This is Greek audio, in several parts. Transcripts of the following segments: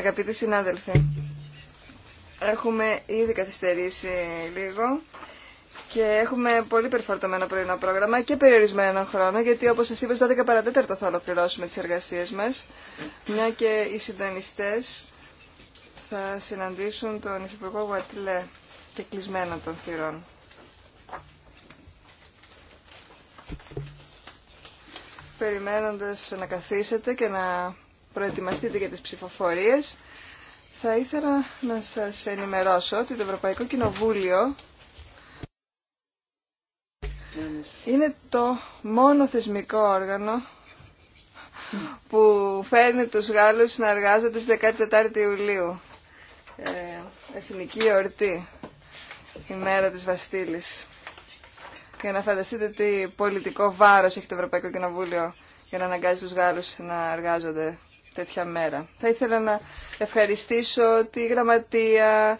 Αγαπητοί συνάδελφοι, έχουμε ήδη καθυστερήσει λίγο και έχουμε πολύ περιφορτωμένο πρωινό πρόγραμμα και περιορισμένο χρόνο, γιατί όπως σας είπα, στα 10 παρατέταρτο θα ολοκληρώσουμε τις εργασίες μας, μια και οι συντονιστές θα συναντήσουν τον Υφυπουργό Γουατλέ και κλεισμένο των θυρών. Περιμένοντας να καθίσετε και να προετοιμαστείτε για τις ψηφοφορίες, θα ήθελα να σας ενημερώσω ότι το Ευρωπαϊκό Κοινοβούλιο είναι το μόνο θεσμικό όργανο που φέρνει τους Γάλλους να εργάζονται στις 14 Ιουλίου. Ε, εθνική εορτή, η μέρα της Βαστίλης. Για να φανταστείτε τι πολιτικό βάρος έχει το Ευρωπαϊκό Κοινοβούλιο για να αναγκάζει τους Γάλλους να εργάζονται τέτοια μέρα. Θα ήθελα να ευχαριστήσω τη γραμματεία,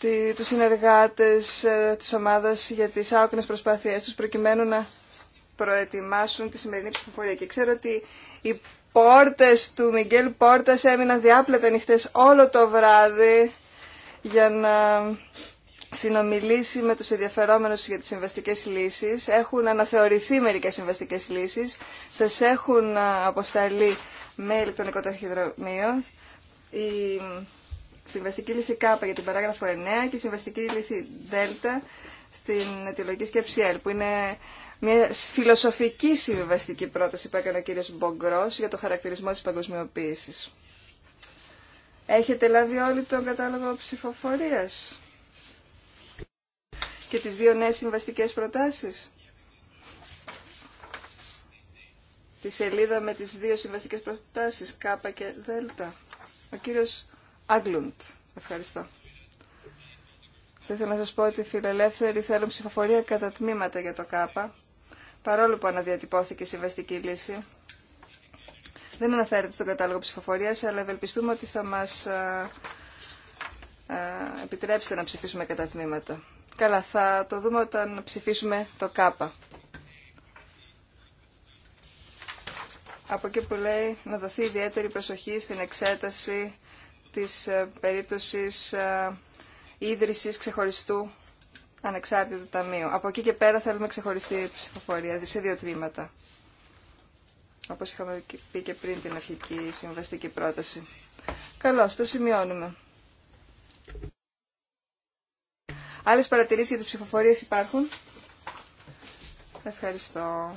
τη, τους συνεργάτες ε, της ομάδας για τις άοκνες προσπάθειές τους προκειμένου να προετοιμάσουν τη σημερινή ψηφοφορία. Και ξέρω ότι οι πόρτες του Μιγγέλ Πόρτας έμειναν διάπλατα νυχτές όλο το βράδυ για να συνομιλήσει με τους ενδιαφερόμενους για τις συμβαστικές λύσεις. Έχουν αναθεωρηθεί μερικές συμβαστικές λύσεις. Σας έχουν ε, αποσταλεί με ηλεκτρονικό ταχυδρομείο, η συμβαστική λύση ΚΑΠΑ για την παράγραφο 9 και η συμβαστική λύση ΔΕΛΤΑ στην αιτιολογική σκέψη ΕΛ, που είναι μια φιλοσοφική συμβαστική πρόταση που έκανε ο κύριος Μπογκρός για το χαρακτηρισμό της παγκοσμιοποίησης. Έχετε λάβει όλοι τον κατάλογο ψηφοφορίας και τις δύο νέες συμβαστικές προτάσεις. τη σελίδα με τις δύο συμβαστικές προτάσεις, Κ και Δ. Ο κύριος Άγκλουντ. Ευχαριστώ. Θα ήθελα να σας πω ότι οι φιλελεύθεροι θέλουν ψηφοφορία κατά τμήματα για το Κ, παρόλο που αναδιατυπώθηκε η συμβαστική λύση. Δεν αναφέρεται στον κατάλογο ψηφοφορίας, αλλά ευελπιστούμε ότι θα μας επιτρέψετε να ψηφίσουμε κατά τμήματα. Καλά, θα το δούμε όταν ψηφίσουμε το ΚΑΠΑ. από εκεί που λέει να δοθεί ιδιαίτερη προσοχή στην εξέταση της ε, περίπτωσης ε, ίδρυσης ξεχωριστού ανεξάρτητου ταμείου. Από εκεί και πέρα θέλουμε ξεχωριστή ψηφοφορία σε δύο τμήματα, όπως είχαμε πει και πριν την αρχική συμβαστική πρόταση. Καλώς, το σημειώνουμε. Άλλες παρατηρήσεις για τις ψηφοφορίες υπάρχουν. Ευχαριστώ.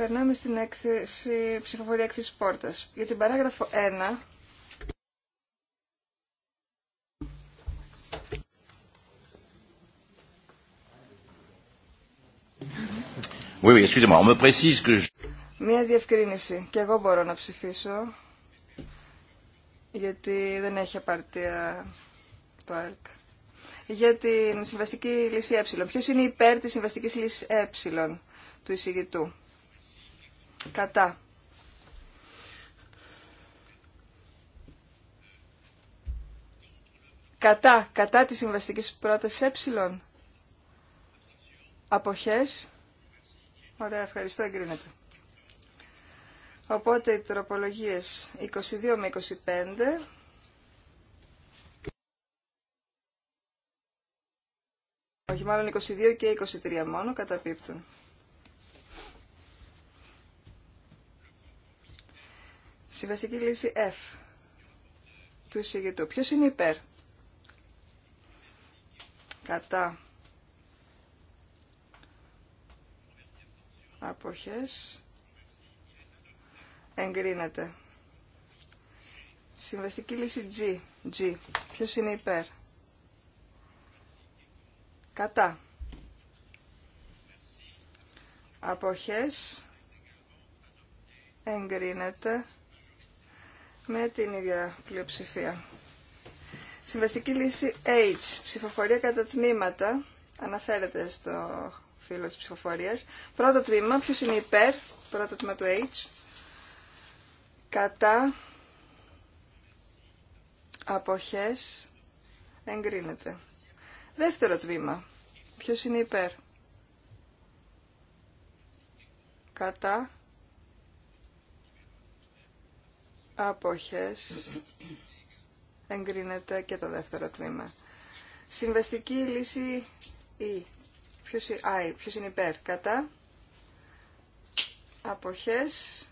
Περνάμε στην έκθεση, ψηφοφορία έκθεση πόρτα. Για την παράγραφο 1... Μία διευκρίνηση. Και εγώ μπορώ να ψηφίσω, γιατί δεν έχει απαρτία το ΑΕΛΚ. Για την συμβαστική λύση ε. Ποιος είναι υπέρ της συμβαστικής λύσης ε του εισηγητού. Κατά. Κατά, κατά της συμβαστικής πρότασης ε. Αποχές. Ωραία, ευχαριστώ, εγκρίνεται. Οπότε οι τροπολογίες 22 με 25... Όχι, μάλλον 22 και 23 μόνο καταπίπτουν. Συμβαστική λύση F του εισηγητού. Ποιος είναι υπέρ. Κατά. Αποχές. Εγκρίνεται. Συμβαστική λύση G. G. Ποιος είναι υπέρ. Κατά. Αποχές. Εγκρίνεται με την ίδια πλειοψηφία. Συμβαστική λύση H, ψηφοφορία κατά τμήματα, αναφέρεται στο φύλλο της ψηφοφορίας. Πρώτο τμήμα, ποιος είναι υπέρ, πρώτο τμήμα του H, κατά αποχές εγκρίνεται. Δεύτερο τμήμα, ποιος είναι υπέρ, κατά Αποχές. Εγκρίνεται και το δεύτερο τμήμα. Συμβαστική λύση ή Ποιος, ποιος είναι υπέρ. Κατά. Αποχές.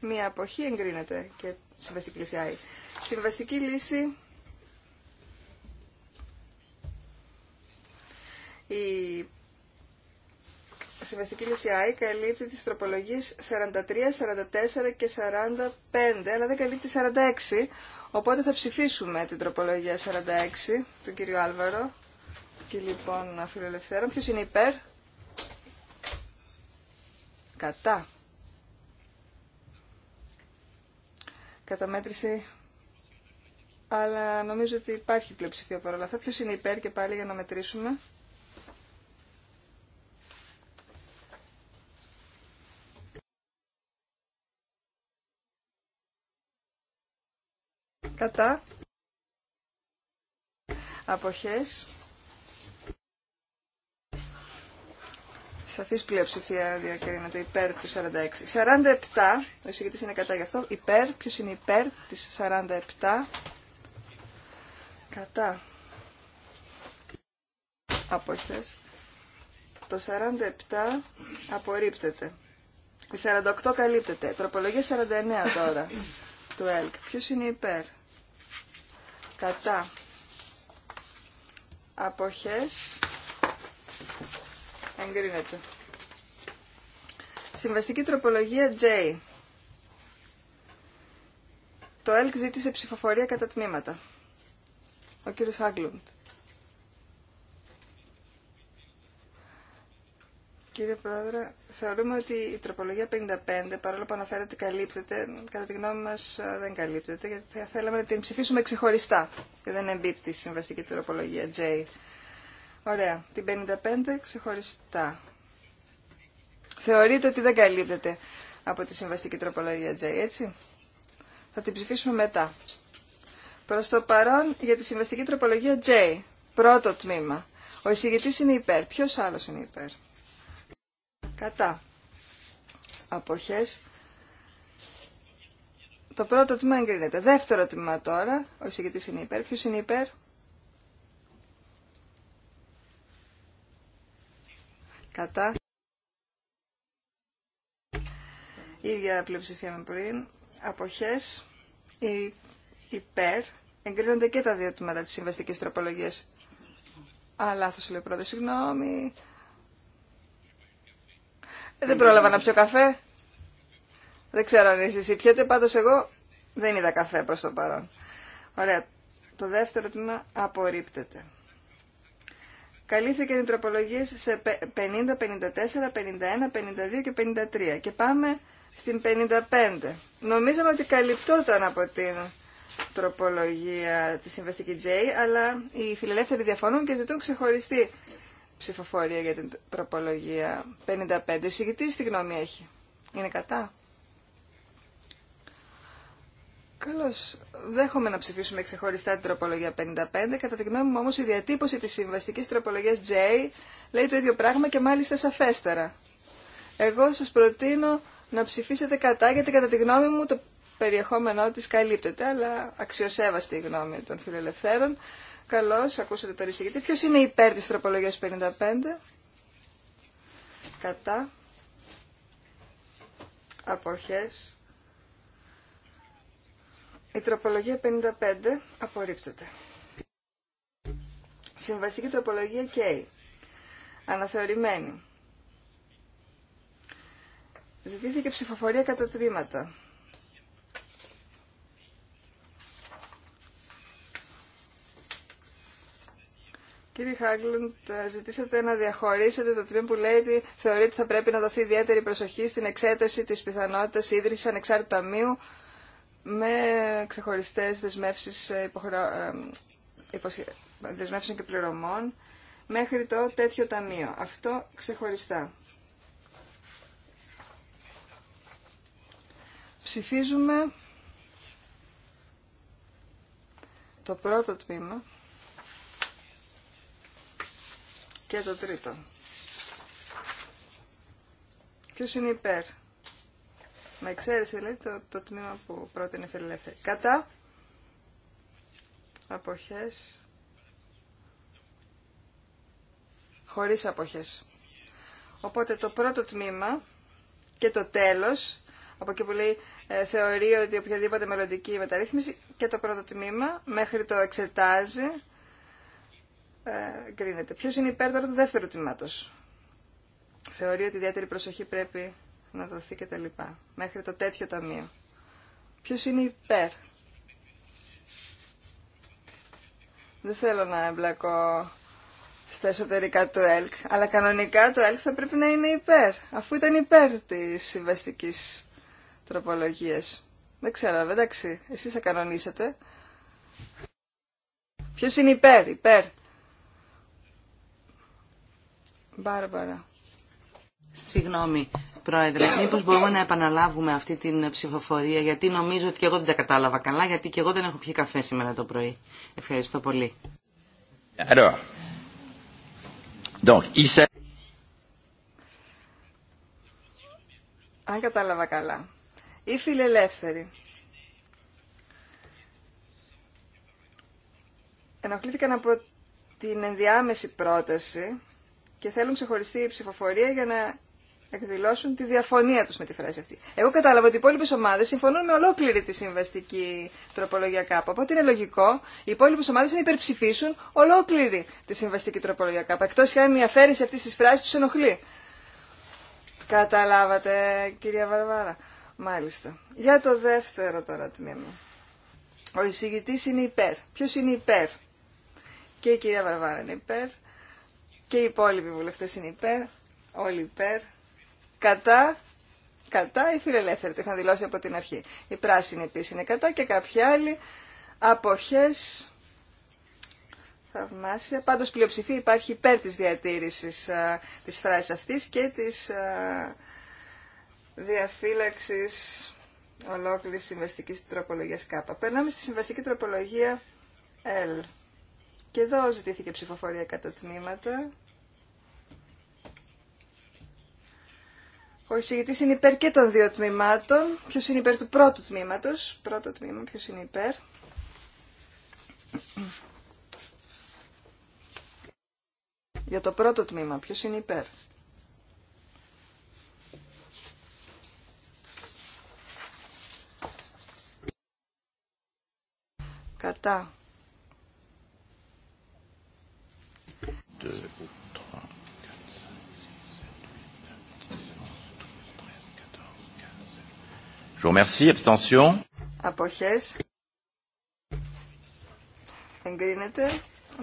Μία αποχή εγκρίνεται και συμβαστική λύση Συμβαστική λύση η συμβαστική λύση I καλύπτει τις τροπολογίες 43, 44 και 45, αλλά δεν καλύπτει 46, οπότε θα ψηφίσουμε την τροπολογία 46 του κύριο Άλβαρο και λοιπόν αφιλελευθέρων, Ποιος είναι υπέρ? Κατά. Καταμέτρηση αλλά νομίζω ότι υπάρχει πλειοψηφία παρόλα αυτά. Ποιος είναι υπέρ και πάλι για να μετρήσουμε. κατά αποχές σαφής πλειοψηφία διακρίνεται υπέρ του 46 47, ο εισηγητής είναι κατά γι' αυτό υπέρ, ποιος είναι υπέρ της 47 κατά αποχές το 47 απορρίπτεται η 48 καλύπτεται τροπολογία 49 τώρα του ΕΛΚ ποιος είναι υπέρ κατά αποχές εγκρίνεται. Συμβαστική τροπολογία J. Το ΕΛΚ ζήτησε ψηφοφορία κατά τμήματα. Ο κύριος Χάγκλουντ. Κύριε Πρόεδρε, θεωρούμε ότι η τροπολογία 55, παρόλο που αναφέρεται ότι καλύπτεται, κατά τη γνώμη μα ε, δεν καλύπτεται, γιατί θα θέλαμε να την ψηφίσουμε ξεχωριστά και δεν εμπίπτει στη συμβαστική τροπολογία J. Ωραία. Την 55 ξεχωριστά. Θεωρείτε ότι δεν καλύπτεται από τη συμβαστική τροπολογία J, έτσι. Θα την ψηφίσουμε μετά. Προ το παρόν για τη συμβαστική τροπολογία J. Πρώτο τμήμα. Ο εισηγητή είναι υπέρ. Ποιο άλλο είναι υπέρ. Κατά. Αποχές. Το πρώτο τμήμα εγκρίνεται. Δεύτερο τμήμα τώρα. Ο εισηγητής είναι υπέρ. Ποιος είναι υπέρ. Κατά. ίδια πλειοψηφία με πριν. Αποχές. Η υπέρ. Εγκρίνονται και τα δύο τμήματα της συμβαστικής τροπολογίας. Α, λάθος λέει πρώτα. Συγγνώμη. Ε, δεν πρόλαβα να πιω καφέ. Δεν ξέρω αν εσείς πιέτε, πάντως εγώ δεν είδα καφέ προς το παρόν. Ωραία. Το δεύτερο τμήμα απορρίπτεται. Καλύφθηκαν οι τροπολογίε σε 50, 54, 51, 52 και 53. Και πάμε στην 55. Νομίζαμε ότι καλυπτόταν από την τροπολογία της συμβαστική J, αλλά οι φιλελεύθεροι διαφωνούν και ζητούν ξεχωριστή ψηφοφορία για την τροπολογία 55. Ο συγκητής τι γνώμη έχει. Είναι κατά. Καλώς. Δέχομαι να ψηφίσουμε ξεχωριστά την τροπολογία 55. Κατά τη γνώμη μου όμω η διατύπωση τη συμβαστικής τροπολογίας J λέει το ίδιο πράγμα και μάλιστα σαφέστερα. Εγώ σας προτείνω να ψηφίσετε κατά γιατί κατά τη γνώμη μου το περιεχόμενό της καλύπτεται αλλά αξιοσέβαστη η γνώμη των φιλελευθέρων. Καλώς, ακούσατε τώρα εισηγητή. Ποιος είναι υπέρ της τροπολογίας 55. Κατά. Αποχές. Η τροπολογία 55 απορρίπτεται. Συμβαστική τροπολογία K. Αναθεωρημένη. Ζητήθηκε ψηφοφορία κατά τμήματα. Κύριε Χάγκλουντ, ζητήσατε να διαχωρίσετε το τμήμα που λέει ότι θεωρείται ότι θα πρέπει να δοθεί ιδιαίτερη προσοχή στην εξέταση της πιθανότητας ίδρυσης ανεξάρτητου ταμείου με ξεχωριστές δεσμεύσεις, ε, υποχρεω... Ε, υποσχε... και πληρωμών μέχρι το τέτοιο ταμείο. Αυτό ξεχωριστά. Ψηφίζουμε το πρώτο τμήμα. Και το τρίτο. Ποιος είναι υπέρ. Με εξαίρεση λέει, το, το τμήμα που πρότεινε φιλελεύθερη. Κατά. Αποχές. Χωρίς αποχές. Οπότε το πρώτο τμήμα και το τέλος, από εκεί που λέει ε, θεωρεί ότι οποιαδήποτε μελλοντική μεταρρύθμιση και το πρώτο τμήμα μέχρι το εξετάζει ε, Ποιος είναι υπέρ τώρα του δεύτερου τμήματο. Θεωρεί ότι ιδιαίτερη προσοχή πρέπει να δοθεί και τα λοιπά. Μέχρι το τέτοιο ταμείο. Ποιο είναι υπέρ. Δεν θέλω να εμπλακώ στα εσωτερικά του ΕΛΚ, αλλά κανονικά το ΕΛΚ θα πρέπει να είναι υπέρ, αφού ήταν υπέρ της συμβαστικής τροπολογίας. Δεν ξέρω, εντάξει, εσείς θα κανονίσετε. Ποιος είναι υπέρ, υπέρ Μπάρμπαρα. Συγγνώμη, Πρόεδρε, μήπω μπορούμε να επαναλάβουμε αυτή την ψηφοφορία, γιατί νομίζω ότι και εγώ δεν τα κατάλαβα καλά, γιατί και εγώ δεν έχω πιει καφέ σήμερα το πρωί. Ευχαριστώ πολύ. donc, Αν κατάλαβα καλά, οι φιλελεύθεροι ενοχλήθηκαν από την ενδιάμεση πρόταση και θέλουν ξεχωριστή ψηφοφορία για να εκδηλώσουν τη διαφωνία τους με τη φράση αυτή. Εγώ κατάλαβα ότι οι υπόλοιπε ομάδε συμφωνούν με ολόκληρη τη συμβαστική τροπολογία ΚΑΠΑ. Οπότε είναι λογικό οι υπόλοιπε ομάδε να υπερψηφίσουν ολόκληρη τη συμβαστική τροπολογία ΚΑΠΑ. Εκτό και αν η αφαίρεση αυτή τη φράση του ενοχλεί. Καταλάβατε, κυρία Βαρβάρα. Μάλιστα. Για το δεύτερο τώρα τμήμα. Ο εισηγητή είναι υπέρ. Ποιο είναι υπέρ. Και η κυρία Βαρβάρα είναι υπέρ. Και οι υπόλοιποι βουλευτέ είναι υπέρ. Όλοι υπέρ. Κατά. Κατά οι φιλελεύθεροι. Το είχαν δηλώσει από την αρχή. η πρασινη επίση είναι κατά και κάποιοι άλλοι. Αποχέ. Θαυμάσια. Πάντω πλειοψηφία υπάρχει υπέρ τη διατήρηση τη φράση αυτή και τη διαφύλαξη ολόκληρη συμβαστική τροπολογία ΚΑΠΑ. Περνάμε στη συμβαστική τροπολογία L. Και εδώ ζητήθηκε ψηφοφορία κατά τμήματα. Ο εισηγητή είναι υπέρ και των δύο τμήματων. Ποιο είναι υπέρ του πρώτου τμήματο. Πρώτο τμήμα, ποιο είναι υπέρ. Για το πρώτο τμήμα, ποιο είναι υπέρ. Κατά. Je remercie. Abstention. Αποχές. Εγκρίνεται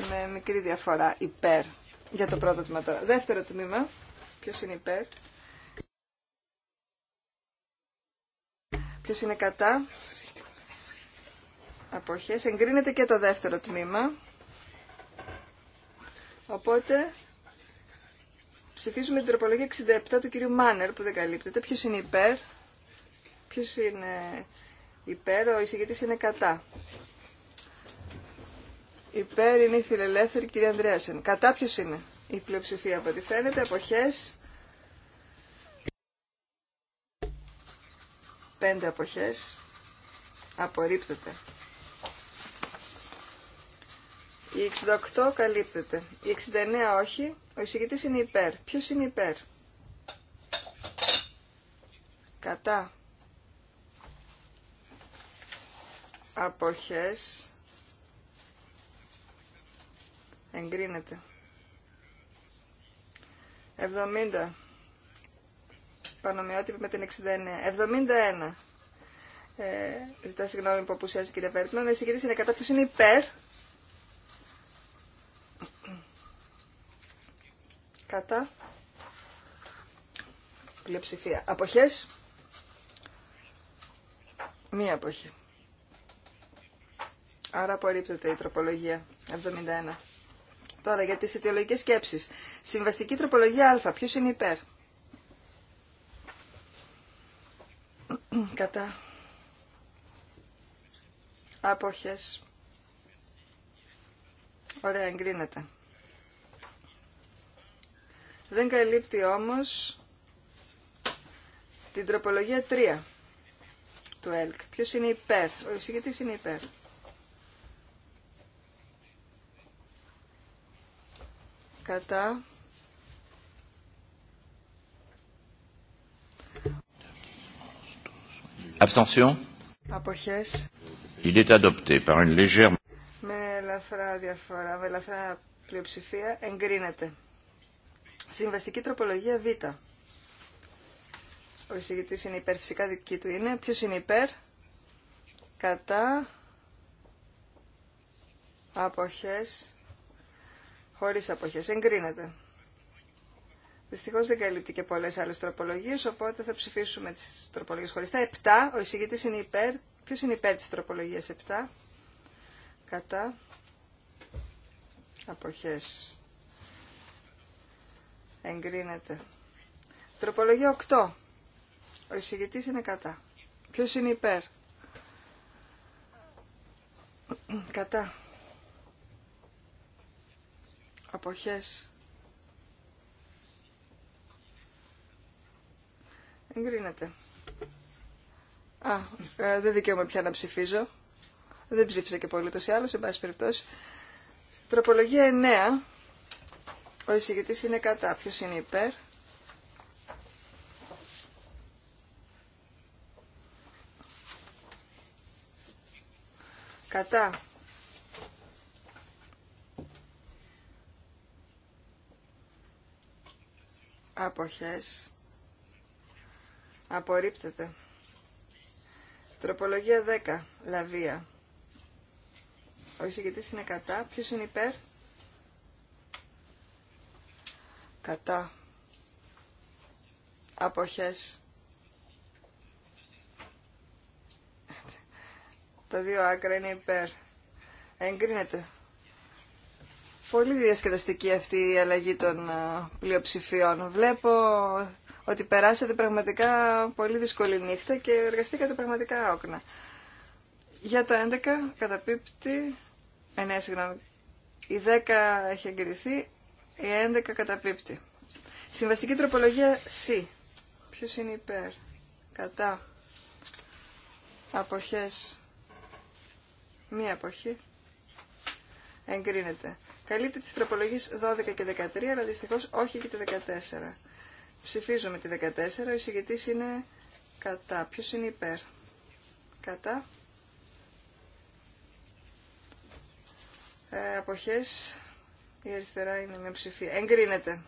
με μικρή διαφορά υπέρ για το πρώτο τμήμα τώρα. Δεύτερο τμήμα. Ποιος είναι υπέρ. Ποιος είναι κατά. Αποχές. Εγκρίνεται και το δεύτερο τμήμα. Οπότε ψηφίζουμε την τροπολογία 67 του κυρίου Μάνερ που δεν καλύπτεται. Ποιος είναι υπέρ, ποιος είναι υπέρ, ο εισηγητής είναι κατά. Υπέρ είναι η φιλελεύθερη κυρία Ανδρέασεν. Κατά ποιος είναι η πλειοψηφία από ό,τι φαίνεται, αποχές. Πέντε αποχές. Απορρίπτεται. Η 68 καλύπτεται. Η 69 όχι. Ο εισηγητής είναι υπέρ. Ποιος είναι υπέρ. Κατά. Αποχές. Εγκρίνεται. 70. Πανομοιότυπη με την 69. 71. Ε, ζητά συγγνώμη που αποουσιάζει η κυρία Βέρτμαν. Ο εισηγητής είναι κατά. Ποιος είναι υπέρ. Κατά. Πλειοψηφία. Αποχές. Μία αποχή. Άρα απορρίπτεται η τροπολογία 71. Τώρα για τις αιτιολογικές σκέψεις. Συμβαστική τροπολογία α. Ποιος είναι υπέρ. Κατά. Αποχές. Ωραία, εγκρίνεται. Δεν καλύπτει όμως την τροπολογία 3 του ΕΛΚ. Ποιος είναι υπέρ. Ο εισηγητής είναι υπέρ. Κατά. Abstention. Αποχές. Il est adopté par une légère... Με ελαφρά διαφορά, με ελαφρά πλειοψηφία εγκρίνεται. Συμβαστική τροπολογία Β. Ο εισηγητής είναι υπέρ, φυσικά δική του είναι. Ποιος είναι υπέρ, κατά, αποχές, χωρίς αποχές, εγκρίνεται. Δυστυχώ δεν καλύπτει και πολλέ άλλε τροπολογίε, οπότε θα ψηφίσουμε τι τροπολογίε χωριστά. 7. Ο εισηγητή είναι υπέρ. Ποιο είναι υπέρ τη τροπολογία 7. Κατά. Αποχέ. Εγκρίνεται. Τροπολογία 8. Ο εισηγητή είναι κατά. Ποιο είναι υπέρ. Κατά. Αποχές. Εγκρίνεται. Α, ε, δεν δικαιούμαι πια να ψηφίζω. Δεν ψήφισα και πολύ τόσο άλλο, σε πάση περιπτώσει. Τροπολογία 9 ο εισηγητής είναι κατά. Ποιος είναι υπέρ. Κατά. Αποχές. Απορρίπτεται. Τροπολογία 10. Λαβία. Ο εισηγητής είναι κατά. Ποιος είναι υπέρ. κατά αποχές τα δύο άκρα είναι υπέρ εγκρίνεται πολύ διασκεδαστική αυτή η αλλαγή των ε, πλειοψηφιών βλέπω ότι περάσατε πραγματικά πολύ δύσκολη νύχτα και εργαστήκατε πραγματικά όκνα για το 11 καταπίπτει 9 ε, ναι, συγγνώμη η 10 έχει εγκριθεί η 11 καταπίπτει. Συμβαστική τροπολογία C. Ποιος είναι υπέρ. Κατά. Αποχές. Μία αποχή. Εγκρίνεται. Καλύπτει τις τροπολογίες 12 και 13, αλλά δυστυχώς όχι και τη 14. Ψηφίζουμε τη 14. Ο εισηγητής είναι κατά. Ποιος είναι υπέρ. Κατά. Ε, αποχές η αριστερά είναι μια ψηφία. Εγκρίνεται.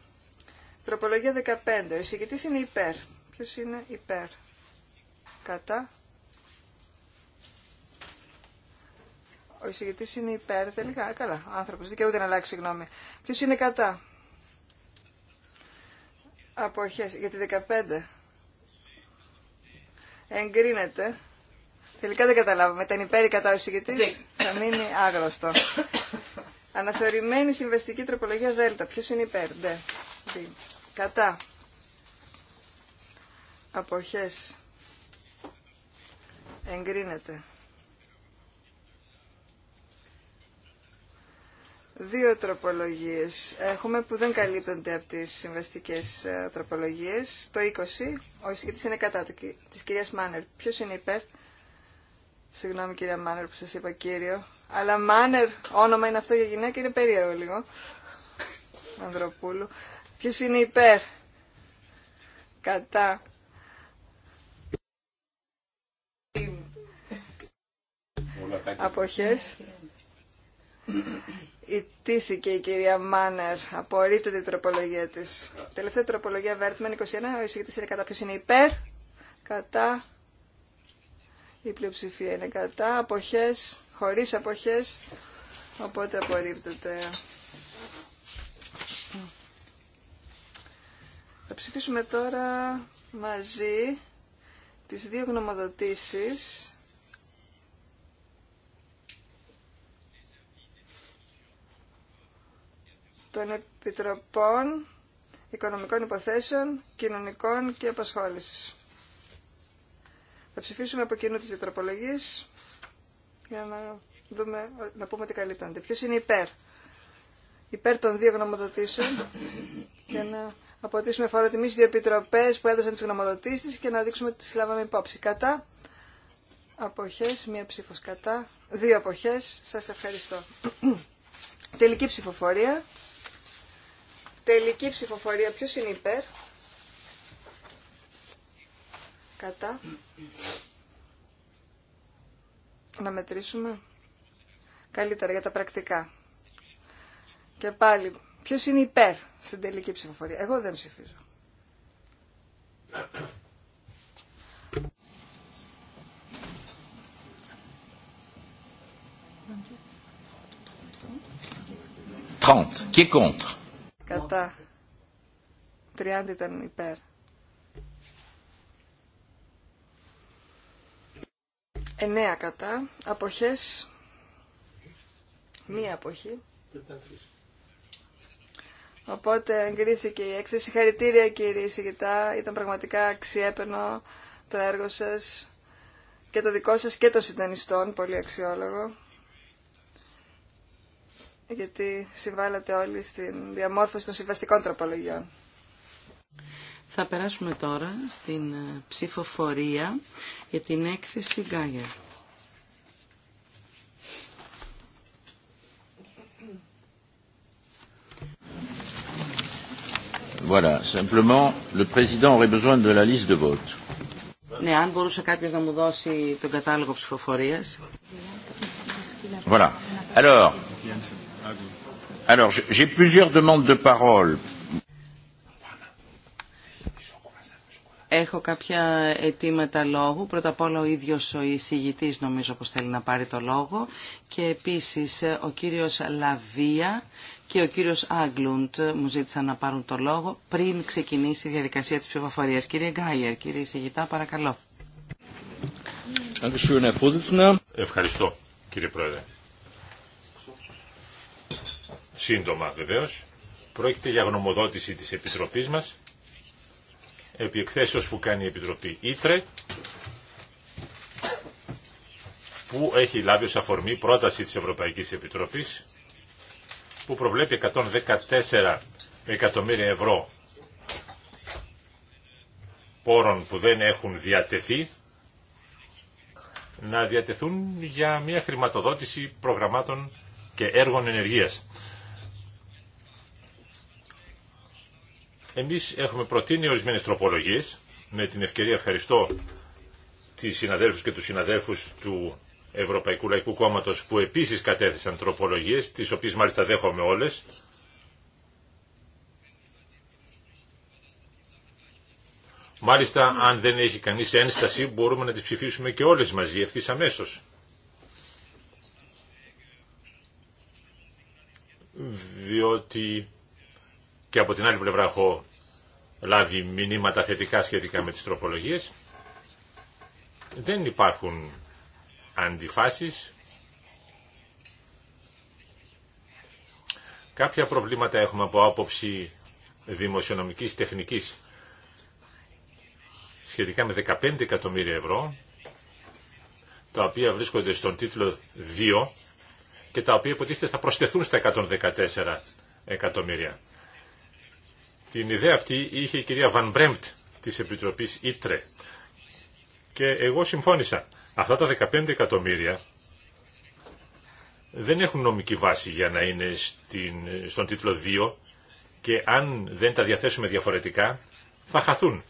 Τροπολογία 15. Ο εισηγητής είναι υπέρ. Ποιος είναι υπέρ. Κατά. Ο εισηγητής είναι υπέρ τελικά. Καλά. Άνθρωπος. Δικαιούται να αλλάξει γνώμη. Ποιος είναι κατά. Αποχές. Γιατί 15. Εγκρίνεται. Τελικά δεν καταλάβαμε. Ήταν υπέρ ή κατά ο εισηγητής. Ναι. Θα μείνει άγνωστο. Αναθεωρημένη συμβαστική τροπολογία Δέλτα. Ποιο είναι υπέρ. Ντε. Κατά. Αποχές. Εγκρίνεται. Δύο τροπολογίες έχουμε που δεν καλύπτονται από τις συμβαστικές ε, τροπολογίες. Το 20, ο εισηγητής είναι κατά του, της κυρίας Μάνερ. Ποιος είναι υπέρ. Συγγνώμη κυρία Μάνερ που σας είπα κύριο. Αλλά Μάνερ, όνομα είναι αυτό για γυναίκα, είναι περίεργο λίγο. Ανδροπούλου. Ποιο είναι υπέρ. Κατά. Αποχές. Ιτήθηκε η κυρία Μάνερ. Απορρίπτεται την τροπολογία της. Τελευταία τροπολογία Βέρτμαν 21. Ο εισηγητής είναι κατά. Ποιος είναι υπέρ. Κατά. Η πλειοψηφία είναι κατά. Αποχές χωρίς αποχές, οπότε απορρίπτεται. Θα ψηφίσουμε τώρα μαζί τις δύο γνωμοδοτήσεις των Επιτροπών Οικονομικών Υποθέσεων, Κοινωνικών και Απασχόλησης. Θα ψηφίσουμε από κοινού τις διατροπολογίες για να, δούμε, να πούμε τι καλύπτονται. Ποιος είναι υπέρ. Υπέρ των δύο γνωμοδοτήσεων για να αποτίσουμε στις δύο επιτροπές που έδωσαν τις γνωμοδοτήσεις και να δείξουμε ότι τις λάβαμε υπόψη. Κατά αποχές, μία ψήφος κατά, δύο αποχές. Σας ευχαριστώ. Τελική ψηφοφορία. Τελική ψηφοφορία. Ποιος είναι υπέρ. Κατά. Να μετρήσουμε. Καλύτερα για τα πρακτικά. Και πάλι, ποιος είναι υπέρ στην τελική ψηφοφορία. Εγώ δεν ψηφίζω. Κατά. 30 ήταν υπέρ. Εννέα κατά. Αποχές. Μία αποχή. Οπότε εγκρίθηκε η έκθεση. Χαρητήρια κύριε Σιγητά. Ήταν πραγματικά αξιέπαινο το έργο σας και το δικό σας και των συντονιστών. Πολύ αξιόλογο. Γιατί συμβάλλατε όλοι στην διαμόρφωση των συμβαστικών τροπολογιών. Θα περάσουμε τώρα στην ψηφοφορία για την έκθεση Γκάιερ. Voilà, simplement, le président aurait besoin de la liste de vote. Ναι, αν μπορούσε κάποιος να μου δώσει τον κατάλογο ψηφοφορίας. Voilà. Alors, alors j'ai plusieurs demandes de parole έχω κάποια αιτήματα λόγου. Πρώτα απ' όλα ο ίδιος ο εισηγητής νομίζω πως θέλει να πάρει το λόγο και επίσης ο κύριος Λαβία και ο κύριος Άγγλουντ μου ζήτησαν να πάρουν το λόγο πριν ξεκινήσει η διαδικασία της ψηφοφορίας. Κύριε Γκάιερ, κύριε εισηγητά, παρακαλώ. Ευχαριστώ, κύριε Πρόεδρε. Σύντομα βεβαίως, πρόκειται για γνωμοδότηση της Επιτροπής μας επί που κάνει η Επιτροπή Ήτρε που έχει λάβει ως αφορμή πρόταση της Ευρωπαϊκής Επιτροπής που προβλέπει 114 εκατομμύρια ευρώ πόρων που δεν έχουν διατεθεί να διατεθούν για μια χρηματοδότηση προγραμμάτων και έργων ενεργείας. Εμείς έχουμε προτείνει ορισμένες τροπολογίες. Με την ευκαιρία ευχαριστώ τις συναδέλφους και τους συναδέλφους του Ευρωπαϊκού Λαϊκού Κόμματος που επίσης κατέθεσαν τροπολογίες, τις οποίες μάλιστα δέχομαι όλες. Μάλιστα, αν δεν έχει κανείς ένσταση, μπορούμε να τις ψηφίσουμε και όλες μαζί, ευθύς αμέσως. Διότι και από την άλλη πλευρά έχω λάβει μηνύματα θετικά σχετικά με τις τροπολογίες. Δεν υπάρχουν αντιφάσεις. Κάποια προβλήματα έχουμε από άποψη δημοσιονομικής τεχνικής σχετικά με 15 εκατομμύρια ευρώ, τα οποία βρίσκονται στον τίτλο 2 και τα οποία υποτίθεται θα προσθεθούν στα 114 εκατομμύρια. Την ιδέα αυτή είχε η κυρία Βαν Μπρέμπτ της Επιτροπής Ήτρε. Και εγώ συμφώνησα. Αυτά τα 15 εκατομμύρια δεν έχουν νομική βάση για να είναι στην, στον τίτλο 2 και αν δεν τα διαθέσουμε διαφορετικά θα χαθούν.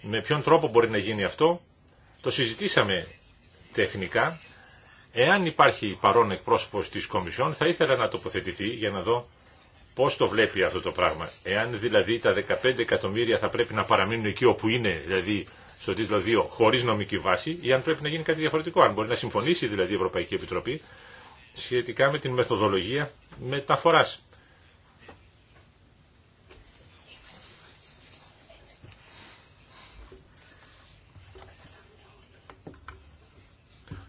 Με ποιον τρόπο μπορεί να γίνει αυτό το συζητήσαμε τεχνικά Εάν υπάρχει παρόν εκπρόσωπος της Κομισιόν θα ήθελα να τοποθετηθεί για να δω πώς το βλέπει αυτό το πράγμα. Εάν δηλαδή τα 15 εκατομμύρια θα πρέπει να παραμείνουν εκεί όπου είναι, δηλαδή στο τίτλο 2 χωρίς νομική βάση ή αν πρέπει να γίνει κάτι διαφορετικό. Αν μπορεί να συμφωνήσει δηλαδή η Ευρωπαϊκή Επιτροπή σχετικά με την μεθοδολογία μεταφοράς.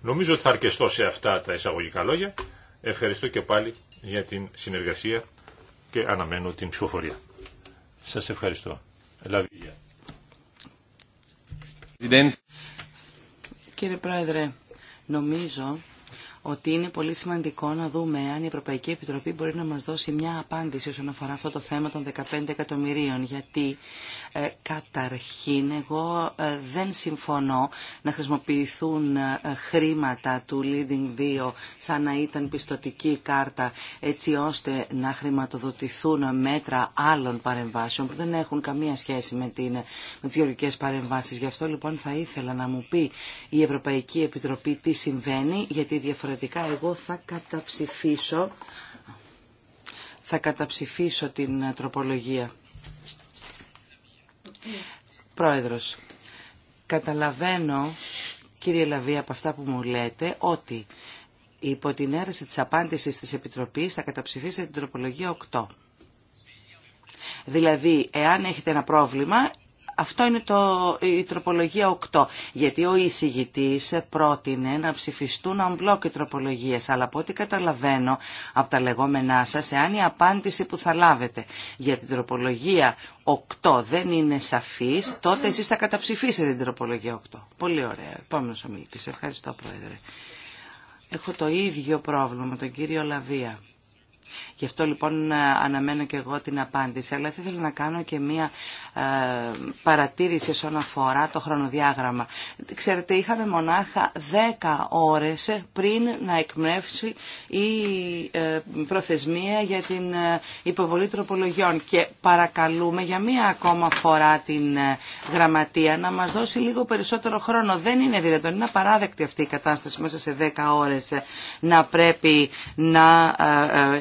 Νομίζω ότι θα αρκεστώ σε αυτά τα εισαγωγικά λόγια. Ευχαριστώ και πάλι για την συνεργασία και αναμένω την ψηφοφορία. Σας ευχαριστώ. Ελαβία. Κύριε Πρόεδρε, νομίζω ότι είναι πολύ σημαντικό να δούμε αν η Ευρωπαϊκή Επιτροπή μπορεί να μας δώσει μια απάντηση όσον αφορά αυτό το θέμα των 15 εκατομμυρίων. Γιατί ε, καταρχήν εγώ ε, δεν συμφωνώ να χρησιμοποιηθούν ε, χρήματα του Leading 2 σαν να ήταν πιστοτική κάρτα έτσι ώστε να χρηματοδοτηθούν μέτρα άλλων παρεμβάσεων που δεν έχουν καμία σχέση με, την, με τις γεωργικές παρεμβάσεις. Γι' αυτό λοιπόν θα ήθελα να μου πει η Ευρωπαϊκή Επιτροπή τι συμβαίνει γιατί διαφορετικά εγώ θα καταψηφίσω, θα καταψηφίσω την ε, τροπολογία. Πρόεδρος, καταλαβαίνω κύριε Λαβία, από αυτά που μου λέτε ότι υπό την αίρεση της απάντησης της Επιτροπής θα καταψηφίσετε την τροπολογία 8. Δηλαδή, εάν έχετε ένα πρόβλημα, αυτό είναι το, η τροπολογία 8, γιατί ο εισηγητή πρότεινε να ψηφιστούν αμπλόκ οι τροπολογίες, αλλά από ό,τι καταλαβαίνω από τα λεγόμενά σα, εάν η απάντηση που θα λάβετε για την τροπολογία 8 δεν είναι σαφή, τότε εσεί θα καταψηφίσετε την τροπολογία 8. Πολύ ωραία. Επόμενος ομιλήτη, Ευχαριστώ, Πρόεδρε. Έχω το ίδιο πρόβλημα με τον κύριο Λαβία. Γι' αυτό λοιπόν αναμένω και εγώ την απάντηση. Αλλά θα ήθελα να κάνω και μία ε, παρατήρηση όσον αφορά το χρονοδιάγραμμα. Ξέρετε, είχαμε μονάχα 10 ώρες πριν να εκμεύσει η ε, προθεσμία για την ε, υποβολή τροπολογιών και παρακαλούμε για μία ακόμα φορά την γραμματεία να μας δώσει λίγο περισσότερο χρόνο. Δεν είναι δυνατόν, είναι απαράδεκτη αυτή η κατάσταση μέσα σε 10 ώρες να πρέπει να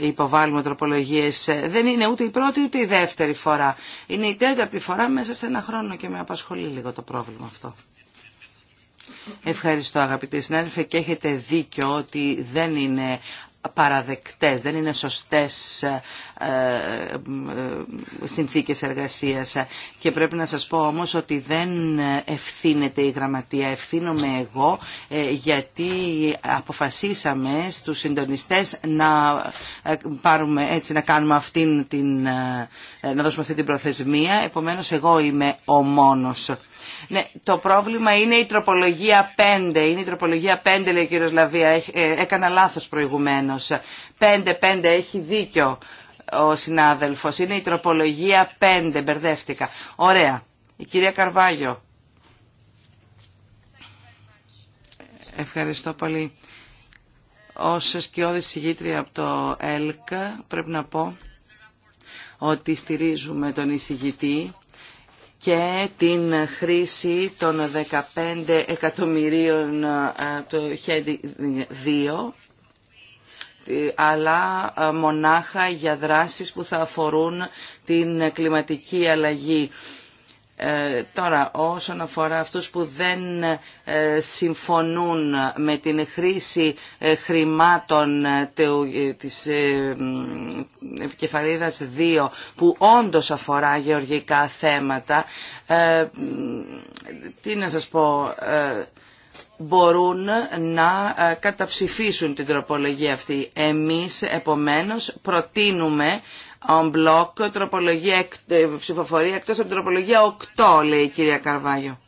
υποβάλουμε με τροπολογίες. Ε, δεν είναι ούτε η πρώτη ούτε η δεύτερη φορά. Είναι η τέταρτη φορά μέσα σε ένα χρόνο και με απασχολεί λίγο το πρόβλημα αυτό. Ευχαριστώ αγαπητοί συνάδελφοι και έχετε δίκιο ότι δεν είναι παραδεκτές, δεν είναι σωστές ε, ε, ε, ε, συνθήκες εργασίας. Και πρέπει να σας πω όμως ότι δεν ευθύνεται η γραμματεία, ευθύνομαι εγώ γιατί αποφασίσαμε στους συντονιστές να πάρουμε έτσι να κάνουμε αυτήν την να δώσουμε αυτή την προθεσμία επομένως εγώ είμαι ο μόνος ναι, το πρόβλημα είναι η τροπολογία 5. Είναι η τροπολογία 5, λέει ο κύριος Λαβία. Έκανα λάθος προηγουμένως. 5-5 έχει δίκιο ο συνάδελφος. Είναι η τροπολογία 5, μπερδεύτηκα. Ωραία. Η κυρία Καρβάγιο. Ευχαριστώ πολύ. Ως σκιώδης συγγήτρια από το ΕΛΚΑ πρέπει να πω ότι στηρίζουμε τον εισηγητή και την χρήση των 15 εκατομμυρίων ε, το ΧΕΔΙ ε, αλλά ε, μονάχα για δράσεις που θα αφορούν την κλιματική αλλαγή. Ε, τώρα, όσον αφορά αυτούς που δεν συμφωνούν με την χρήση χρημάτων της επικεφαλίδας 2 που όντως αφορά γεωργικά θέματα, τι να σας πω μπορούν να ε, καταψηφίσουν την τροπολογία αυτή. Εμείς, επομένως, προτείνουμε on block τροπολογία, ε, ψηφοφορία εκτός από την τροπολογία 8, λέει η κυρία Καρβάγιο.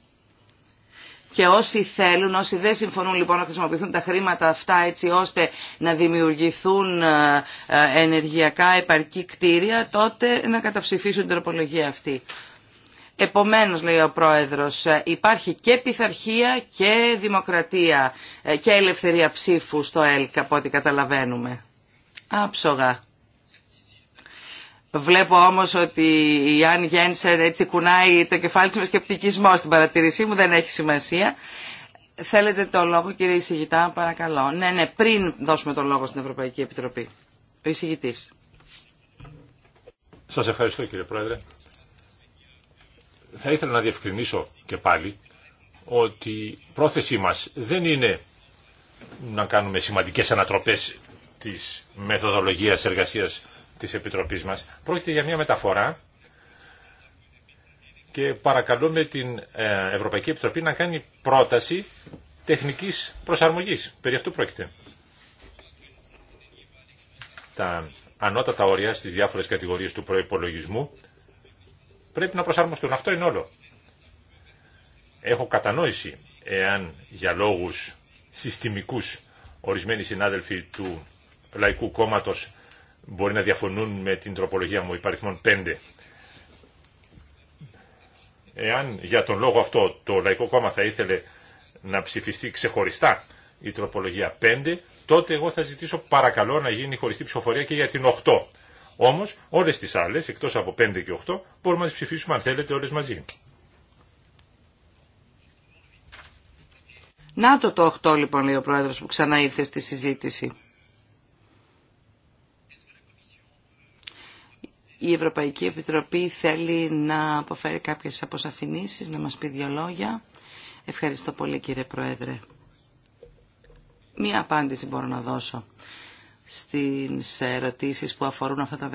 Και όσοι θέλουν, όσοι δεν συμφωνούν λοιπόν να χρησιμοποιηθούν τα χρήματα αυτά έτσι ώστε να δημιουργηθούν ε, ενεργειακά επαρκή κτίρια, τότε να καταψηφίσουν την τροπολογία αυτή. Επομένως, λέει ο Πρόεδρος, ε, υπάρχει και πειθαρχία και δημοκρατία ε, και ελευθερία ψήφου στο ΕΛΚ από ό,τι καταλαβαίνουμε. Άψογα. Βλέπω όμως ότι η Αν Γένσερ έτσι κουνάει το κεφάλι της με σκεπτικισμό στην παρατηρήσή μου, δεν έχει σημασία. Θέλετε το λόγο κύριε Ισηγητά, παρακαλώ. Ναι, ναι, πριν δώσουμε το λόγο στην Ευρωπαϊκή Επιτροπή. Ο Σας ευχαριστώ κύριε Πρόεδρε θα ήθελα να διευκρινίσω και πάλι ότι η πρόθεσή μας δεν είναι να κάνουμε σημαντικές ανατροπές της μεθοδολογίας εργασίας της Επιτροπής μας. Πρόκειται για μια μεταφορά και παρακαλούμε την ε, Ευρωπαϊκή Επιτροπή να κάνει πρόταση τεχνικής προσαρμογής. Περί αυτού πρόκειται. Τα ανώτατα όρια στις διάφορες κατηγορίες του προϋπολογισμού πρέπει να προσαρμοστούν. Αυτό είναι όλο. Έχω κατανόηση εάν για λόγους συστημικούς ορισμένοι συνάδελφοι του Λαϊκού Κόμματος μπορεί να διαφωνούν με την τροπολογία μου υπαριθμών 5. Εάν για τον λόγο αυτό το Λαϊκό Κόμμα θα ήθελε να ψηφιστεί ξεχωριστά η τροπολογία 5, τότε εγώ θα ζητήσω παρακαλώ να γίνει χωριστή ψηφοφορία και για την 8. Όμως όλε τι άλλες, εκτός από 5 και 8, μπορούμε να τι ψηφίσουμε αν θέλετε όλες μαζί. Να το το 8 λοιπόν λέει ο Πρόεδρος που ξανά ήρθε στη συζήτηση. Η Ευρωπαϊκή Επιτροπή θέλει να αποφέρει κάποιες αποσαφηνίσεις, να μας πει δύο λόγια. Ευχαριστώ πολύ κύριε Πρόεδρε. Μία απάντηση μπορώ να δώσω στις ερωτήσεις που αφορούν αυτά τα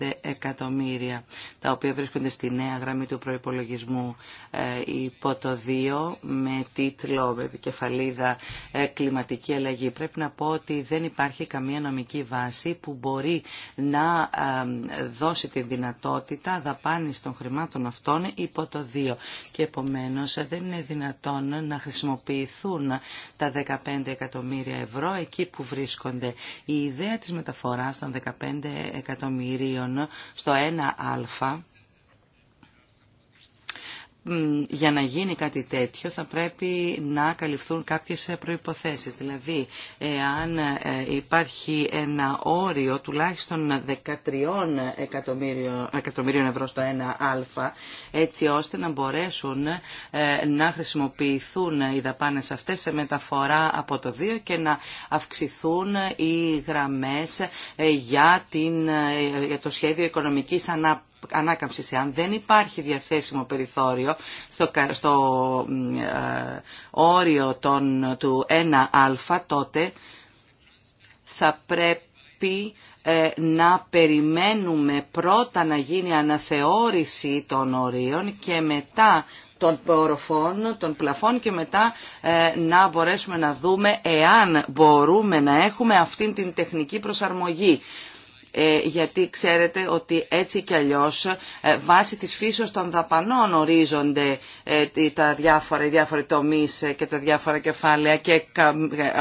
15 εκατομμύρια τα οποία βρίσκονται στη νέα γραμμή του προϋπολογισμού ε, υπό το 2 με τίτλο με επικεφαλίδα ε, κλιματική αλλαγή. Πρέπει να πω ότι δεν υπάρχει καμία νομική βάση που μπορεί να δώσει τη δυνατότητα δαπάνηση των χρημάτων αυτών υπό το 2 και επομένως δεν είναι δυνατόν να χρησιμοποιηθούν τα 15 εκατομμύρια ευρώ εκεί που βρίσκονται. Η ιδέα της μεταφοράς των 15 εκατομμυρίων στο 1α για να γίνει κάτι τέτοιο θα πρέπει να καλυφθούν κάποιες ε, προϋποθέσεις. Δηλαδή, εάν ε, υπάρχει ένα όριο τουλάχιστον 13 εκατομμύριων, εκατομμύριων ευρώ στο 1α, έτσι ώστε να μπορέσουν ε, να χρησιμοποιηθούν οι δαπάνες αυτές σε μεταφορά από το 2 και να αυξηθούν οι γραμμές για, την, για το σχέδιο οικονομικής ανάπτυξης ανάκαμψης. Αν δεν υπάρχει διαθέσιμο περιθώριο στο, στο ε, όριο των, του 1α, τότε θα πρέπει ε, να περιμένουμε πρώτα να γίνει αναθεώρηση των ορίων και μετά των οροφών, των πλαφών και μετά ε, να μπορέσουμε να δούμε εάν μπορούμε να έχουμε αυτή την τεχνική προσαρμογή ε, γιατί ξέρετε ότι έτσι κι αλλιώς ε, βάσει της φύσεως των δαπανών ορίζονται ε, τα διάφορα, οι διάφοροι τομείς και τα διάφορα κεφάλαια και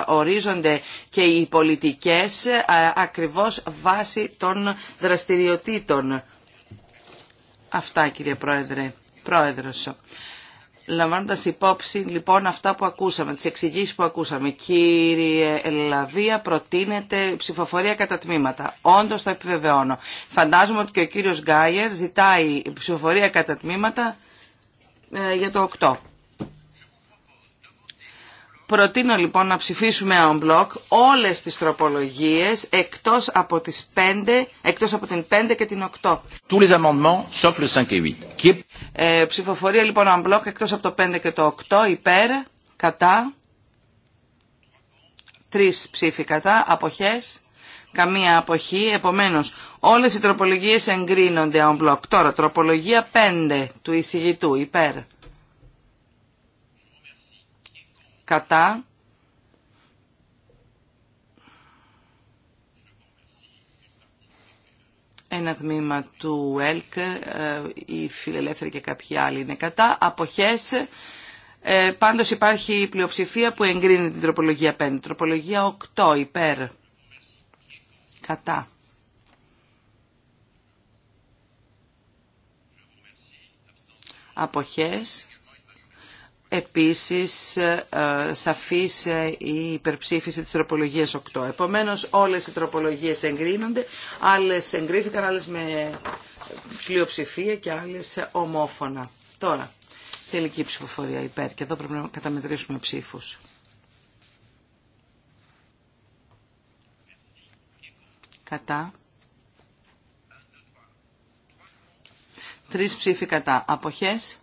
ορίζονται και οι πολιτικές ακριβώς βάσει των δραστηριοτήτων. Αυτά κύριε Πρόεδρε. Πρόεδρος. Λαμβάνοντας υπόψη λοιπόν αυτά που ακούσαμε, τις εξηγήσεις που ακούσαμε, κύριε Λαβία, προτείνεται ψηφοφορία κατά τμήματα. Όντως το επιβεβαιώνω. Φαντάζομαι ότι και ο κύριος Γκάιερ ζητάει ψηφοφορία κατά τμήματα ε, για το 8. Προτείνω λοιπόν να ψηφίσουμε on block όλες τις τροπολογίες εκτός από, τις 5, εκτός από την 5 και την 8. Tous les amendements, sauf le 5 et 8. Ε, ψηφοφορία λοιπόν on block εκτός από το 5 και το 8 υπέρ, κατά, τρεις ψήφοι κατά, αποχές, καμία αποχή. Επομένως όλες οι τροπολογίες εγκρίνονται on block. Τώρα τροπολογία 5 του εισηγητού υπέρ κατά. Ένα τμήμα του ΕΛΚ, ε, οι φιλελεύθεροι και κάποιοι άλλοι είναι κατά. Αποχές. Ε, πάντως υπάρχει η πλειοψηφία που εγκρίνει την τροπολογία 5. Τροπολογία 8 υπέρ. Κατά. Αποχές. Επίσης, ε, ε, σαφής ε, η υπερψήφιση της τροπολογίας 8. Επομένως, όλες οι τροπολογίες εγκρίνονται, άλλες εγκρίθηκαν, άλλες με πλειοψηφία και άλλες ομόφωνα. Τώρα, τελική ψηφοφορία υπέρ και εδώ πρέπει να καταμετρήσουμε ψήφους. Κατά. Τρεις ψήφοι κατά. Αποχές.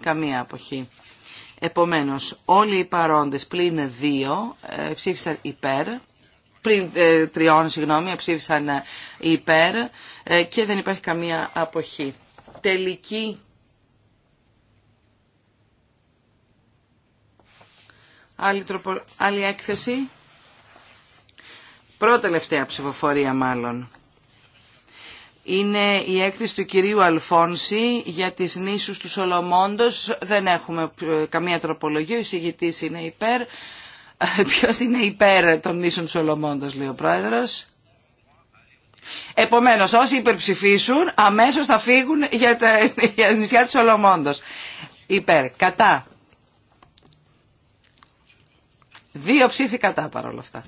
Καμία αποχή. Επομένως, όλοι οι παρόντες πλην δύο ε, ψήφισαν υπέρ, πλην ε, τριών, συγγνώμη, ψήφισαν ε, υπέρ και δεν υπάρχει καμία αποχή. Τελική άλλη, τροπο... άλλη έκθεση. πρώτη τελευταία ψηφοφορία μάλλον είναι η έκθεση του κυρίου Αλφόνση για τις νήσους του Σολομόντος. Δεν έχουμε ε, καμία τροπολογία, ο εισηγητής είναι υπέρ. Ε, ποιος είναι υπέρ των νήσων του Σολομόντος, λέει ο πρόεδρος. Επομένως, όσοι υπερψηφίσουν, αμέσως θα φύγουν για τα για νησιά του Σολομόντος. Υπέρ, κατά. Δύο ψήφοι κατά παρόλα αυτά.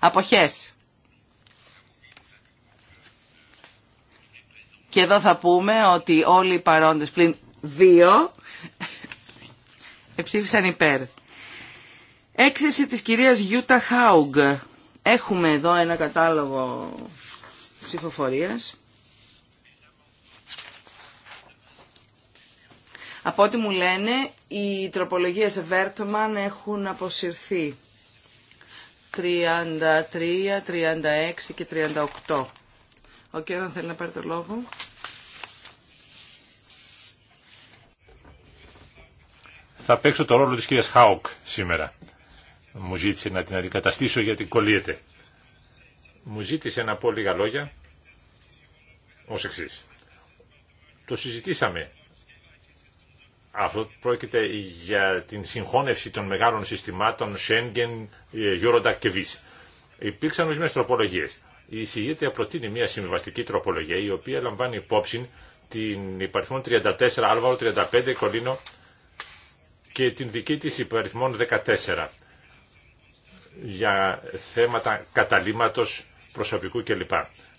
Αποχές. Και εδώ θα πούμε ότι όλοι οι παρόντες πλην δύο εψήφισαν υπέρ. Έκθεση της κυρίας Γιούτα Χάουγκ. Έχουμε εδώ ένα κατάλογο ψηφοφορίας. Από ό,τι μου λένε, οι τροπολογίες Βέρτμαν έχουν αποσυρθεί. 33, 36 και 38. Ο Κέρον θέλει να πάρει το λόγο. θα παίξω το ρόλο της κυρίας Χάουκ σήμερα. Μου ζήτησε να την αντικαταστήσω γιατί κολλείεται. Μου ζήτησε να πω λίγα λόγια ως εξή. Το συζητήσαμε. Αυτό πρόκειται για την συγχώνευση των μεγάλων συστημάτων Schengen, Eurodac και Vis. Υπήρξαν ορισμένε τροπολογίε. Η εισηγήτρια προτείνει μια συμβιβαστική τροπολογία η οποία λαμβάνει υπόψη την υπαριθμό 34, Άλβαρο 35, Κολίνο και την δική της 14 για θέματα καταλήματος προσωπικού κλπ.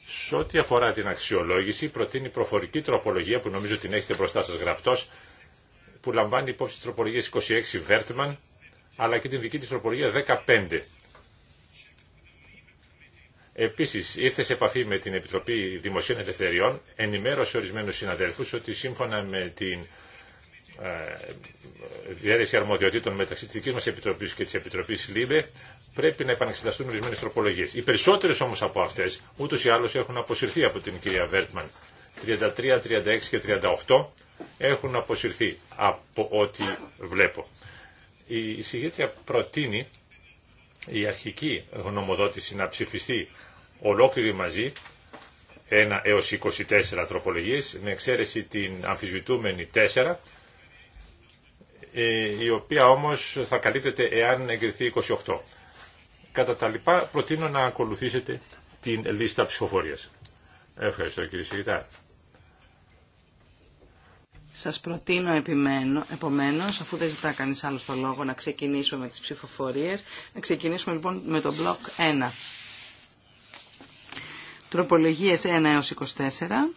Σε ό,τι αφορά την αξιολόγηση, προτείνει προφορική τροπολογία που νομίζω την έχετε μπροστά σας γραπτός, που λαμβάνει υπόψη τροπολογία 26 Βέρτμαν, αλλά και την δική της τροπολογία 15. Επίσης, ήρθε σε επαφή με την Επιτροπή Δημοσίων Ελευθεριών, ενημέρωσε ορισμένους συναδέλφους ότι σύμφωνα με την ε, ε, διέρεση αρμοδιοτήτων μεταξύ τη δική μα Επιτροπή και τη Επιτροπή ΛΥΜΕ πρέπει να επαναξεταστούν ορισμένε τροπολογίε. Οι περισσότερε όμω από αυτέ ούτω ή άλλω έχουν αποσυρθεί από την κυρία Βέρτμαν. 33, 36 και 38 έχουν αποσυρθεί από ό,τι βλέπω. Η εισηγήτρια προτείνει η αρχική γνωμοδότηση να ψηφιστεί ολόκληρη μαζί 1 έως 24 τροπολογίες, με εξαίρεση την αμφισβητούμενη 4, ε, η οποία όμως θα καλύπτεται εάν εγκριθεί 28. Κατά τα λοιπά προτείνω να ακολουθήσετε την λίστα ψηφοφορίας. Ευχαριστώ κύριε Σιγητά. Σας προτείνω επιμένω, επομένως, αφού δεν ζητά κανείς άλλο το λόγο, να ξεκινήσουμε με τις ψηφοφορίες. Να ξεκινήσουμε λοιπόν με το μπλοκ 1. Τροπολογίες 1 έως 24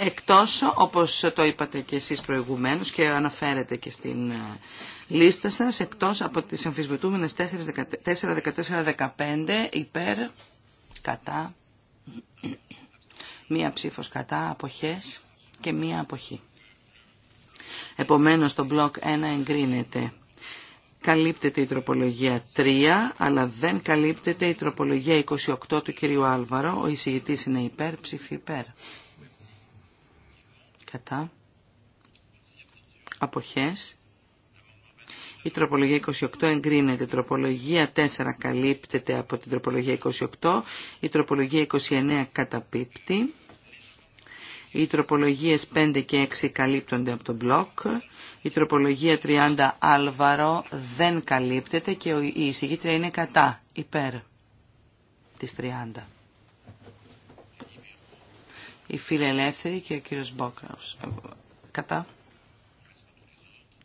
εκτός, όπως το είπατε και εσείς προηγουμένως και αναφέρετε και στην ε, λίστα σας, εκτός από τις αμφισβητούμενες 4, 14, 15, υπέρ, κατά, μία ψήφος κατά, αποχές και μία αποχή. Επομένως το μπλοκ 1 εγκρίνεται. Καλύπτεται η τροπολογία 3, αλλά δεν καλύπτεται η τροπολογία 28 του κυρίου Άλβαρο. Ο εισηγητής είναι υπέρ, ψήφι υπέρ κατά αποχές. Η τροπολογία 28 εγκρίνεται, η τροπολογία 4 καλύπτεται από την τροπολογία 28, η τροπολογία 29 καταπίπτει, οι τροπολογίες 5 και 6 καλύπτονται από τον μπλοκ, η τροπολογία 30 Άλβαρο δεν καλύπτεται και η εισηγήτρια είναι κατά, υπέρ της 30 φίλη φιλελεύθερη και ο κύριος Μπόκραους. Ε, κατά.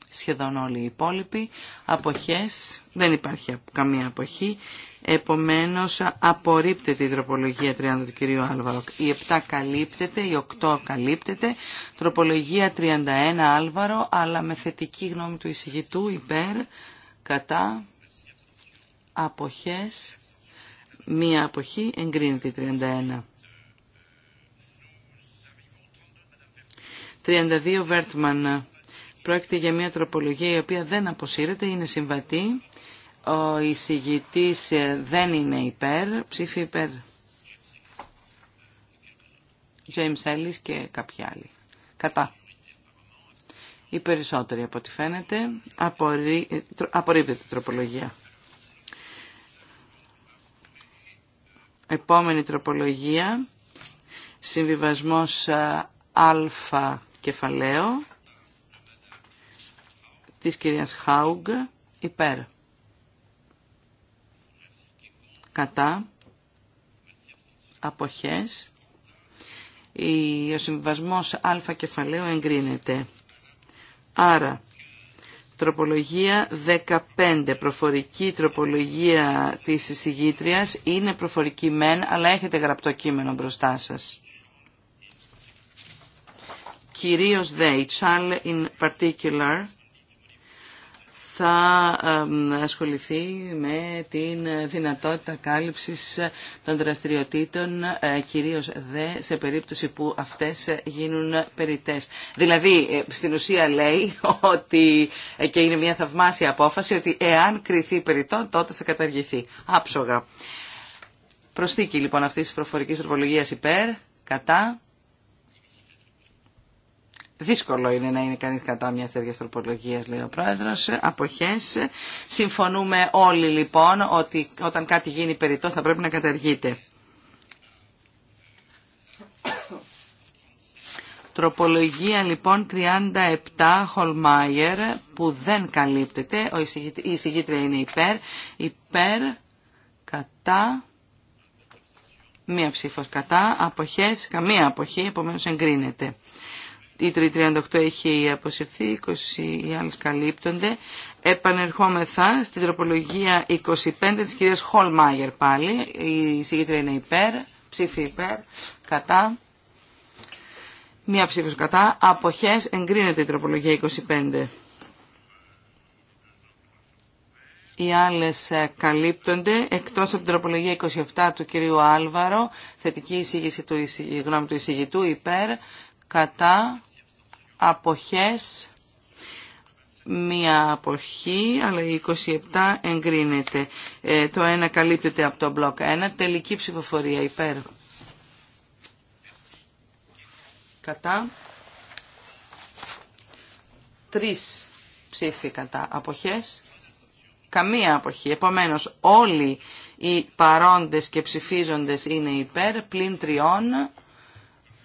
Σχεδόν όλοι οι υπόλοιποι. Αποχές. Δεν υπάρχει καμία αποχή. Επομένως απορρίπτεται η τροπολογία 30 του κυρίου Άλβαρο. Η 7 καλύπτεται, η 8 καλύπτεται. Τροπολογία 31 Άλβαρο, αλλά με θετική γνώμη του εισηγητού υπέρ, κατά, αποχές. Μία αποχή εγκρίνεται η 31. 32 Βέρτμαν. Πρόκειται για μια τροπολογία η οποία δεν αποσύρεται, είναι συμβατή. Ο εισηγητής δεν είναι υπέρ, ψήφι υπέρ. James Ellis και κάποιοι άλλοι. Κατά. Οι περισσότεροι από ό,τι φαίνεται απορρί... απορρίπτεται τροπολογία. Επόμενη τροπολογία, συμβιβασμός α κεφαλαίο της κυρίας Χάουγκ υπέρ. Κατά αποχές ο συμβασμός α κεφαλαίο εγκρίνεται. Άρα, τροπολογία 15, προφορική τροπολογία της εισηγήτριας, είναι προφορική μεν, αλλά έχετε γραπτό κείμενο μπροστά σας κυρίως η Τσάλ in particular, θα ασχοληθεί με την δυνατότητα κάλυψης των δραστηριοτήτων, ε, κυρίως δε σε περίπτωση που αυτές γίνουν περιτές. Δηλαδή, ε, στην ουσία λέει ότι, ε, και είναι μια θαυμάσια απόφαση, ότι εάν κριθεί περιττό, τότε θα καταργηθεί. Άψογα. Προσθήκη λοιπόν αυτής της προφορικής ρυπολογίας υπέρ, κατά, Δύσκολο είναι να είναι κανείς κατά μια τέτοια τροπολογία, λέει ο πρόεδρο. Αποχέ. Συμφωνούμε όλοι λοιπόν ότι όταν κάτι γίνει περιττό θα πρέπει να καταργείται. Τροπολογία λοιπόν 37 Χολμάιερ που δεν καλύπτεται. η εισηγήτρια είναι υπέρ. Υπέρ κατά μία ψήφος κατά. Αποχές καμία αποχή επομένως εγκρίνεται η 38 έχει αποσυρθεί, 20 οι άλλες καλύπτονται. Επανερχόμεθα στην τροπολογία 25 της κυρίας Χολμάγερ πάλι. Η συγκεκριά είναι υπέρ, ψήφι υπέρ, κατά. Μία ψήφος κατά. Αποχές εγκρίνεται η τροπολογία 25. Οι άλλες ε, καλύπτονται, εκτός από την τροπολογία 27 του κυρίου Άλβαρο, θετική εισήγηση του, γνώμη του εισηγητού, υπέρ, κατά, αποχές μία αποχή, αλλά η 27 εγκρίνεται. Ε, το ένα καλύπτεται από το μπλοκ 1. Τελική ψηφοφορία υπέρ. Κατά. Τρεις ψήφοι κατά αποχές. Καμία αποχή. Επομένως όλοι οι παρόντες και ψηφίζοντες είναι υπέρ, πλην τριών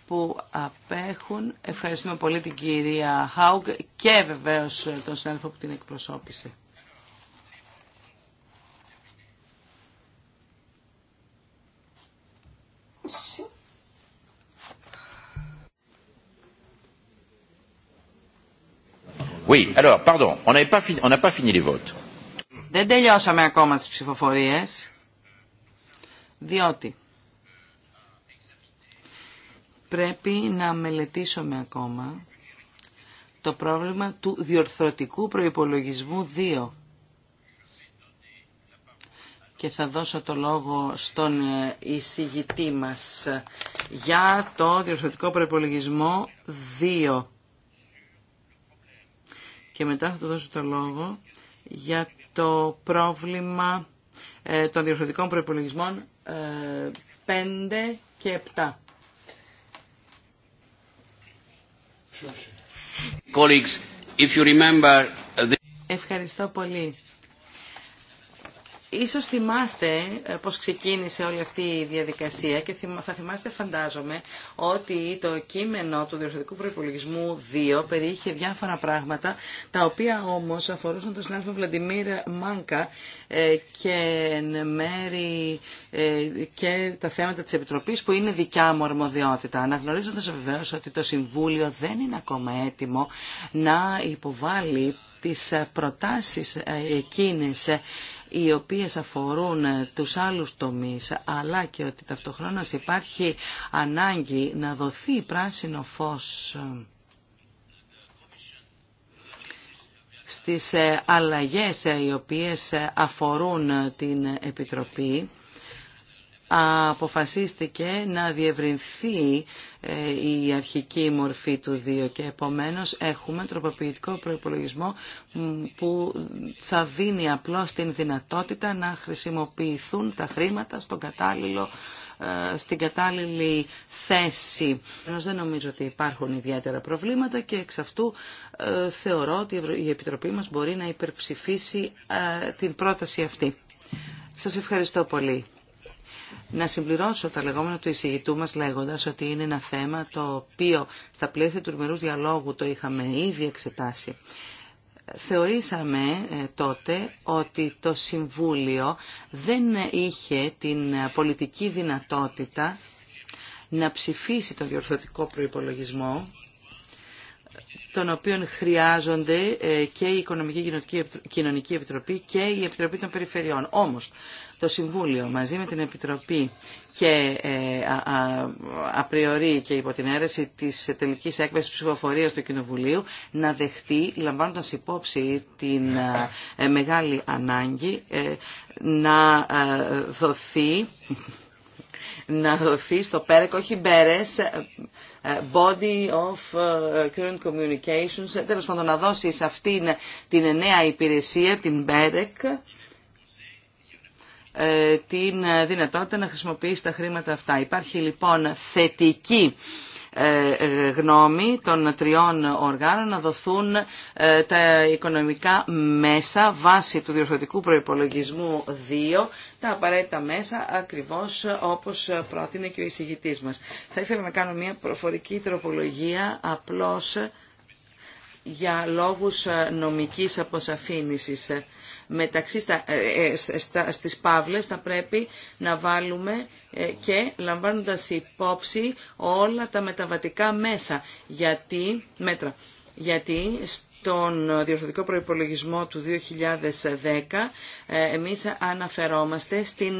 που απέχουν. Ευχαριστούμε πολύ την κυρία Χάουγκ και βεβαίως τον συνάδελφο που την εκπροσώπησε. Oui, alors, pardon, on n'a pas, pas fini les votes. Δεν τελειώσαμε ακόμα τις ψηφοφορίες, διότι πρέπει να μελετήσουμε ακόμα το πρόβλημα του διορθωτικού προϋπολογισμού 2. Και θα δώσω το λόγο στον ε, εισηγητή μας για το διορθωτικό προϋπολογισμό 2. Και μετά θα του δώσω το λόγο για το πρόβλημα ε, των διορθωτικών προϋπολογισμών 5 ε, και 7. Colleagues, if you remember... Ευχαριστώ πολύ. Ίσως θυμάστε ε, πώς ξεκίνησε όλη αυτή η διαδικασία και θα θυμάστε φαντάζομαι ότι το κείμενο του Διορθωτικού Προϋπολογισμού 2 περιείχε διάφορα πράγματα τα οποία όμως αφορούσαν τον συνάδελφο Βλαντιμίρ Μάνκα ε, και μέρη ε, και τα θέματα της Επιτροπής που είναι δικιά μου αρμοδιότητα. Αναγνωρίζοντας βεβαίως ότι το Συμβούλιο δεν είναι ακόμα έτοιμο να υποβάλει τις προτάσεις εκείνες οι οποίες αφορούν ε, τους άλλους τομείς αλλά και ότι ταυτόχρονα υπάρχει ανάγκη να δοθεί πράσινο φως ε, στις ε, αλλαγές οι οποίες αφορούν την Επιτροπή αποφασίστηκε να διευρυνθεί ε, η αρχική μορφή του 2 και επομένως έχουμε τροποποιητικό προϋπολογισμό που θα δίνει απλώς την δυνατότητα να χρησιμοποιηθούν τα χρήματα στον κατάλληλο ε, στην κατάλληλη θέση. Ενώ δεν νομίζω ότι υπάρχουν ιδιαίτερα προβλήματα και εξ αυτού ε, θεωρώ ότι η Επιτροπή μας μπορεί να υπερψηφίσει την πρόταση αυτή. Σας ευχαριστώ πολύ. Να συμπληρώσω τα λεγόμενα του εισηγητού μας λέγοντας ότι είναι ένα θέμα το οποίο στα πλαίσια του ημερού διαλόγου το είχαμε ήδη εξετάσει. Θεωρήσαμε ε, τότε ότι το Συμβούλιο δεν είχε την πολιτική δυνατότητα να ψηφίσει τον διορθωτικό προϋπολογισμό τον οποίο χρειάζονται ε, και η Οικονομική Κοινωνική Επιτροπή και η Επιτροπή των Περιφερειών. Όμως, το Συμβούλιο μαζί με την Επιτροπή και ε, απριορεί και υπό την αίρεση της τελικής έκβασης ψηφοφορίας του Κοινοβουλίου να δεχτεί, λαμβάνοντας υπόψη την ε, ε, μεγάλη ανάγκη, να δοθεί να δοθεί στο ΠΕΡΕΚ, όχι Μπέρες, Body of Current Communications, τέλος πάντων να δώσει σε αυτήν την νέα υπηρεσία, την ΠΕΡΕΚ, ε, την δυνατότητα να χρησιμοποιήσει τα χρήματα αυτά. Υπάρχει λοιπόν θετική ε, ε, γνώμη των τριών οργάνων να δοθούν τα οικονομικά μέσα βάσει του διορθωτικού προϋπολογισμού 2 τα απαραίτητα μέσα ακριβώς όπως πρότεινε και ο εισηγητής μας. Θα ήθελα να κάνω μια προφορική τροπολογία απλώς για λόγους ε, νομικής αποσαφήνισης. Ε, μεταξύ ε, στα, στα, στις παύλες θα πρέπει να βάλουμε και λαμβάνοντας υπόψη όλα τα μεταβατικά μέσα, γιατί, μέτρα, γιατί στον διορθωτικό προϋπολογισμό του 2010 εμείς αναφερόμαστε στην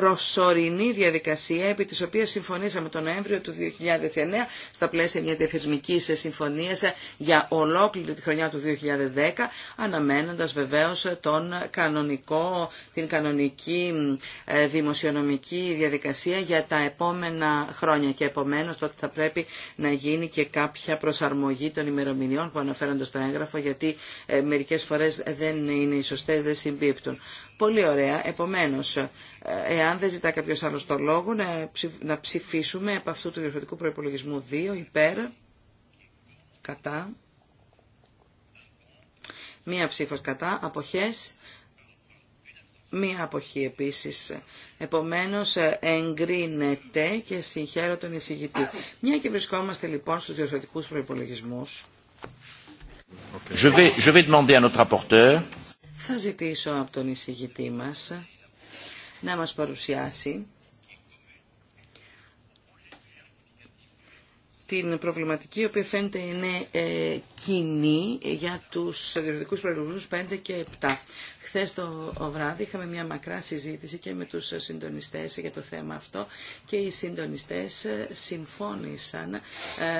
προσωρινή διαδικασία επί της οποίας συμφωνήσαμε τον Νοέμβριο του 2009 στα πλαίσια μια διαθεσμικής συμφωνίας για ολόκληρη τη χρονιά του 2010 αναμένοντας βεβαίως τον την κανονική ε, δημοσιονομική διαδικασία για τα επόμενα χρόνια και επομένως τότε θα πρέπει να γίνει και κάποια προσαρμογή των ημερομηνιών που αναφέρονται στο έγγραφο γιατί ε, μερικές φορές δεν είναι οι σωστές, δεν συμπίπτουν. Πολύ ωραία. επομένω, ε, εάν δεν ζητά κάποιος άλλο το λόγο, να ψηφίσουμε από αυτού του διορθωτικού προπολογισμού 2 υπέρ, κατά, μία ψήφος κατά, αποχές, μία αποχή επίσης. Επομένως ε, εγκρίνεται και συγχαίρω τον εισηγητή. Μια και βρισκόμαστε λοιπόν στους διορθωτικούς προϋπολογισμούς. Je vais, je vais demander à notre rapporteur θα ζητήσω από τον εισηγητή μας να μας παρουσιάσει την προβληματική, η οποία φαίνεται είναι ε, κοινή για τους διορθωτικούς προεκλογμούς 5 και 7. Χθες το βράδυ είχαμε μια μακρά συζήτηση και με τους συντονιστές για το θέμα αυτό και οι συντονιστές συμφώνησαν ε,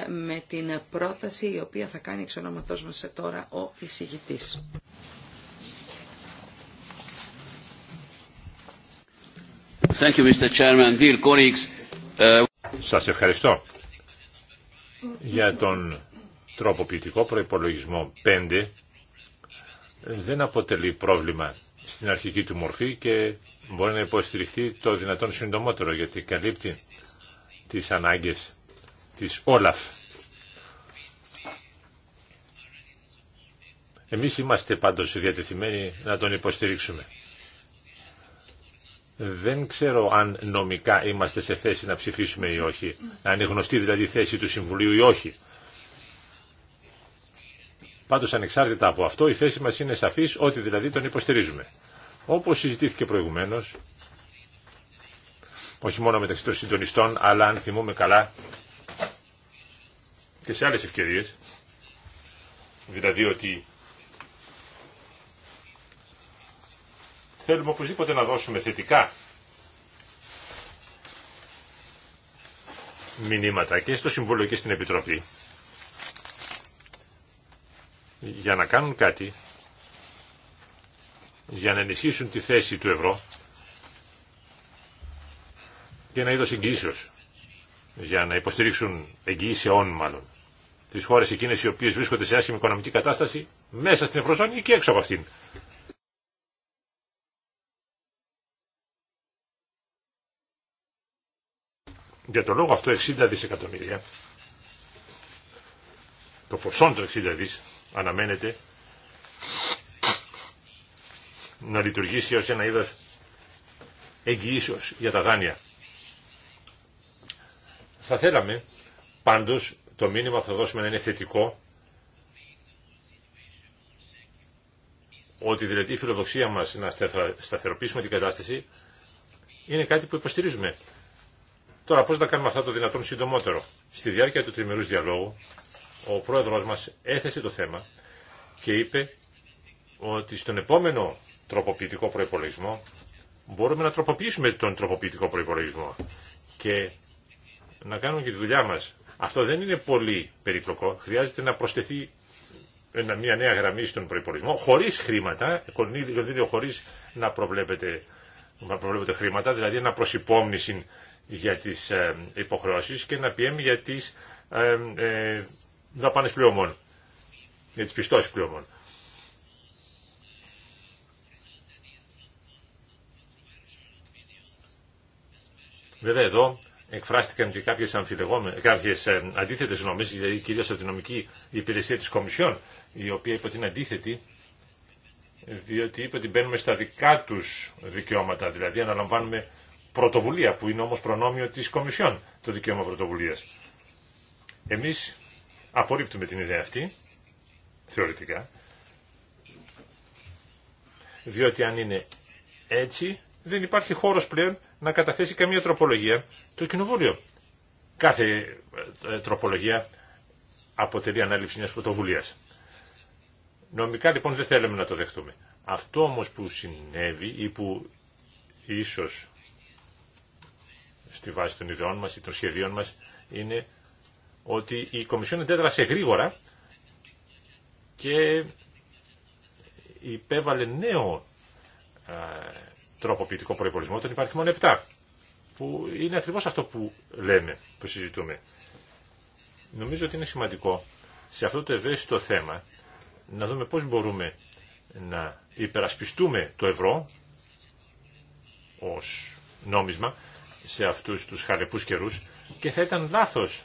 με την πρόταση η οποία θα κάνει εξ ονόματός μας τώρα ο εισηγητής. Uh, Σας ευχαριστώ για τον τροποποιητικό προϋπολογισμό 5 δεν αποτελεί πρόβλημα στην αρχική του μορφή και μπορεί να υποστηριχθεί το δυνατόν συντομότερο γιατί καλύπτει τις ανάγκες της Όλαφ. Εμείς είμαστε πάντως διατεθειμένοι να τον υποστηρίξουμε. Δεν ξέρω αν νομικά είμαστε σε θέση να ψηφίσουμε ή όχι. Να είναι γνωστή δηλαδή η θέση του Συμβουλίου ή όχι. Πάντως ανεξάρτητα από αυτό η θέση μας είναι σαφής ότι δηλαδή τον υποστηρίζουμε. Όπως συζητήθηκε προηγουμένως, όχι μόνο μεταξύ των συντονιστών, αλλά αν θυμούμε καλά και σε άλλες ευκαιρίες, δηλαδή ότι Θέλουμε οπωσδήποτε να δώσουμε θετικά μηνύματα και στο Συμβούλιο και στην Επιτροπή για να κάνουν κάτι για να ενισχύσουν τη θέση του ευρώ και να είδος εγγύησεως για να υποστηρίξουν εγγυήσεών μάλλον τις χώρες εκείνες οι οποίες βρίσκονται σε άσχημη οικονομική κατάσταση μέσα στην Ευρωζώνη και έξω από αυτήν. Για το λόγο αυτό 60 δισεκατομμύρια, το ποσό 60 δις αναμένεται να λειτουργήσει ως ένα είδος εγγυήσεως για τα δάνεια. Θα θέλαμε πάντως το μήνυμα που θα δώσουμε να είναι θετικό ότι δηλαδή η φιλοδοξία μας να σταθεροποιήσουμε την κατάσταση είναι κάτι που υποστηρίζουμε. Τώρα πώ να κάνουμε αυτά το δυνατόν συντομότερο. Στη διάρκεια του τριμερού διαλόγου ο πρόεδρο μα έθεσε το θέμα και είπε ότι στον επόμενο τροποποιητικό προπολογισμό μπορούμε να τροποποιήσουμε τον τροποποιητικό προπολογισμό και να κάνουμε και τη δουλειά μα Αυτό δεν είναι πολύ περιπλοκό. Χρειάζεται να προσθεθεί μια νέα γραμμή στον προπολογισμό χωρί χρήματα, κονδύλιο χωρίς να προβλέπετε, να προβλέπετε χρήματα, δηλαδή ένα προσυπόμνηση για τις ε, υποχρεώσεις και ένα PM για τις ε, ε, δαπάνες πλειομών για τις πιστώσεις πλειομών Βέβαια εδώ εκφράστηκαν και κάποιες, κάποιες αντίθετες νομές δηλαδή κυρίως από την νομική υπηρεσία της Κομισιόν, η οποία είπε ότι είναι αντίθετη, διότι είπε ότι μπαίνουμε στα δικά τους δικαιώματα, δηλαδή αναλαμβάνουμε πρωτοβουλία που είναι όμως προνόμιο της Κομισιόν το δικαίωμα πρωτοβουλίας. Εμείς απορρίπτουμε την ιδέα αυτή, θεωρητικά, διότι αν είναι έτσι δεν υπάρχει χώρος πλέον να καταθέσει καμία τροπολογία το Κοινοβούλιο. Κάθε ε, ε, τροπολογία αποτελεί ανάληψη μιας πρωτοβουλίας. Νομικά λοιπόν δεν θέλουμε να το δεχτούμε. Αυτό όμως που συνέβη ή που ίσως στη βάση των ιδεών μας ή των σχεδίων μας είναι ότι η Κομισιόν αντέδρασε γρήγορα και υπέβαλε νέο ε, τροποποιητικό προϋπολογισμό, τον υπαριθμων 7, που είναι ακριβώς αυτό που λέμε, που συζητούμε. Νομίζω ότι είναι σημαντικό σε αυτό το ευαίσθητο θέμα να δούμε πώς μπορούμε να υπερασπιστούμε το ευρώ ως νόμισμα σε αυτούς τους χαλεπούς καιρούς και θα ήταν λάθος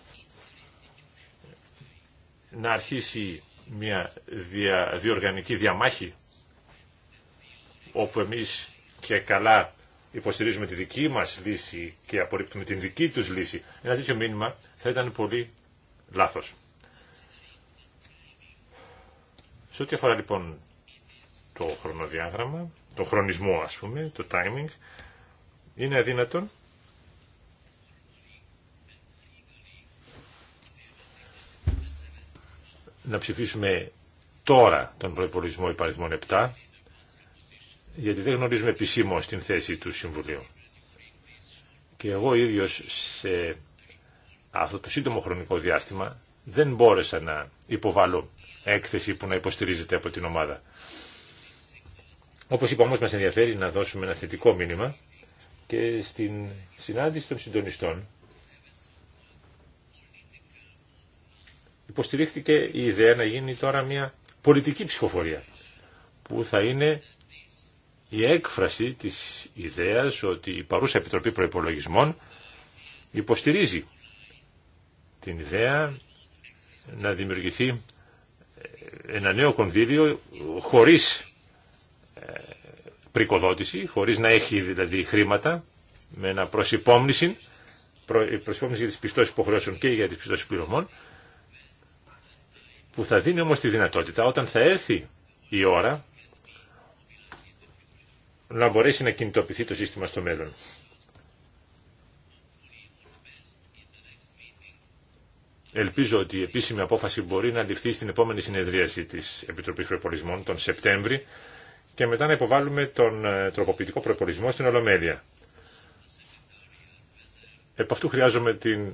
να αρχίσει μια δια, διοργανική διαμάχη όπου εμείς και καλά υποστηρίζουμε τη δική μας λύση και απορρίπτουμε την δική τους λύση. Ένα τέτοιο μήνυμα θα ήταν πολύ λάθος. Σε ό,τι αφορά λοιπόν το χρονοδιάγραμμα, το χρονισμό ας πούμε, το timing, είναι αδύνατον να ψηφίσουμε τώρα τον προπολογισμό υπαριθμών 7, γιατί δεν γνωρίζουμε επισήμω την θέση του Συμβουλίου. Και εγώ ίδιος σε αυτό το σύντομο χρονικό διάστημα δεν μπόρεσα να υποβάλω έκθεση που να υποστηρίζεται από την ομάδα. Όπως είπα όμως μας ενδιαφέρει να δώσουμε ένα θετικό μήνυμα και στην συνάντηση των συντονιστών υποστηρίχθηκε η ιδέα να γίνει τώρα μια πολιτική ψηφοφορία που θα είναι η έκφραση της ιδέας ότι η παρούσα Επιτροπή Προϋπολογισμών υποστηρίζει την ιδέα να δημιουργηθεί ένα νέο κονδύλιο χωρίς ε, πρικοδότηση, χωρίς να έχει δηλαδή χρήματα, με ένα προσυπόμνηση, προσυπόμνηση για τις πιστώσεις υποχρεώσεων και για τις πιστώσεις πληρωμών, που θα δίνει όμως τη δυνατότητα όταν θα έρθει η ώρα να μπορέσει να κινητοποιηθεί το σύστημα στο μέλλον. Ελπίζω ότι η επίσημη απόφαση μπορεί να ληφθεί στην επόμενη συνεδρίαση της Επιτροπής Προεπολισμών τον Σεπτέμβρη και μετά να υποβάλουμε τον ε, τροποποιητικό προεπολισμό στην Ολομέλεια. Επ' αυτού χρειάζομαι την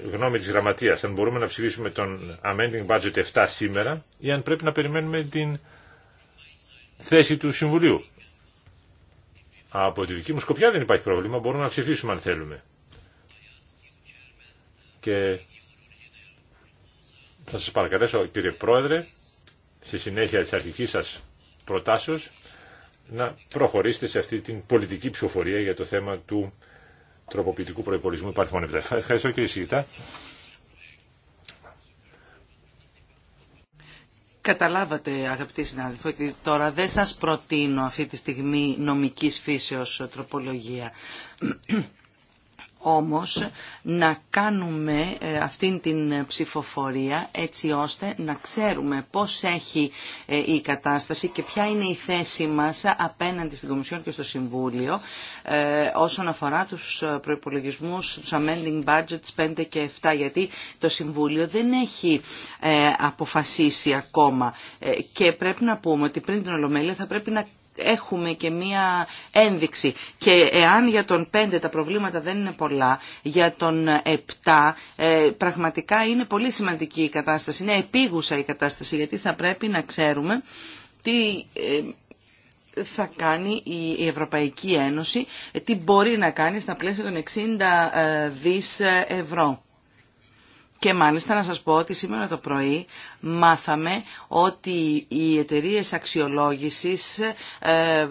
γνώμη της γραμματείας, αν μπορούμε να ψηφίσουμε τον amending budget 7 σήμερα ή αν πρέπει να περιμένουμε την θέση του Συμβουλίου. Από τη δική μου σκοπιά δεν υπάρχει πρόβλημα, μπορούμε να ψηφίσουμε αν θέλουμε. Και θα σας παρακαλέσω κύριε Πρόεδρε, στη συνέχεια της αρχικής σας προτάσεως, να προχωρήσετε σε αυτή την πολιτική ψηφοφορία για το θέμα του τροποποιητικού προϋπολογισμού υπαριθμών 7. Ευχαριστώ κύριε Σιγητά. Καταλάβατε αγαπητοί συνάδελφοι ότι τώρα δεν σας προτείνω αυτή τη στιγμή νομικής φύσεως τροπολογία όμως να κάνουμε ε, αυτήν την ψηφοφορία έτσι ώστε να ξέρουμε πώς έχει ε, η κατάσταση και ποια είναι η θέση μας απέναντι στην Κομισιόν και στο Συμβούλιο ε, όσον αφορά τους προϋπολογισμούς, τους amending budgets 5 και 7 γιατί το Συμβούλιο δεν έχει αποφασίσει ακόμα και πρέπει να πούμε ότι πριν την Ολομέλεια θα πρέπει να έχουμε και μία ένδειξη. Και εάν για τον 5 τα προβλήματα δεν είναι πολλά, για τον 7 ε, πραγματικά είναι πολύ σημαντική η κατάσταση, είναι επίγουσα η κατάσταση, γιατί θα πρέπει να ξέρουμε τι ε, θα κάνει η Ευρωπαϊκή Ένωση, ε, τι μπορεί να κάνει στα πλαίσια των 60 δις ευρώ. Και μάλιστα να σας πω ότι σήμερα το πρωί μάθαμε ότι οι εταιρείες αξιολόγησης ε, ε, ε,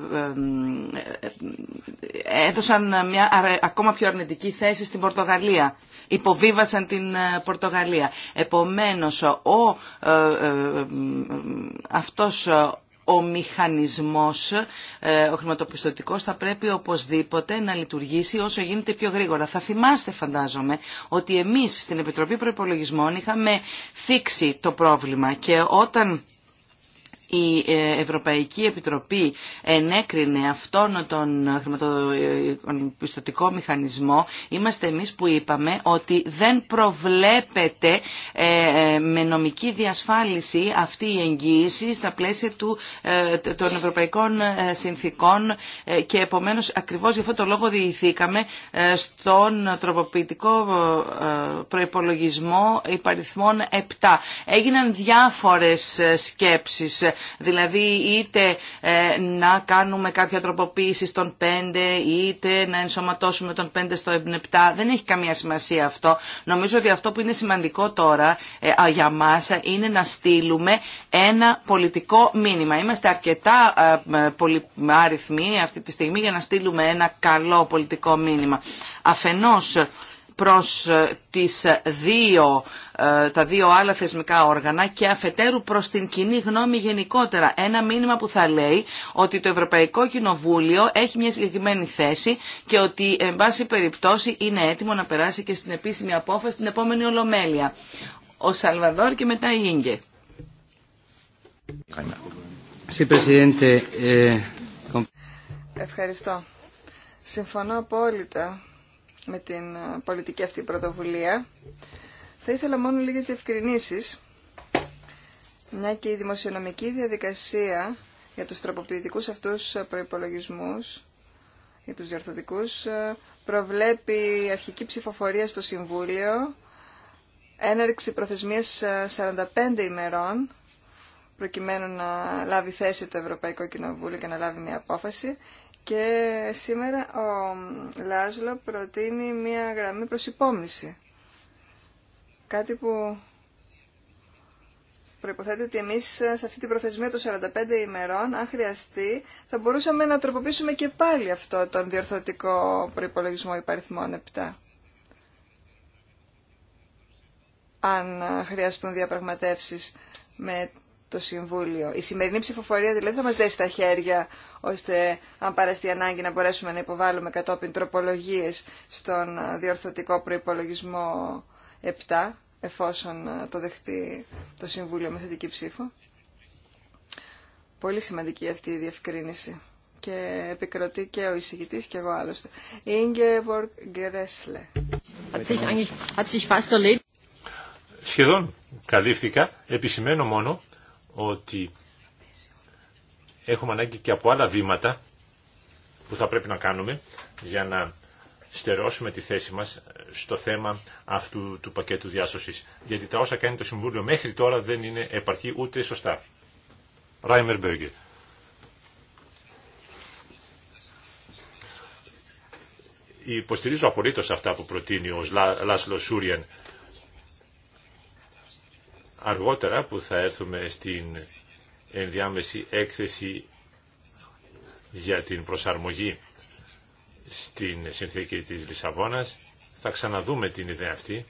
έδωσαν μια ακόμα πιο αρνητική θέση στην Πορτογαλία. Υποβίβασαν την Πορτογαλία. Επομένως, ο, αυτός ο μηχανισμός, ε, ο χρηματοπιστωτικός θα πρέπει οπωσδήποτε να λειτουργήσει όσο γίνεται πιο γρήγορα. Θα θυμάστε φαντάζομαι ότι εμείς στην Επιτροπή Προϋπολογισμών είχαμε θίξει το πρόβλημα και όταν η ε, Ευρωπαϊκή Επιτροπή ενέκρινε αυτόν τον χρηματοπιστωτικό μηχανισμό, είμαστε εμείς που είπαμε ότι δεν προβλέπεται ε, ε, με νομική διασφάλιση αυτή η εγγύηση στα πλαίσια του, των ευρωπαϊκών συνθήκων και επομένως ακριβώς γι' αυτό το λόγο διηθήκαμε στον τροποποιητικό προϋπολογισμό υπαριθμών 7. Έγιναν διάφορες σκέψεις Δηλαδή είτε ε, να κάνουμε κάποια τροποποίηση στον 5 είτε να ενσωματώσουμε τον 5 στο 7. Δεν έχει καμία σημασία αυτό. Νομίζω ότι αυτό που είναι σημαντικό τώρα ε, για μας είναι να στείλουμε ένα πολιτικό μήνυμα. Είμαστε αρκετά αριθμοί ε, αυτή τη στιγμή για να στείλουμε ένα καλό πολιτικό μήνυμα. Αφενός προς ε, τις ε, δύο, ε, τα δύο άλλα θεσμικά όργανα και αφετέρου προς την κοινή γνώμη γενικότερα. Ένα μήνυμα που θα λέει ότι το Ευρωπαϊκό Κοινοβούλιο έχει μια συγκεκριμένη θέση και ότι εν πάση περιπτώσει είναι έτοιμο να περάσει και στην επίσημη απόφαση την επόμενη Ολομέλεια. Ο Σαλβαδόρ και μετά η Ίγκε. Ευχαριστώ. Συμφωνώ απόλυτα με την ε, πολιτική αυτή πρωτοβουλία. Θα ήθελα μόνο λίγες διευκρινήσεις, μια και η δημοσιονομική διαδικασία για τους τροποποιητικούς αυτούς ε, προϋπολογισμούς, για τους διορθωτικούς, ε, προβλέπει αρχική ψηφοφορία στο Συμβούλιο, έναρξη προθεσμίας 45 ημερών, προκειμένου να λάβει θέση το Ευρωπαϊκό Κοινοβούλιο και να λάβει μια απόφαση και σήμερα ο λάσλο προτείνει μία γραμμή προς υπόμνηση. Κάτι που προϋποθέτει ότι εμείς σε αυτή την προθεσμία των 45 ημερών, αν χρειαστεί, θα μπορούσαμε να τροποποιήσουμε και πάλι αυτό τον διορθωτικό προϋπολογισμό υπαριθμών 7. Αν χρειαστούν διαπραγματεύσεις με το Συμβούλιο. Η σημερινή ψηφοφορία δηλαδή θα μας δέσει τα χέρια ώστε αν παραστεί ανάγκη να μπορέσουμε να υποβάλουμε κατόπιν τροπολογίες στον διορθωτικό προϋπολογισμό 7 εφόσον το δεχτεί το Συμβούλιο με θετική ψήφο. Πολύ σημαντική αυτή η διευκρίνηση και επικροτεί και ο εισηγητής και εγώ άλλωστε. Ingeborg Gressle. Σχεδόν καλύφθηκα, επισημαίνω μόνο ότι έχουμε ανάγκη και από άλλα βήματα που θα πρέπει να κάνουμε για να στερεώσουμε τη θέση μας στο θέμα αυτού του πακέτου διάσωσης. Γιατί τα όσα κάνει το Συμβούλιο μέχρι τώρα δεν είναι επαρκή ούτε σωστά. Ράιμερ Μπέργκερ. Υποστηρίζω απολύτως αυτά που προτείνει ο Λάσλο Σούριαν αργότερα που θα έρθουμε στην ενδιάμεση έκθεση για την προσαρμογή στην συνθήκη της Λισαβόνας. Θα ξαναδούμε την ιδέα αυτή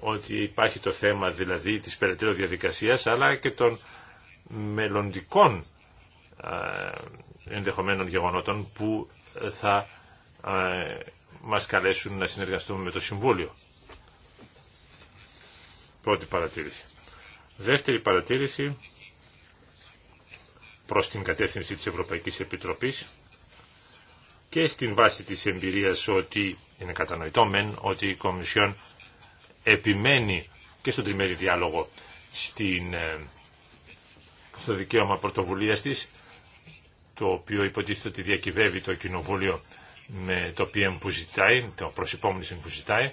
ότι υπάρχει το θέμα δηλαδή της περαιτέρω διαδικασίας αλλά και των μελλοντικών ενδεχομένων γεγονότων που θα μας καλέσουν να συνεργαστούμε με το Συμβούλιο. Πρώτη παρατήρηση. Δεύτερη παρατήρηση προς την κατεύθυνση της Ευρωπαϊκής Επιτροπής και στην βάση της εμπειρίας ότι είναι κατανοητό μεν ότι η Κομισιόν επιμένει και στον τριμερή διάλογο στην, ε, στο δικαίωμα πρωτοβουλίας της το οποίο υποτίθεται ότι διακυβεύει το Κοινοβούλιο με το PM που ζητάει, το που ζητάει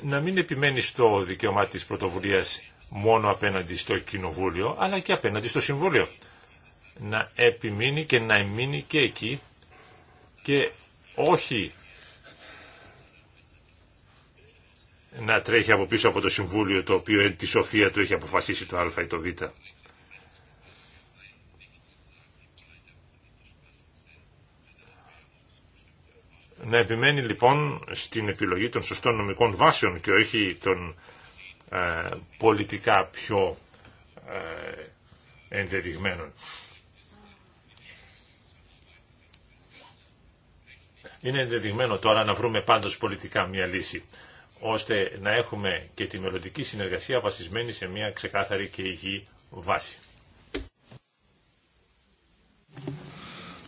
να μην επιμένει στο δικαίωμά της πρωτοβουλίας μόνο απέναντι στο Κοινοβούλιο, αλλά και απέναντι στο Συμβούλιο. Να επιμείνει και να εμείνει και εκεί και όχι να τρέχει από πίσω από το Συμβούλιο το οποίο τη σοφία του έχει αποφασίσει το Α ή το Β. να επιμένει λοιπόν στην επιλογή των σωστών νομικών βάσεων και όχι των ε, πολιτικά πιο ε, ενδεδειγμένων. Είναι ενδεδειγμένο τώρα να βρούμε πάντως πολιτικά μια λύση, ώστε να έχουμε και τη μελλοντική συνεργασία βασισμένη σε μια ξεκάθαρη και υγιή βάση.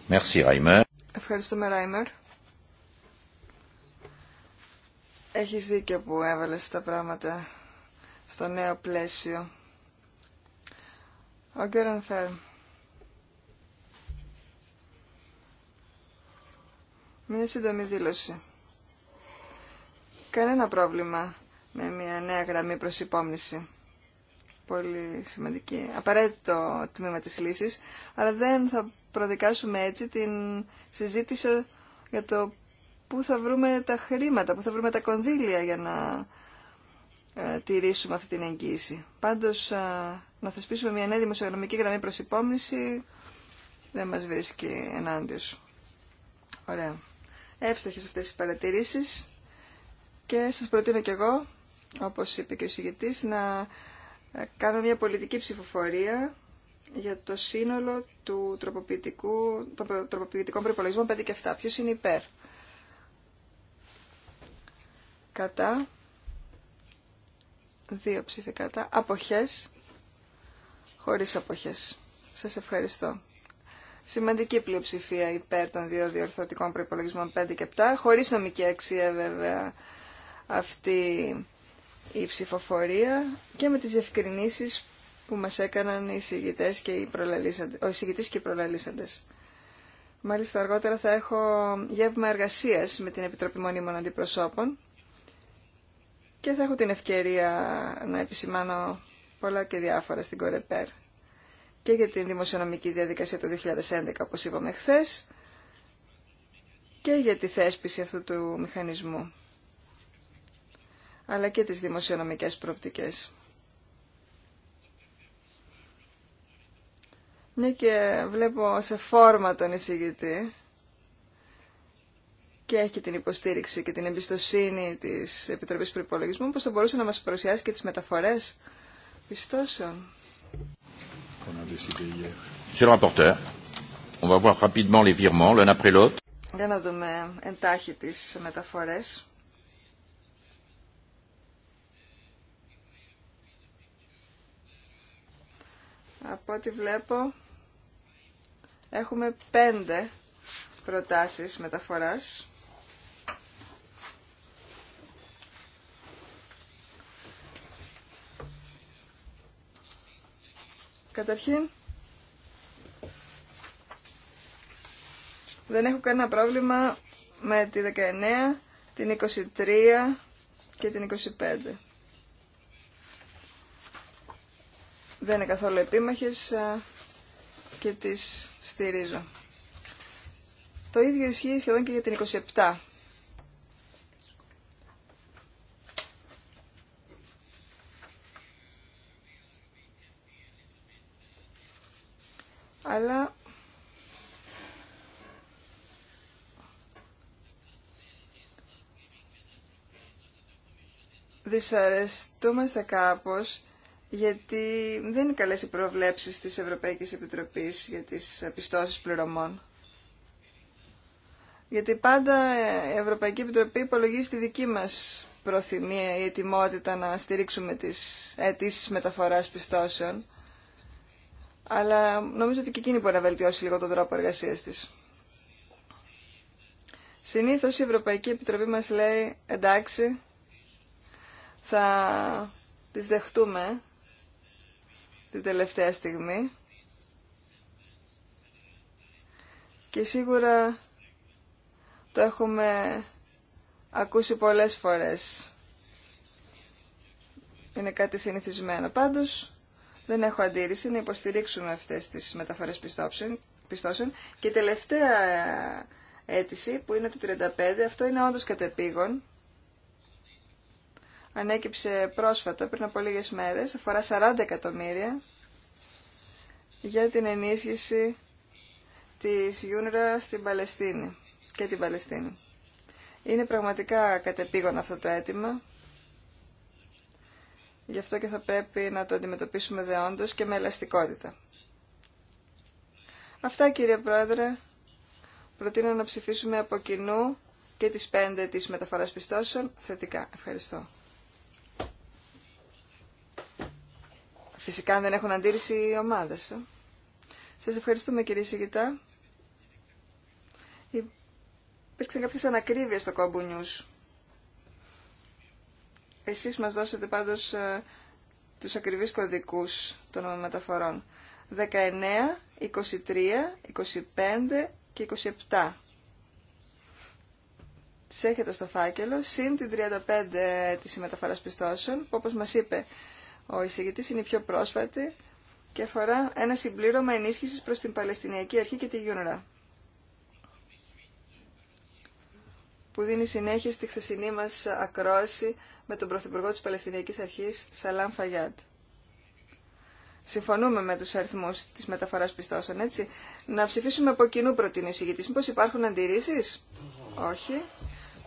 Merci, Ευχαριστούμε, Ράιμερ. Έχεις δίκιο που έβαλες τα πράγματα στο νέο πλαίσιο. Ο Γκέραν Φέρμ. Μία σύντομη δήλωση. Κανένα πρόβλημα με μια νέα γραμμή προς υπόμνηση. Πολύ σημαντική, απαραίτητο τμήμα της λύσης, αλλά δεν θα προδικάσουμε έτσι την συζήτηση για το πού θα βρούμε τα χρήματα, πού θα βρούμε τα κονδύλια για να ε, τηρήσουμε αυτή την εγγύηση. Πάντως, ε, να θεσπίσουμε μια νέα δημοσιονομική γραμμή προς υπόμνηση δεν μας βρίσκει ενάντια σου. Ωραία. Εύστοχες αυτές οι παρατηρήσεις και σας προτείνω κι εγώ, όπως είπε και ο συγγετής, να ε, κάνω μια πολιτική ψηφοφορία για το σύνολο του τροποποιητικού, των τροποποιητικών προπολογισμών 5 και 7. Ποιος είναι υπέρ δύο ψηφικάτα, αποχές, χωρίς αποχές. Σας ευχαριστώ. Σημαντική πλειοψηφία υπέρ των δύο διορθωτικών προϋπολογισμών 5 και 7, χωρίς νομική αξία βέβαια αυτή η ψηφοφορία και με τις διευκρινήσεις που μας έκαναν οι συγητές και οι προλαλήσαντες, και οι προλαλήσαντες. Μάλιστα αργότερα θα έχω γεύμα εργασίας με την Επιτροπή Μονίμων Αντιπροσώπων και θα έχω την ευκαιρία να επισημάνω πολλά και διάφορα στην Κορεπέρ και για την δημοσιονομική διαδικασία του 2011, όπως είπαμε χθε, και για τη θέσπιση αυτού του μηχανισμού, αλλά και τις δημοσιονομικές προοπτικές. Ναι και βλέπω σε φόρμα τον εισηγητή και έχει την υποστήριξη και την εμπιστοσύνη της Επιτροπής προπολογισμού πώς θα μπορούσε να μας παρουσιάσει και τις μεταφορές πιστώσεων. Για να δούμε εντάχει τι μεταφορέ. Από ό,τι βλέπω έχουμε πέντε προτάσεις μεταφοράς. Καταρχήν, δεν έχω κανένα πρόβλημα με τη 19, την 23 και την 25. Δεν είναι καθόλου επίμαχες και τις στηρίζω. Το ίδιο ισχύει σχεδόν και για την 27. αλλά δυσαρεστούμαστε κάπως γιατί δεν είναι καλές οι προβλέψεις της Ευρωπαϊκής Επιτροπής για τις πιστώσεις πληρωμών. Γιατί πάντα η Ευρωπαϊκή Επιτροπή υπολογίζει τη δική μας προθυμία ή ετοιμότητα να στηρίξουμε τις αιτήσει μεταφοράς πιστώσεων αλλά νομίζω ότι και εκείνη μπορεί να βελτιώσει λίγο τον τρόπο εργασία τη. Συνήθω η Ευρωπαϊκή Επιτροπή μα λέει εντάξει, θα τις δεχτούμε την τελευταία στιγμή και σίγουρα το έχουμε ακούσει πολλές φορές. Είναι κάτι συνηθισμένο. Πάντως, δεν έχω αντίρρηση να υποστηρίξουμε αυτές τις μεταφορές πιστώσεων, Και η τελευταία αίτηση που είναι το 35, αυτό είναι όντως κατεπήγον. Ανέκυψε πρόσφατα, πριν από λίγες μέρες, αφορά 40 εκατομμύρια για την ενίσχυση της Γιούνρα στην Παλαιστίνη και την Παλαιστίνη. Είναι πραγματικά κατεπήγον αυτό το αίτημα Γι' αυτό και θα πρέπει να το αντιμετωπίσουμε δεόντως και με ελαστικότητα. Αυτά κύριε Πρόεδρε. Προτείνω να ψηφίσουμε από κοινού και τις πέντε της μεταφοράς πιστώσεων θετικά. Ευχαριστώ. Φυσικά δεν έχουν αντίρρηση οι ομάδες. Ε. Σας ευχαριστούμε κύριε Σιγητά. Υπήρξαν κάποιες ανακρίβειες στο Κόμπου νιούς. Εσείς μας δώσετε πάντως ε, τους ακριβείς κωδικούς των μεταφορών. 19, 23, 25 και 27. Τις έχετε στο φάκελο, συν την 35 της συμμεταφοράς πιστώσεων, που όπως μας είπε ο εισηγητής είναι η πιο πρόσφατη και αφορά ένα συμπλήρωμα ενίσχυσης προς την Παλαιστινιακή Αρχή και τη Γιούνρα. που δίνει συνέχεια στη χθεσινή μας ακρόαση με τον Πρωθυπουργό της Παλαιστινιακής Αρχής Σαλάμ Φαγιάτ. Συμφωνούμε με τους αριθμούς της μεταφοράς πιστώσεων, έτσι. Να ψηφίσουμε από κοινού προτείνει εισηγητής. Μήπως υπάρχουν αντιρρήσεις? Όχι.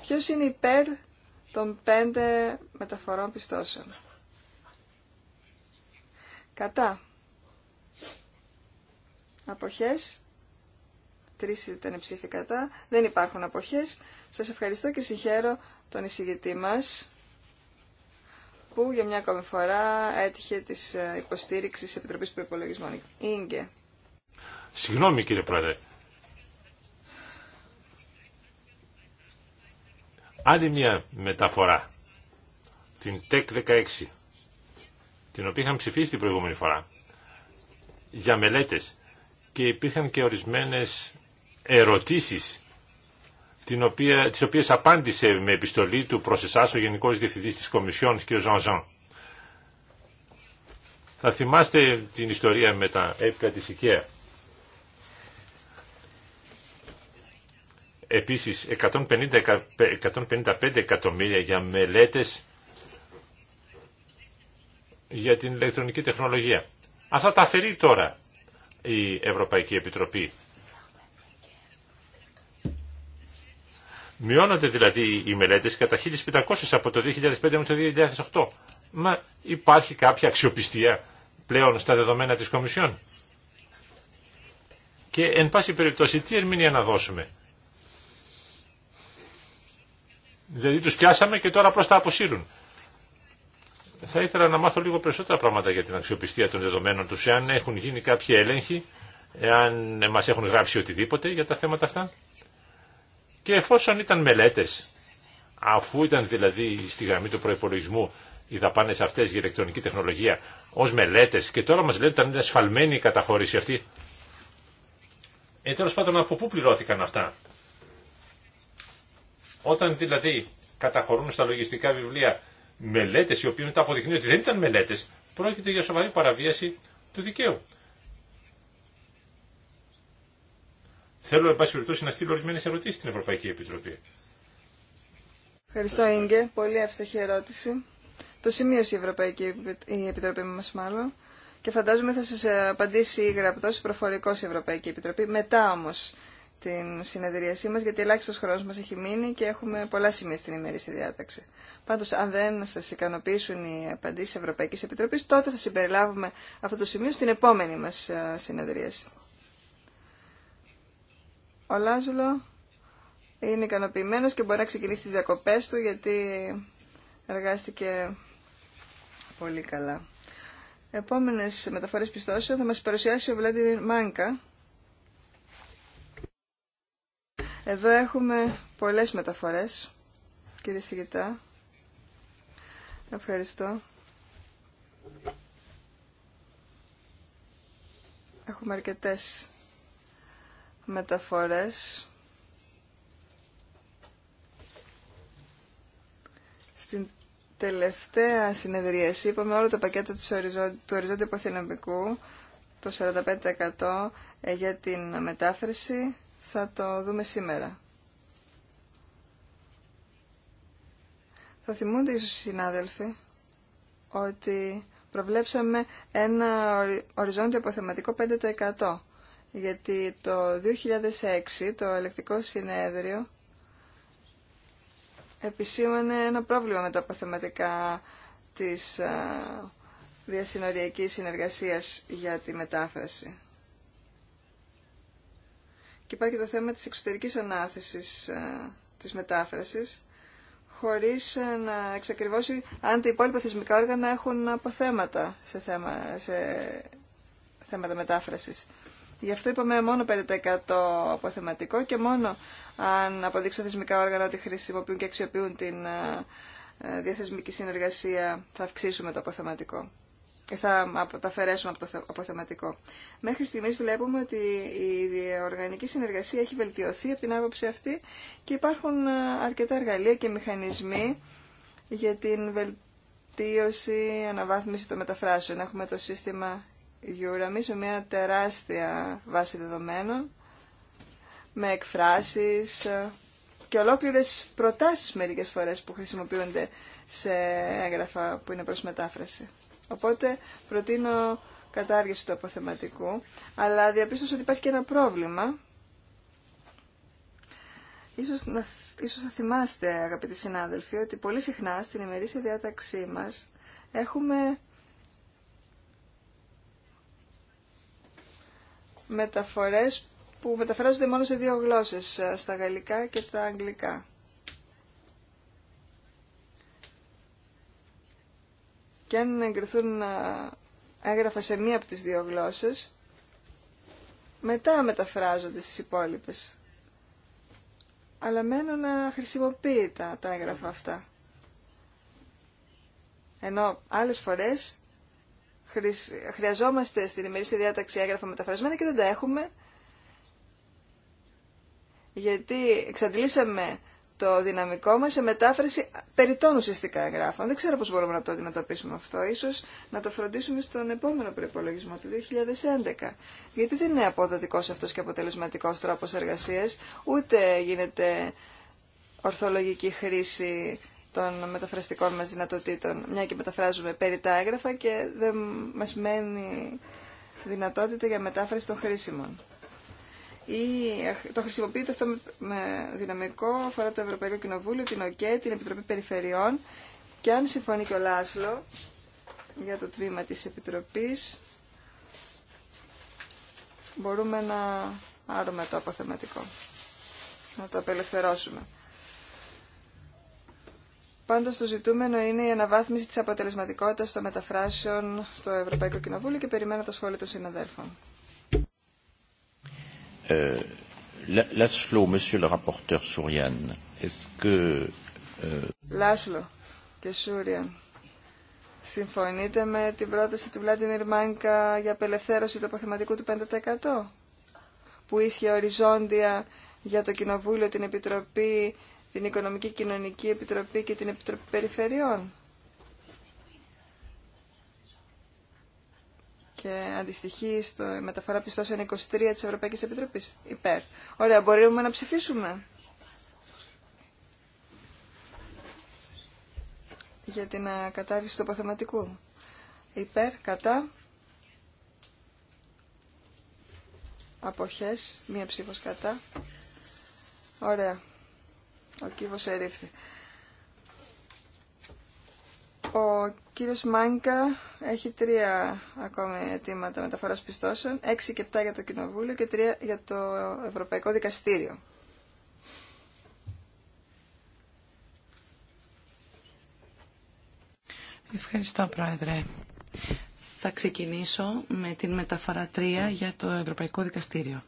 Ποιος είναι υπέρ των πέντε μεταφορών πιστώσεων. Κατά. Αποχές. Τρεις ήταν οι ψήφοι κατά. Δεν υπάρχουν αποχές. Σας ευχαριστώ και συγχαίρω τον εισηγητή μας που για μια ακόμη φορά έτυχε τη ε, υποστήριξη τη Επιτροπής Προπολογισμών. Ίγκε. Συγγνώμη κύριε Πρόεδρε. Άλλη μια μεταφορά. Την ΤΕΚ 16. Την οποία είχαμε ψηφίσει την προηγούμενη φορά. Για μελέτες. Και υπήρχαν και ορισμένες ερωτήσεις την οποία, τις οποίες απάντησε με επιστολή του προς εσάς ο Γενικός Διευθυντής της Κομισιόν κ. Ζανζάν. Θα θυμάστε την ιστορία με τα έπικα της IKEA. Επίσης 150, 155 εκατομμύρια για μελέτες για την ηλεκτρονική τεχνολογία. Αυτά τα αφαιρεί τώρα η Ευρωπαϊκή Επιτροπή Μειώνονται δηλαδή οι μελέτες κατά 1500 από το 2005 με το 2008. Μα υπάρχει κάποια αξιοπιστία πλέον στα δεδομένα της Κομισιόν. Και εν πάση περιπτώσει τι ερμηνεία να δώσουμε. Δηλαδή τους πιάσαμε και τώρα απλώς τα αποσύρουν. Θα ήθελα να μάθω λίγο περισσότερα πράγματα για την αξιοπιστία των δεδομένων τους, εάν έχουν γίνει κάποιοι έλεγχοι, εάν μας έχουν γράψει οτιδήποτε για τα θέματα αυτά. Και εφόσον ήταν μελέτες, αφού ήταν δηλαδή στη γραμμή του προπολογισμού οι δαπάνε αυτές για ηλεκτρονική τεχνολογία ως μελέτες και τώρα μας λένε ότι ήταν ασφαλμένη η καταχώρηση αυτή. Ε, τέλος πάντων, από πού πληρώθηκαν αυτά. Όταν δηλαδή καταχωρούν στα λογιστικά βιβλία μελέτες οι οποίες μετά αποδεικνύουν ότι δεν ήταν μελέτε, πρόκειται για σοβαρή παραβίαση του δικαίου. Θέλω, εν πάση περιπτώσει, να στείλω ορισμένε ερωτήσει στην Ευρωπαϊκή Επιτροπή. Ευχαριστώ, Ίγκε. Πολύ εύστοχη ερώτηση. Το σημείωσε η Ευρωπαϊκή η Επιτροπή μας μάλλον και φαντάζομαι θα σα ε, απαντήσει η προφορικός η Ευρωπαϊκή Επιτροπή μετά όμω την συνεδρίασή μα, γιατί ελάχιστος χρόνο μα έχει μείνει και έχουμε πολλά σημεία στην ημερήσια διάταξη. Πάντως αν δεν σα ικανοποιήσουν οι απαντήσει της Ευρωπαϊκής τότε θα συμπεριλάβουμε αυτό το σημείο στην επόμενη μα ε, συνεδρίαση. Ο Λάζλο είναι ικανοποιημένο και μπορεί να ξεκινήσει τι διακοπές του γιατί εργάστηκε πολύ καλά. Επόμενες μεταφορές πιστώσεων θα μας παρουσιάσει ο Βλέντιν Μάνκα. Εδώ έχουμε πολλές μεταφορές, κύριε Σιγητά. Ευχαριστώ. Έχουμε αρκετές μεταφορές στην τελευταία συνεδρίαση είπαμε όλο το πακέτο του οριζόντιου υποθυνομικού το 45% ε, για την μετάφραση θα το δούμε σήμερα. Θα θυμούνται ίσως οι συνάδελφοι ότι προβλέψαμε ένα οριζόντιο αποθεματικό 5% γιατί το 2006 το ελεκτικό συνέδριο επισήμανε ένα πρόβλημα με τα αποθεματικά της ε, διασυνοριακής συνεργασίας για τη μετάφραση. Και υπάρχει το θέμα της εξωτερικής ανάθεσης ε, της μετάφρασης, χωρίς ε, να εξακριβώσει αν τα υπόλοιπα θεσμικά όργανα έχουν αποθέματα σε, σε θέματα μετάφρασης. Γι' αυτό είπαμε μόνο 5% αποθεματικό και μόνο αν αποδείξουν θεσμικά όργανα ότι χρησιμοποιούν και αξιοποιούν την ε, ε, διαθεσμική συνεργασία θα αυξήσουμε το αποθεματικό και ε, θα τα αφαιρέσουμε από το αποθεματικό. Μέχρι στιγμής βλέπουμε ότι η οργανική συνεργασία έχει βελτιωθεί από την άποψη αυτή και υπάρχουν αρκετά εργαλεία και μηχανισμοί για την βελτίωση, αναβάθμιση των μεταφράσεων. Έχουμε το σύστημα σε μια τεράστια βάση δεδομένων με εκφράσεις ε, και ολόκληρες προτάσεις μερικές φορές που χρησιμοποιούνται σε έγγραφα που είναι προς μετάφραση. Οπότε προτείνω κατάργηση του αποθεματικού, αλλά διαπίστωσα ότι υπάρχει και ένα πρόβλημα. Ίσως, ίσως θα θυμάστε αγαπητοί συνάδελφοι ότι πολύ συχνά στην ημερήσια διάταξή μας έχουμε μεταφορές που μεταφράζονται μόνο σε δύο γλώσσες, ε, στα γαλλικά και τα αγγλικά. Και αν εγκριθούν ε, έγγραφα σε μία από τις δύο γλώσσες, μετά μεταφράζονται στις υπόλοιπες. Αλλά μένουν να χρησιμοποιεί τα, τα έγγραφα αυτά. Ενώ άλλες φορές χρειαζόμαστε στην ημερήσια διάταξη έγγραφα μεταφρασμένα και δεν τα έχουμε γιατί εξαντλήσαμε το δυναμικό μας σε μετάφραση περιττών ουσιαστικά εγγράφων. Δεν ξέρω πώς μπορούμε να το αντιμετωπίσουμε αυτό. Ίσως να το φροντίσουμε στον επόμενο προπολογισμό του 2011. Γιατί δεν είναι αποδοτικός αυτός και αποτελεσματικός τρόπος εργασίας, ούτε γίνεται ορθολογική χρήση των μεταφραστικών μας δυνατοτήτων, μια και μεταφράζουμε περί τα έγγραφα και δεν μας μένει δυνατότητα για μετάφραση των χρήσιμων. Ή, το χρησιμοποιείται αυτό με δυναμικό αφορά το Ευρωπαϊκό Κοινοβούλιο, την ΟΚΕ, την Επιτροπή Περιφερειών και αν συμφωνεί και ο Λάσλο για το τμήμα της Επιτροπής μπορούμε να άρουμε το αποθεματικό, να το απελευθερώσουμε. Πάντως το ζητούμενο είναι η αναβάθμιση της αποτελεσματικότητας των μεταφράσεων στο Ευρωπαϊκό Κοινοβούλιο και περιμένω το σχόλιο των συναδέλφων. Ε, ε, Λάσλο, και Σούριαν, συμφωνείτε με την πρόταση του Βλάντιμιρ Μάνκα για απελευθέρωση του αποθεματικού του 5% που ίσχυε οριζόντια για το Κοινοβούλιο, την Επιτροπή την Οικονομική Κοινωνική Επιτροπή και την Επιτροπή Περιφερειών. και αντιστοιχεί στο μεταφορά πιστώσεων 23 της Ευρωπαϊκής Επιτροπής. Υπέρ. Ωραία, μπορούμε να ψηφίσουμε. Για την κατάρριση του αποθεματικού Υπέρ, κατά. Αποχές, μία ψήφος κατά. Ωραία. Ο κύβος ερήφθη. Ο κύριος Μάνκα έχει τρία ακόμη αιτήματα μεταφοράς πιστώσεων, έξι και επτά για το Κοινοβούλιο και τρία για το Ευρωπαϊκό Δικαστήριο. Ευχαριστώ, Πρόεδρε. Θα ξεκινήσω με την μεταφορά τρία για το Ευρωπαϊκό Δικαστήριο.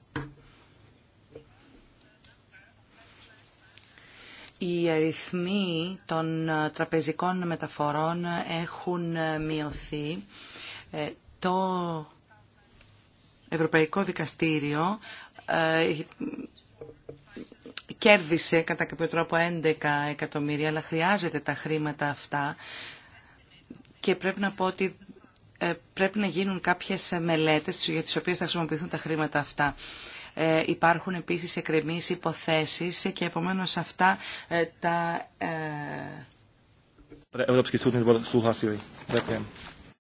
οι αριθμοί των ε, τραπεζικών μεταφορών έχουν ε, μειωθεί. Ε, το Ευρωπαϊκό Δικαστήριο κέρδισε κατά κάποιο τρόπο 11 εκατομμύρια, αλλά χρειάζεται τα χρήματα αυτά και πρέπει να πω ότι πρέπει να γίνουν κάποιες μελέτες για τις οποίες θα χρησιμοποιηθούν τα χρήματα αυτά. Ε, υπάρχουν επίσης εκκρεμίε υποθέσεις και επομένως αυτά ε, τα... Ε,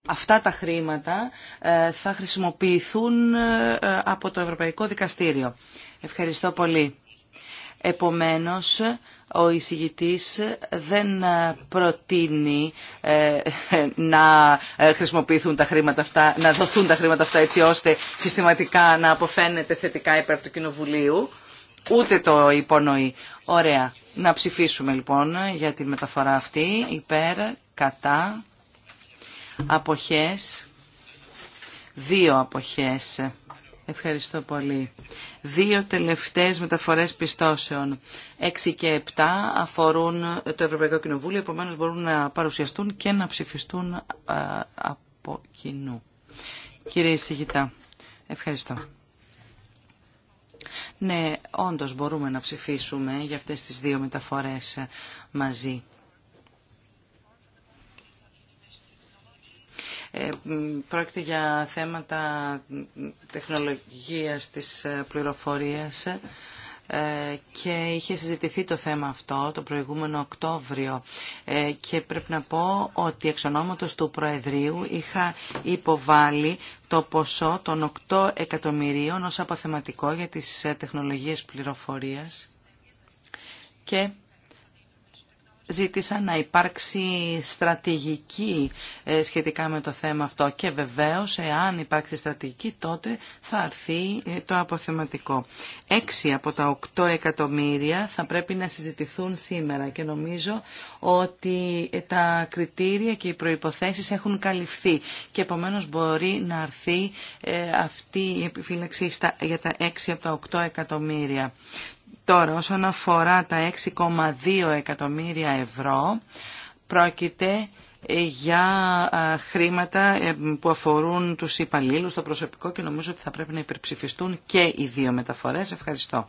αυτά τα χρήματα θα χρησιμοποιηθούν από το Ευρωπαϊκό Δικαστήριο. Ευχαριστώ πολύ. Επομένως, ο εισηγητής δεν προτείνει ε, να ε, χρησιμοποιηθούν τα χρήματα αυτά, να δοθούν τα χρήματα αυτά έτσι ώστε συστηματικά να αποφαίνεται θετικά υπέρ του Κοινοβουλίου. Ούτε το υπονοεί. Ωραία. Να ψηφίσουμε λοιπόν για την μεταφορά αυτή υπέρ, κατά, αποχές, δύο αποχές. Ευχαριστώ πολύ. Δύο τελευταίες μεταφορές πιστώσεων. έξι και επτά, αφορούν το Ευρωπαϊκό Κοινοβούλιο, επομένως μπορούν να παρουσιαστούν και να ψηφιστούν από κοινού. Κύριε Ισηγητά, ευχαριστώ. Ναι, όντως μπορούμε να ψηφίσουμε για αυτές τις δύο μεταφορές μαζί. Ε, πρόκειται για θέματα τεχνολογίας της ε, πληροφορίας ε, και είχε συζητηθεί το θέμα αυτό το προηγούμενο Οκτώβριο και πρέπει να πω ότι εξ του προεδρίου είχα υποβάλει το ποσό των 8 εκατομμυρίων ως αποθεματικό για τις τεχνολογίες πληροφορίας και Ζήτησα να υπάρξει στρατηγική ε, σχετικά με το θέμα αυτό και βεβαίως εάν υπάρξει στρατηγική τότε θα αρθεί ε, το αποθεματικό. Έξι από τα οκτώ εκατομμύρια θα πρέπει να συζητηθούν σήμερα και νομίζω ότι ε, τα κριτήρια και οι προϋποθέσεις έχουν καλυφθεί και επομένως μπορεί να αρθεί αυτή η επιφύλαξη για τα έξι από τα οκτώ εκατομμύρια. Τώρα, όσον αφορά τα 6,2 εκατομμύρια ευρώ, πρόκειται για χρήματα ε, που αφορούν τους υπαλλήλους, το προσωπικό και νομίζω ότι θα πρέπει να υπερψηφιστούν και οι δύο μεταφορές. Ευχαριστώ.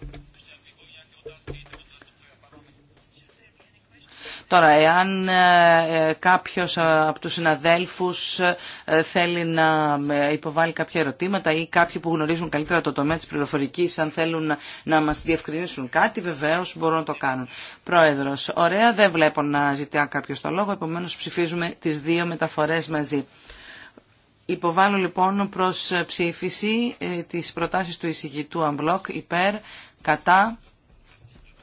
Τώρα, εάν ε, ε, κάποιος ε, από τους συναδέλφους θέλει να υποβάλει κάποια ερωτήματα ή κάποιοι που γνωρίζουν καλύτερα το τομέα της πληροφορικής, αν θέλουν να μας διευκρινίσουν κάτι, βεβαίως μπορούν να το κάνουν. Πρόεδρος, ωραία, δεν βλέπω να ζητά κάποιος το λόγο, επομένως ψηφίζουμε τις δύο μεταφορές μαζί. Υποβάλλω λοιπόν προς ψήφιση τις προτάσεις του εισηγητού Αμπλοκ υπέρ, κατά,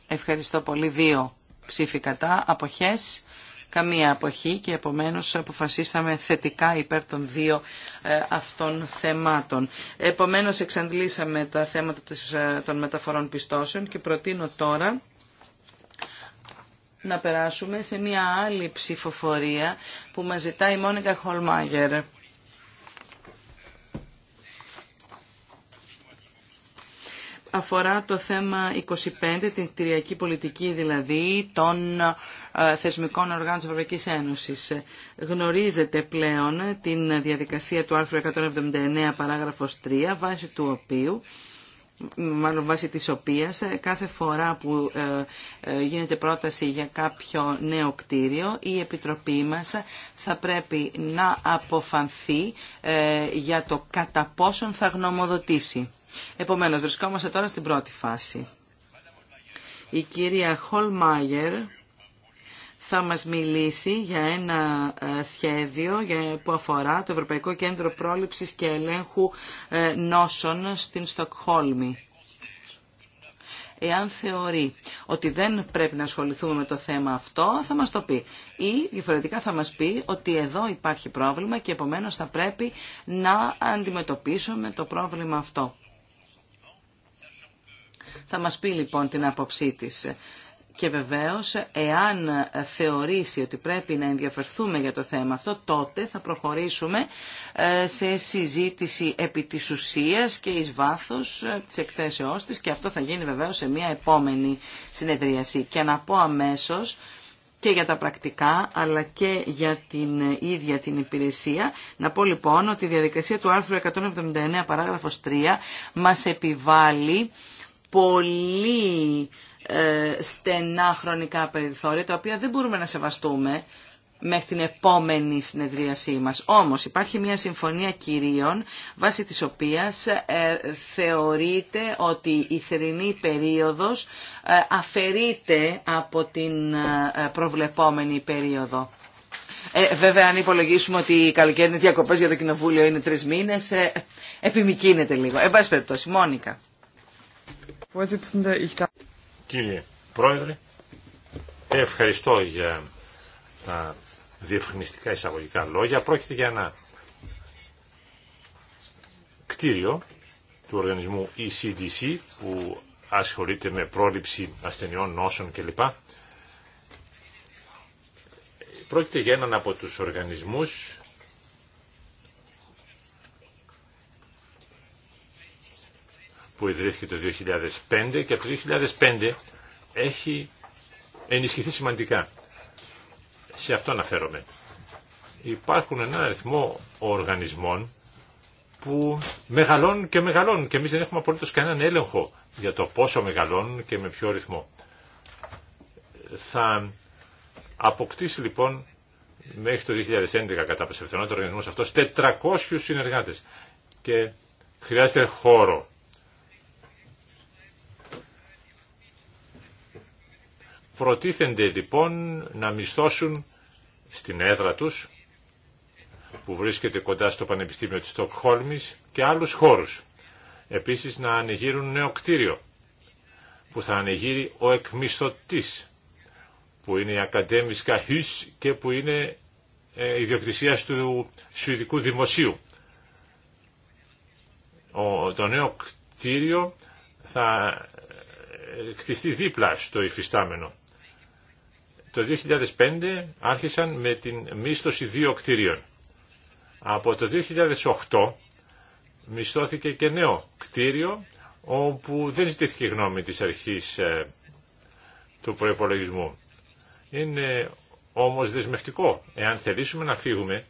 ευχαριστώ πολύ, δύο ψήφι κατά, αποχές, καμία αποχή και επομένως αποφασίσαμε θετικά υπέρ των δύο ε, αυτών θεμάτων. Επομένως εξαντλήσαμε τα θέματα ε, των μεταφορών πιστώσεων και προτείνω τώρα να περάσουμε σε μια άλλη ψηφοφορία που μας ζητάει η Μόνικα Χολμάγερ. αφορά το θέμα 25, την κτηριακή πολιτική δηλαδή των ε, θεσμικών οργάνων της Ευρωπαϊκής Ένωσης. Γνωρίζετε πλέον την διαδικασία του άρθρου 179 παράγραφος 3, βάσει του οποίου μάλλον βάσει της οποίας ε, κάθε φορά που ε, γίνεται πρόταση για κάποιο νέο κτίριο η Επιτροπή μας θα πρέπει να αποφανθεί για το κατά πόσον θα γνωμοδοτήσει. Επομένως, βρισκόμαστε τώρα στην πρώτη φάση. Η κυρία Χολμάγερ θα μας μιλήσει για ένα ε, σχέδιο που αφορά το Ευρωπαϊκό Κέντρο Πρόληψης και Ελέγχου ε, Νόσων στην Στοκχόλμη. Εάν θεωρεί ότι δεν πρέπει να ασχοληθούμε με το θέμα αυτό, θα μας το πει. Ή διαφορετικά θα μας πει ότι εδώ υπάρχει πρόβλημα και επομένως θα πρέπει να αντιμετωπίσουμε το πρόβλημα αυτό. Θα μας πει λοιπόν την άποψή της. Και βεβαίως, εάν θεωρήσει ότι πρέπει να ενδιαφερθούμε για το θέμα αυτό, τότε θα προχωρήσουμε ε, σε συζήτηση επί της ουσίας και εις βάθος ε, της εκθέσεώς της και αυτό θα γίνει βεβαίως σε μια επόμενη συνεδρίαση. Και να πω αμέσως και για τα πρακτικά αλλά και για την ε, ίδια την υπηρεσία. Να πω λοιπόν ότι η διαδικασία του άρθρου 179 παράγραφος 3 μας επιβάλλει πολύ ε, στενά χρονικά περιθώρια, τα οποία δεν μπορούμε να σεβαστούμε μέχρι την επόμενη συνεδρίασή μας. Όμως υπάρχει μια συμφωνία κυρίων βάσει της οποίας ε, θεωρείται ότι η θερινή περίοδος ε, αφαιρείται από την προβλεπόμενη περίοδο. Βέβαια αν υπολογίσουμε ότι οι καλοκαίρινες διακοπές για το κοινοβούλιο είναι τρεις μήνες, επιμικίνεται λίγο. Εν πάση περιπτώσει, Μόνικα. Κύριε Πρόεδρε, ευχαριστώ για τα διευθυνιστικά εισαγωγικά λόγια. Πρόκειται για ένα κτίριο του οργανισμού ECDC που ασχολείται με πρόληψη ασθενειών, νόσων κλπ. Πρόκειται για έναν από τους οργανισμούς που ιδρύθηκε το 2005 και από το 2005 έχει ενισχυθεί σημαντικά. Σε αυτό αναφέρομαι. Υπάρχουν ένα αριθμό οργανισμών που μεγαλώνουν και μεγαλώνουν και εμείς δεν έχουμε απολύτως κανέναν έλεγχο για το πόσο μεγαλώνουν και με ποιο ρυθμό. Θα αποκτήσει λοιπόν μέχρι το 2011 κατά πεσευθενότητα ο οργανισμός αυτός 400 συνεργάτες και χρειάζεται χώρο Προτίθενται λοιπόν να μισθώσουν στην έδρα τους που βρίσκεται κοντά στο Πανεπιστήμιο της Στοκχόλμης και άλλους χώρους. Επίσης να ανεγείρουν νέο κτίριο που θα ανεγείρει ο εκμισθωτής που είναι η Ακαδέμισκα Χις και που είναι ε, ιδιοκτησία του Σουηδικού Δημοσίου. το νέο κτίριο θα κτιστεί ε, δίπλα στο υφιστάμενο. Το 2005 άρχισαν με την μίσθωση δύο κτίριων. Από το 2008 μισθώθηκε και νέο κτίριο όπου δεν ζητήθηκε γνώμη της αρχής ε, του προϋπολογισμού. Είναι όμως δεσμευτικό. Εάν θελήσουμε να φύγουμε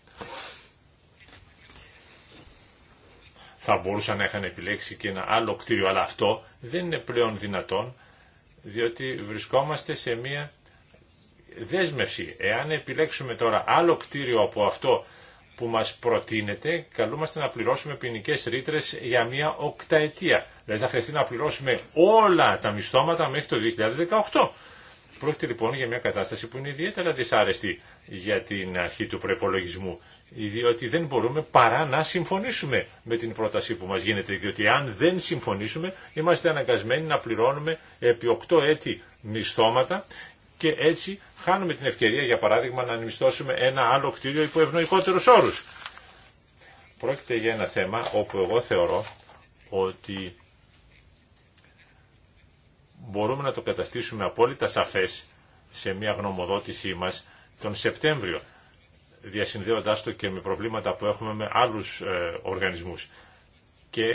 θα μπορούσαν να είχαν επιλέξει και ένα άλλο κτίριο αλλά αυτό δεν είναι πλέον δυνατόν διότι βρισκόμαστε σε μια δέσμευση. Εάν επιλέξουμε τώρα άλλο κτίριο από αυτό που μας προτείνεται, καλούμαστε να πληρώσουμε ποινικέ ρήτρε για μια οκταετία. Δηλαδή θα χρειαστεί να πληρώσουμε όλα τα μισθώματα μέχρι το 2018. Πρόκειται λοιπόν για μια κατάσταση που είναι ιδιαίτερα δυσάρεστη για την αρχή του προπολογισμού, διότι δεν μπορούμε παρά να συμφωνήσουμε με την πρόταση που μας γίνεται, διότι αν δεν συμφωνήσουμε είμαστε αναγκασμένοι να πληρώνουμε επί 8 έτη μισθώματα και έτσι χάνουμε την ευκαιρία, για παράδειγμα, να ανιμιστώσουμε ένα άλλο κτίριο υπό ευνοϊκότερου όρου. Πρόκειται για ένα θέμα όπου εγώ θεωρώ ότι μπορούμε να το καταστήσουμε απόλυτα σαφές σε μια γνωμοδότησή μας τον Σεπτέμβριο, διασυνδέοντάς το και με προβλήματα που έχουμε με άλλους ε, οργανισμούς. Και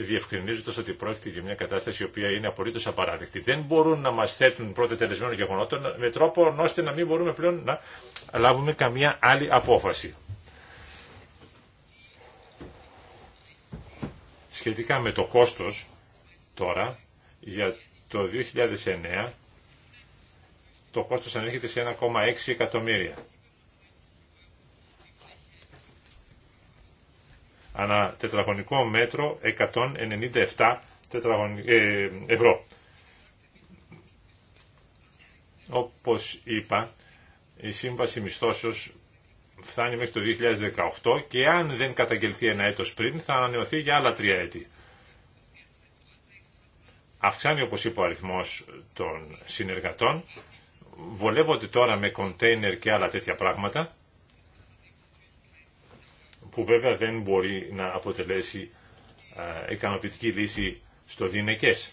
διευκρινίζοντα ότι πρόκειται για μια κατάσταση η οποία είναι απολύτω απαράδεκτη. Δεν μπορούν να μα θέτουν πρώτα τελεσμένων γεγονότων με τρόπο ώστε να μην μπορούμε πλέον να λάβουμε καμία άλλη απόφαση. Σχετικά με το κόστος τώρα για το 2009 το κόστος ανέρχεται σε 1,6 εκατομμύρια. ανά τετραγωνικό μέτρο 197 ε, ευρώ. Όπως είπα, η σύμβαση μισθώσεως φτάνει μέχρι το 2018 και αν δεν καταγγελθεί ένα έτος πριν θα ανανεωθεί για άλλα τρία έτη. Αυξάνει όπως είπε ο αριθμός των συνεργατών, βολεύονται τώρα με κοντέινερ και άλλα τέτοια πράγματα που βέβαια δεν μπορεί να αποτελέσει ικανοποιητική λύση στο δινεκές.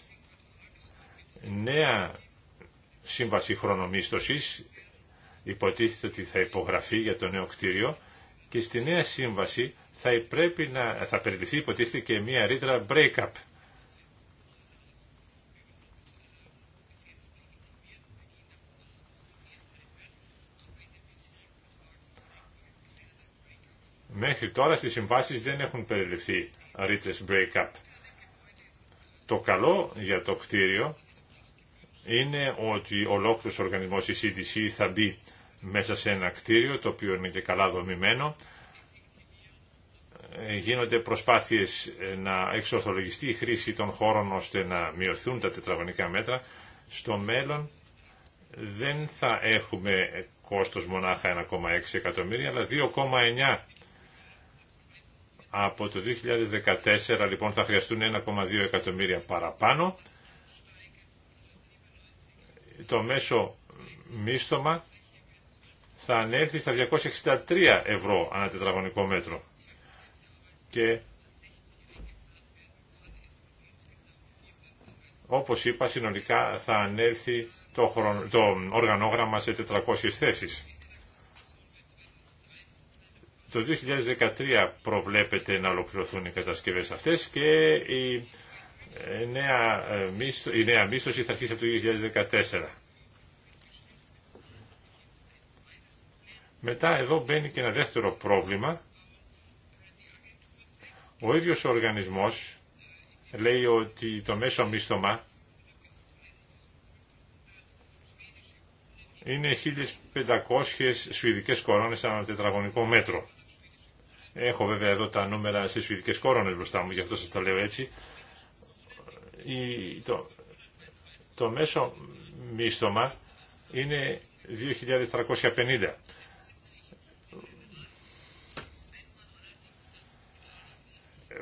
Νέα σύμβαση χρονομίσθωσης υποτίθεται ότι θα υπογραφεί για το νέο κτίριο και στη νέα σύμβαση θα, να, θα περιληφθεί υποτίθεται και μια ρήτρα break-up Μέχρι τώρα στις συμβάσεις δεν έχουν περιληφθεί ρήτρες break-up. Το καλό για το κτίριο είναι ότι ολόκληρος οργανισμός η e CDC θα μπει μέσα σε ένα κτίριο το οποίο είναι και καλά δομημένο. Ε, γίνονται προσπάθειες ε, να εξορθολογιστεί η χρήση των χώρων ώστε να μειωθούν τα τετραγωνικά μέτρα. Στο μέλλον δεν θα έχουμε κόστος μονάχα 1,6 εκατομμύρια αλλά 2,9 από το 2014 λοιπόν θα χρειαστούν 1,2 εκατομμύρια παραπάνω. Το μέσο μίστομα θα ανέλθει στα 263 ευρώ ανά τετραγωνικό μέτρο. Και όπως είπα συνολικά θα ανέλθει το, το οργανόγραμμα σε 400 θέσεις. Το 2013 προβλέπεται να ολοκληρωθούν οι κατασκευές αυτές και η ε, νέα, ε, η νέα μίσθωση θα αρχίσει από το 2014. Μετά εδώ μπαίνει και ένα δεύτερο πρόβλημα. Ο ίδιος ο οργανισμός λέει ότι το μέσο μίσθωμα είναι 1500 σουηδικές κορώνες ανά τετραγωνικό μέτρο. Έχω βέβαια εδώ τα νούμερα στις Σουηδικές κόρονες μπροστά μου, γι' αυτό σας τα λέω έτσι. Η, το, το μέσο μίστομα είναι 2.350.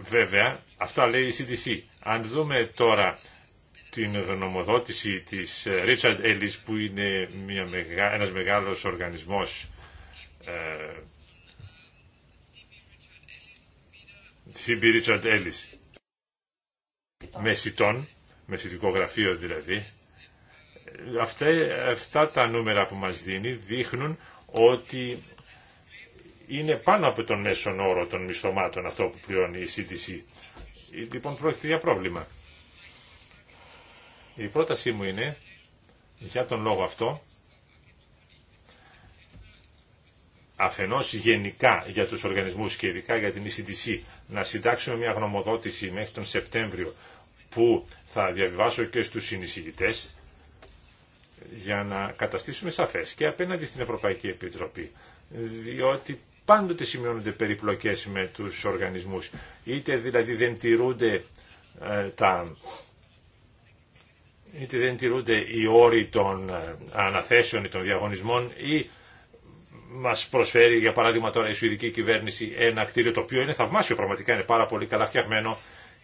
Βέβαια, αυτά λέει η CDC. Αν δούμε τώρα την γνωμοδότηση της ε, Richard Ellis που είναι μια μεγάλο ένας μεγάλος οργανισμός ε, CB Richard Ellis. με σιτικό γραφείο δηλαδή. Αυτά, αυτά τα νούμερα που μας δίνει δείχνουν ότι είναι πάνω από τον μέσον όρο των μισθωμάτων αυτό που πληρώνει η CDC. Λοιπόν, πρόκειται για πρόβλημα. Η πρότασή μου είναι, για τον λόγο αυτό, αφενός γενικά για τους οργανισμούς και ειδικά για την ECDC να συντάξουμε μια γνωμοδότηση μέχρι τον Σεπτέμβριο που θα διαβιβάσω και στους συνεισηγητές για να καταστήσουμε σαφές και απέναντι στην Ευρωπαϊκή Επιτροπή διότι πάντοτε σημειώνονται περιπλοκές με τους οργανισμούς είτε δηλαδή δεν τηρούνται ε, τα είτε δεν τηρούνται οι όροι των ε, αναθέσεων ή των διαγωνισμών ή Μα προσφέρει για παράδειγμα τώρα η Σουηδική κυβέρνηση ένα κτίριο το οποίο είναι θαυμάσιο πραγματικά, είναι πάρα πολύ καλά φτιαγμένο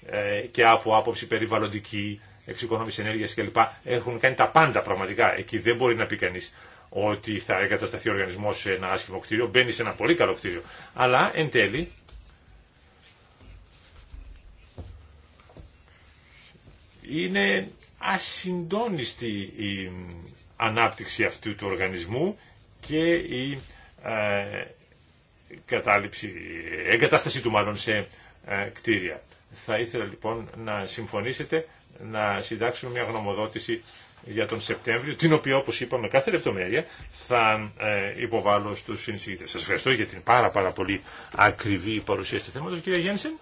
ε, και από άποψη περιβαλλοντική, εξοικονόμηση ενέργεια κλπ. Έχουν κάνει τα πάντα πραγματικά. Εκεί δεν μπορεί να πει κανεί ότι θα εγκατασταθεί ο οργανισμό σε ένα άσχημο κτίριο. Μπαίνει σε ένα πολύ καλό κτίριο. Αλλά εν τέλει. Είναι ασυντόνιστη η ανάπτυξη αυτού του οργανισμού και η ε, κατάληψη, εγκατάστασή του μάλλον σε ε, κτίρια. Θα ήθελα λοιπόν να συμφωνήσετε να συντάξουμε μια γνωμοδότηση για τον Σεπτέμβριο, την οποία όπως είπαμε, κάθε λεπτομέρεια θα ε, υποβάλω στους συνεισηγητές. Σας ευχαριστώ για την πάρα πάρα πολύ ακριβή παρουσίαση του θέματος. Κύριε Γένσεν.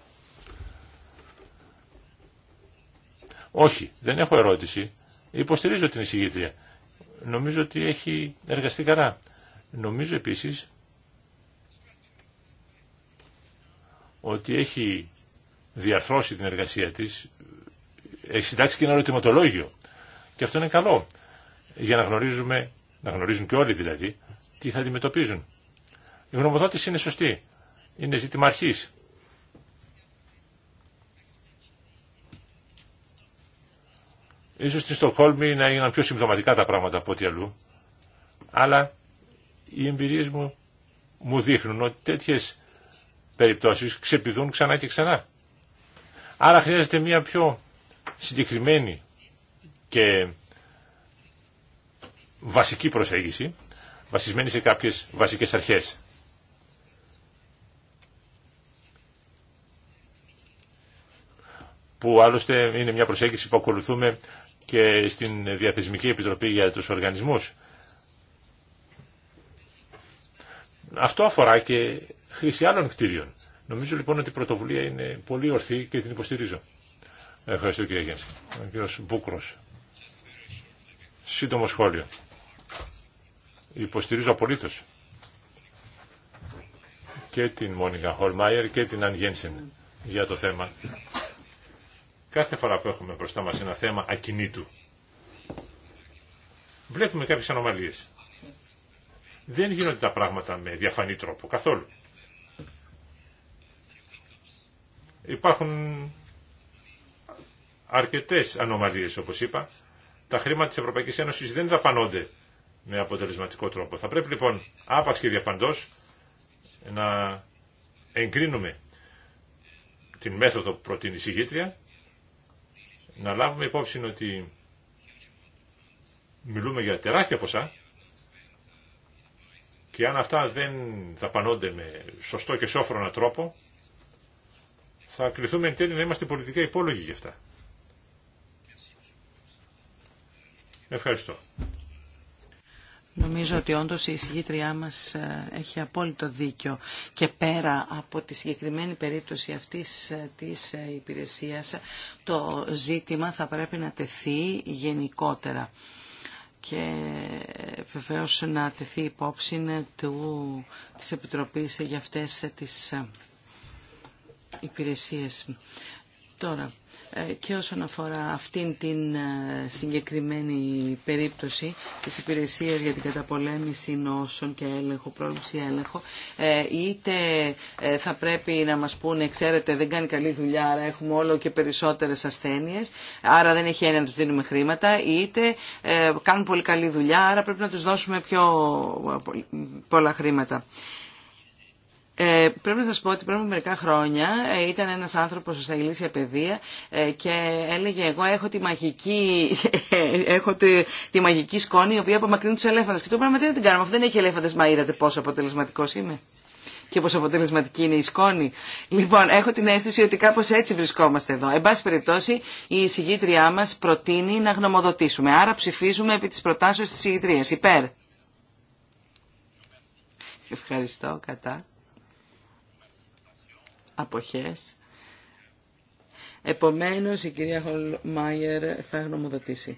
Όχι, δεν έχω ερώτηση. Υποστηρίζω την εισηγήτρια. Νομίζω ότι έχει εργαστεί καλά. Νομίζω επίσης ότι έχει διαρθρώσει την εργασία της, έχει συντάξει και ένα ερωτηματολόγιο. Και αυτό είναι καλό, για να γνωρίζουμε, να γνωρίζουν και όλοι δηλαδή, τι θα αντιμετωπίζουν. Η γνωμοδότηση είναι σωστή. Είναι ζήτημα αρχής. Ίσως στην Στοκχόλμη να έγιναν πιο συμπτωματικά τα πράγματα από ό,τι αλλού. Αλλά οι εμπειρίες μου δείχνουν ότι τέτοιες περιπτώσεις ξεπηδούν ξανά και ξανά. Άρα χρειάζεται μια πιο συγκεκριμένη και βασική προσέγγιση, βασισμένη σε κάποιες βασικές αρχές. Που άλλωστε είναι μια προσέγγιση που ακολουθούμε και στην Διαθεσμική Επιτροπή για τους Οργανισμούς Αυτό αφορά και χρήση άλλων κτίριων. Νομίζω λοιπόν ότι η πρωτοβουλία είναι πολύ ορθή και την υποστηρίζω. Ευχαριστώ κύριε Γένση. Ο κύριος Μπούκρος. Σύντομο σχόλιο. Υποστηρίζω απολύτως και την Μόνικα Χολμάιερ και την Αν για το θέμα. Κάθε φορά που έχουμε μπροστά μας ένα θέμα ακινήτου, βλέπουμε κάποιες ανομαλίες δεν γίνονται τα πράγματα με διαφανή τρόπο καθόλου. Υπάρχουν αρκετές ανομαλίες όπως είπα. Τα χρήματα της Ευρωπαϊκής Ένωσης δεν δαπανώνται με αποτελεσματικό τρόπο. Θα πρέπει λοιπόν άπαξ και διαπαντός να εγκρίνουμε την μέθοδο που προτείνει η συγκήτρια να λάβουμε υπόψη ότι μιλούμε για τεράστια ποσά και αν αυτά δεν δαπανώνται με σωστό και σόφρονα τρόπο, θα κληθούμε εν τέλει να είμαστε πολιτικά υπόλογοι γι' αυτά. Ευχαριστώ. Νομίζω ότι όντως η εισηγήτριά μας ε, έχει απόλυτο δίκιο και πέρα από τη συγκεκριμένη περίπτωση αυτής ε, της ε, υπηρεσίας το ζήτημα θα πρέπει να τεθεί γενικότερα και βεβαίως να τεθεί υπόψη του, της Επιτροπής για αυτές τις ε, υπηρεσίες. Τώρα, ε, και όσον αφορά αυτήν την ε, συγκεκριμένη περίπτωση της υπηρεσίας για την καταπολέμηση νόσων και έλεγχο, πρόληψη έλεγχο, ε, είτε θα πρέπει να μας πούνε, ξέρετε δεν κάνει καλή δουλειά, άρα έχουμε όλο και περισσότερες ασθένειες, άρα δεν έχει έννοια να τους δίνουμε χρήματα, είτε κάνουν πολύ καλή δουλειά, άρα πρέπει να τους δώσουμε πιο πολλά χρήματα. Ε, πρέπει να σας πω ότι πριν από μερικά χρόνια ε, ήταν ένας άνθρωπος στα Ηλίσια Παιδεία ε, και έλεγε εγώ έχω τη μαγική, έχω τη, μαγική σκόνη η οποία απομακρύνει τους ελέφαντες και το πράγμα τι δεν την κάνουμε αφού δεν έχει ελέφαντες μα είδατε πόσο αποτελεσματικός είμαι και πόσο αποτελεσματική είναι η σκόνη. Λοιπόν, έχω την αίσθηση ότι κάπω έτσι βρισκόμαστε εδώ. Εν πάση περιπτώσει, η εισηγήτριά μα προτείνει να γνωμοδοτήσουμε. Άρα ψηφίζουμε επί τη προτάσεω τη εισηγήτρια. Υπέρ. Ευχαριστώ. Κατά αποχές. Επομένως η κυρία Χολμάιερ θα γνωμοδοτήσει.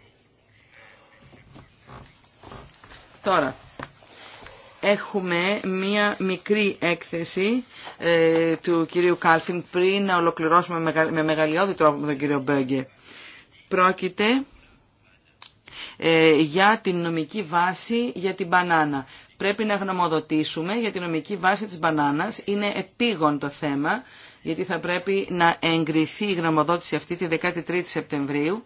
Τώρα, έχουμε μία μικρή έκθεση ε, του κυρίου Κάλφιν πριν να ολοκληρώσουμε με, μεγαλειώδη τρόπο με τον κύριο Μπέγκε. Πρόκειται ε, για την νομική βάση για την μπανάνα πρέπει να γνωμοδοτήσουμε για τη νομική βάση της μπανάνας. Είναι επίγον το θέμα, γιατί θα πρέπει να εγκριθεί η γνωμοδότηση αυτή τη 13η Σεπτεμβρίου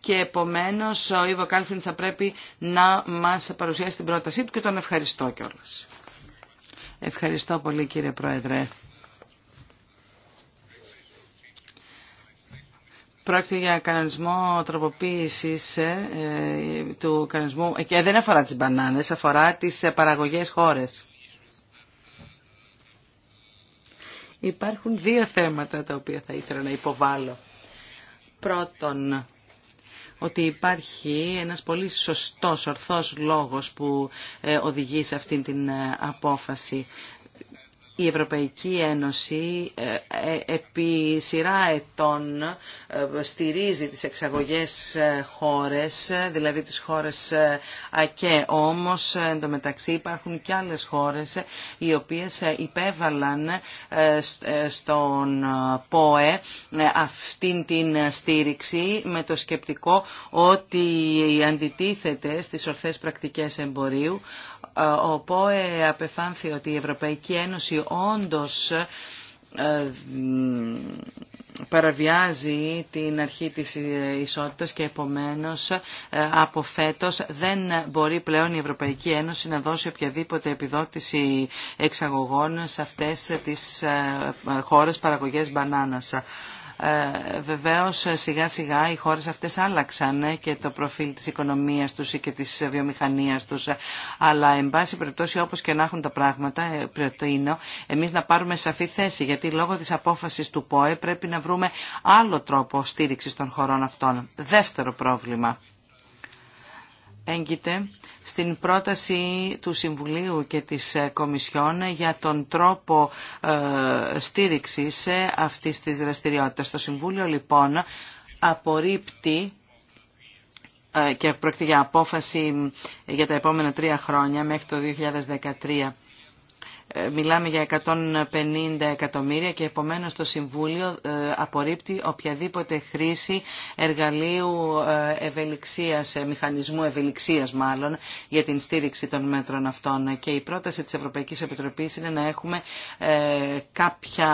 και επομένως ο Ιβο Κάλφιν θα πρέπει να μας παρουσιάσει την πρότασή του και τον ευχαριστώ κιόλας. Ευχαριστώ πολύ κύριε Πρόεδρε. Πρόκειται για κανονισμό τροποποίησης ε, του κανονισμού ε, και δεν αφορά τις μπανάνε, αφορά τις ε, παραγωγέ χώρες. Υπάρχουν δύο θέματα τα οποία θα ήθελα να υποβάλω. Πρώτον, ότι υπάρχει ένας πολύ σωστός, ορθός λόγος που οδηγεί σε αυτήν την απόφαση η Ευρωπαϊκή Ένωση ε, ε, επί σειρά ετών ε, στηρίζει τις εξαγωγές χώρες, δηλαδή τις χώρες ΑΚΕ. Όμως, μεταξύ υπάρχουν και άλλες χώρες οι οποίες υπέβαλαν στον ΠΟΕ αυτήν την στήριξη με το σκεπτικό ότι αντιτίθεται στις ορθές πρακτικές εμπορίου, ο ΠΟΕ απεφάνθη ότι η Ευρωπαϊκή Ένωση όντως ε, παραβιάζει την αρχή της ε, ισότητας και επομένως ε, από φέτος δεν μπορεί πλέον η Ευρωπαϊκή Ένωση να δώσει οποιαδήποτε επιδότηση εξαγωγών σε αυτές τις χώρες παραγωγές μπανάνας. Ε, βεβαίως σιγά σιγά οι χώρες αυτές άλλαξαν ε, και το προφίλ της οικονομίας τους και της βιομηχανίας τους. Ε, αλλά εν πάση περιπτώσει όπως και να έχουν τα πράγματα, προτείνω εμείς να πάρουμε σαφή θέση γιατί λόγω της απόφασης του ΠΟΕ πρέπει να βρούμε άλλο τρόπο στήριξης των χωρών αυτών. Δεύτερο πρόβλημα έγκυται στην πρόταση του Συμβουλίου και της ε, Κομισιόν για τον τρόπο ε, στήριξης ε, αυτής της δραστηριότητας. Το Συμβούλιο λοιπόν απορρίπτει και πρόκειται για απόφαση για τα επόμενα τρία χρόνια μέχρι το 2013 ε, μιλάμε για 150 εκατομμύρια και επομένως το Συμβούλιο ε, απορρίπτει οποιαδήποτε χρήση εργαλείου ε, ευελιξίας, μηχανισμού ευελιξίας μάλλον, για την στήριξη των μέτρων αυτών. Και η πρόταση της Ευρωπαϊκής Επιτροπής είναι να έχουμε κάποια,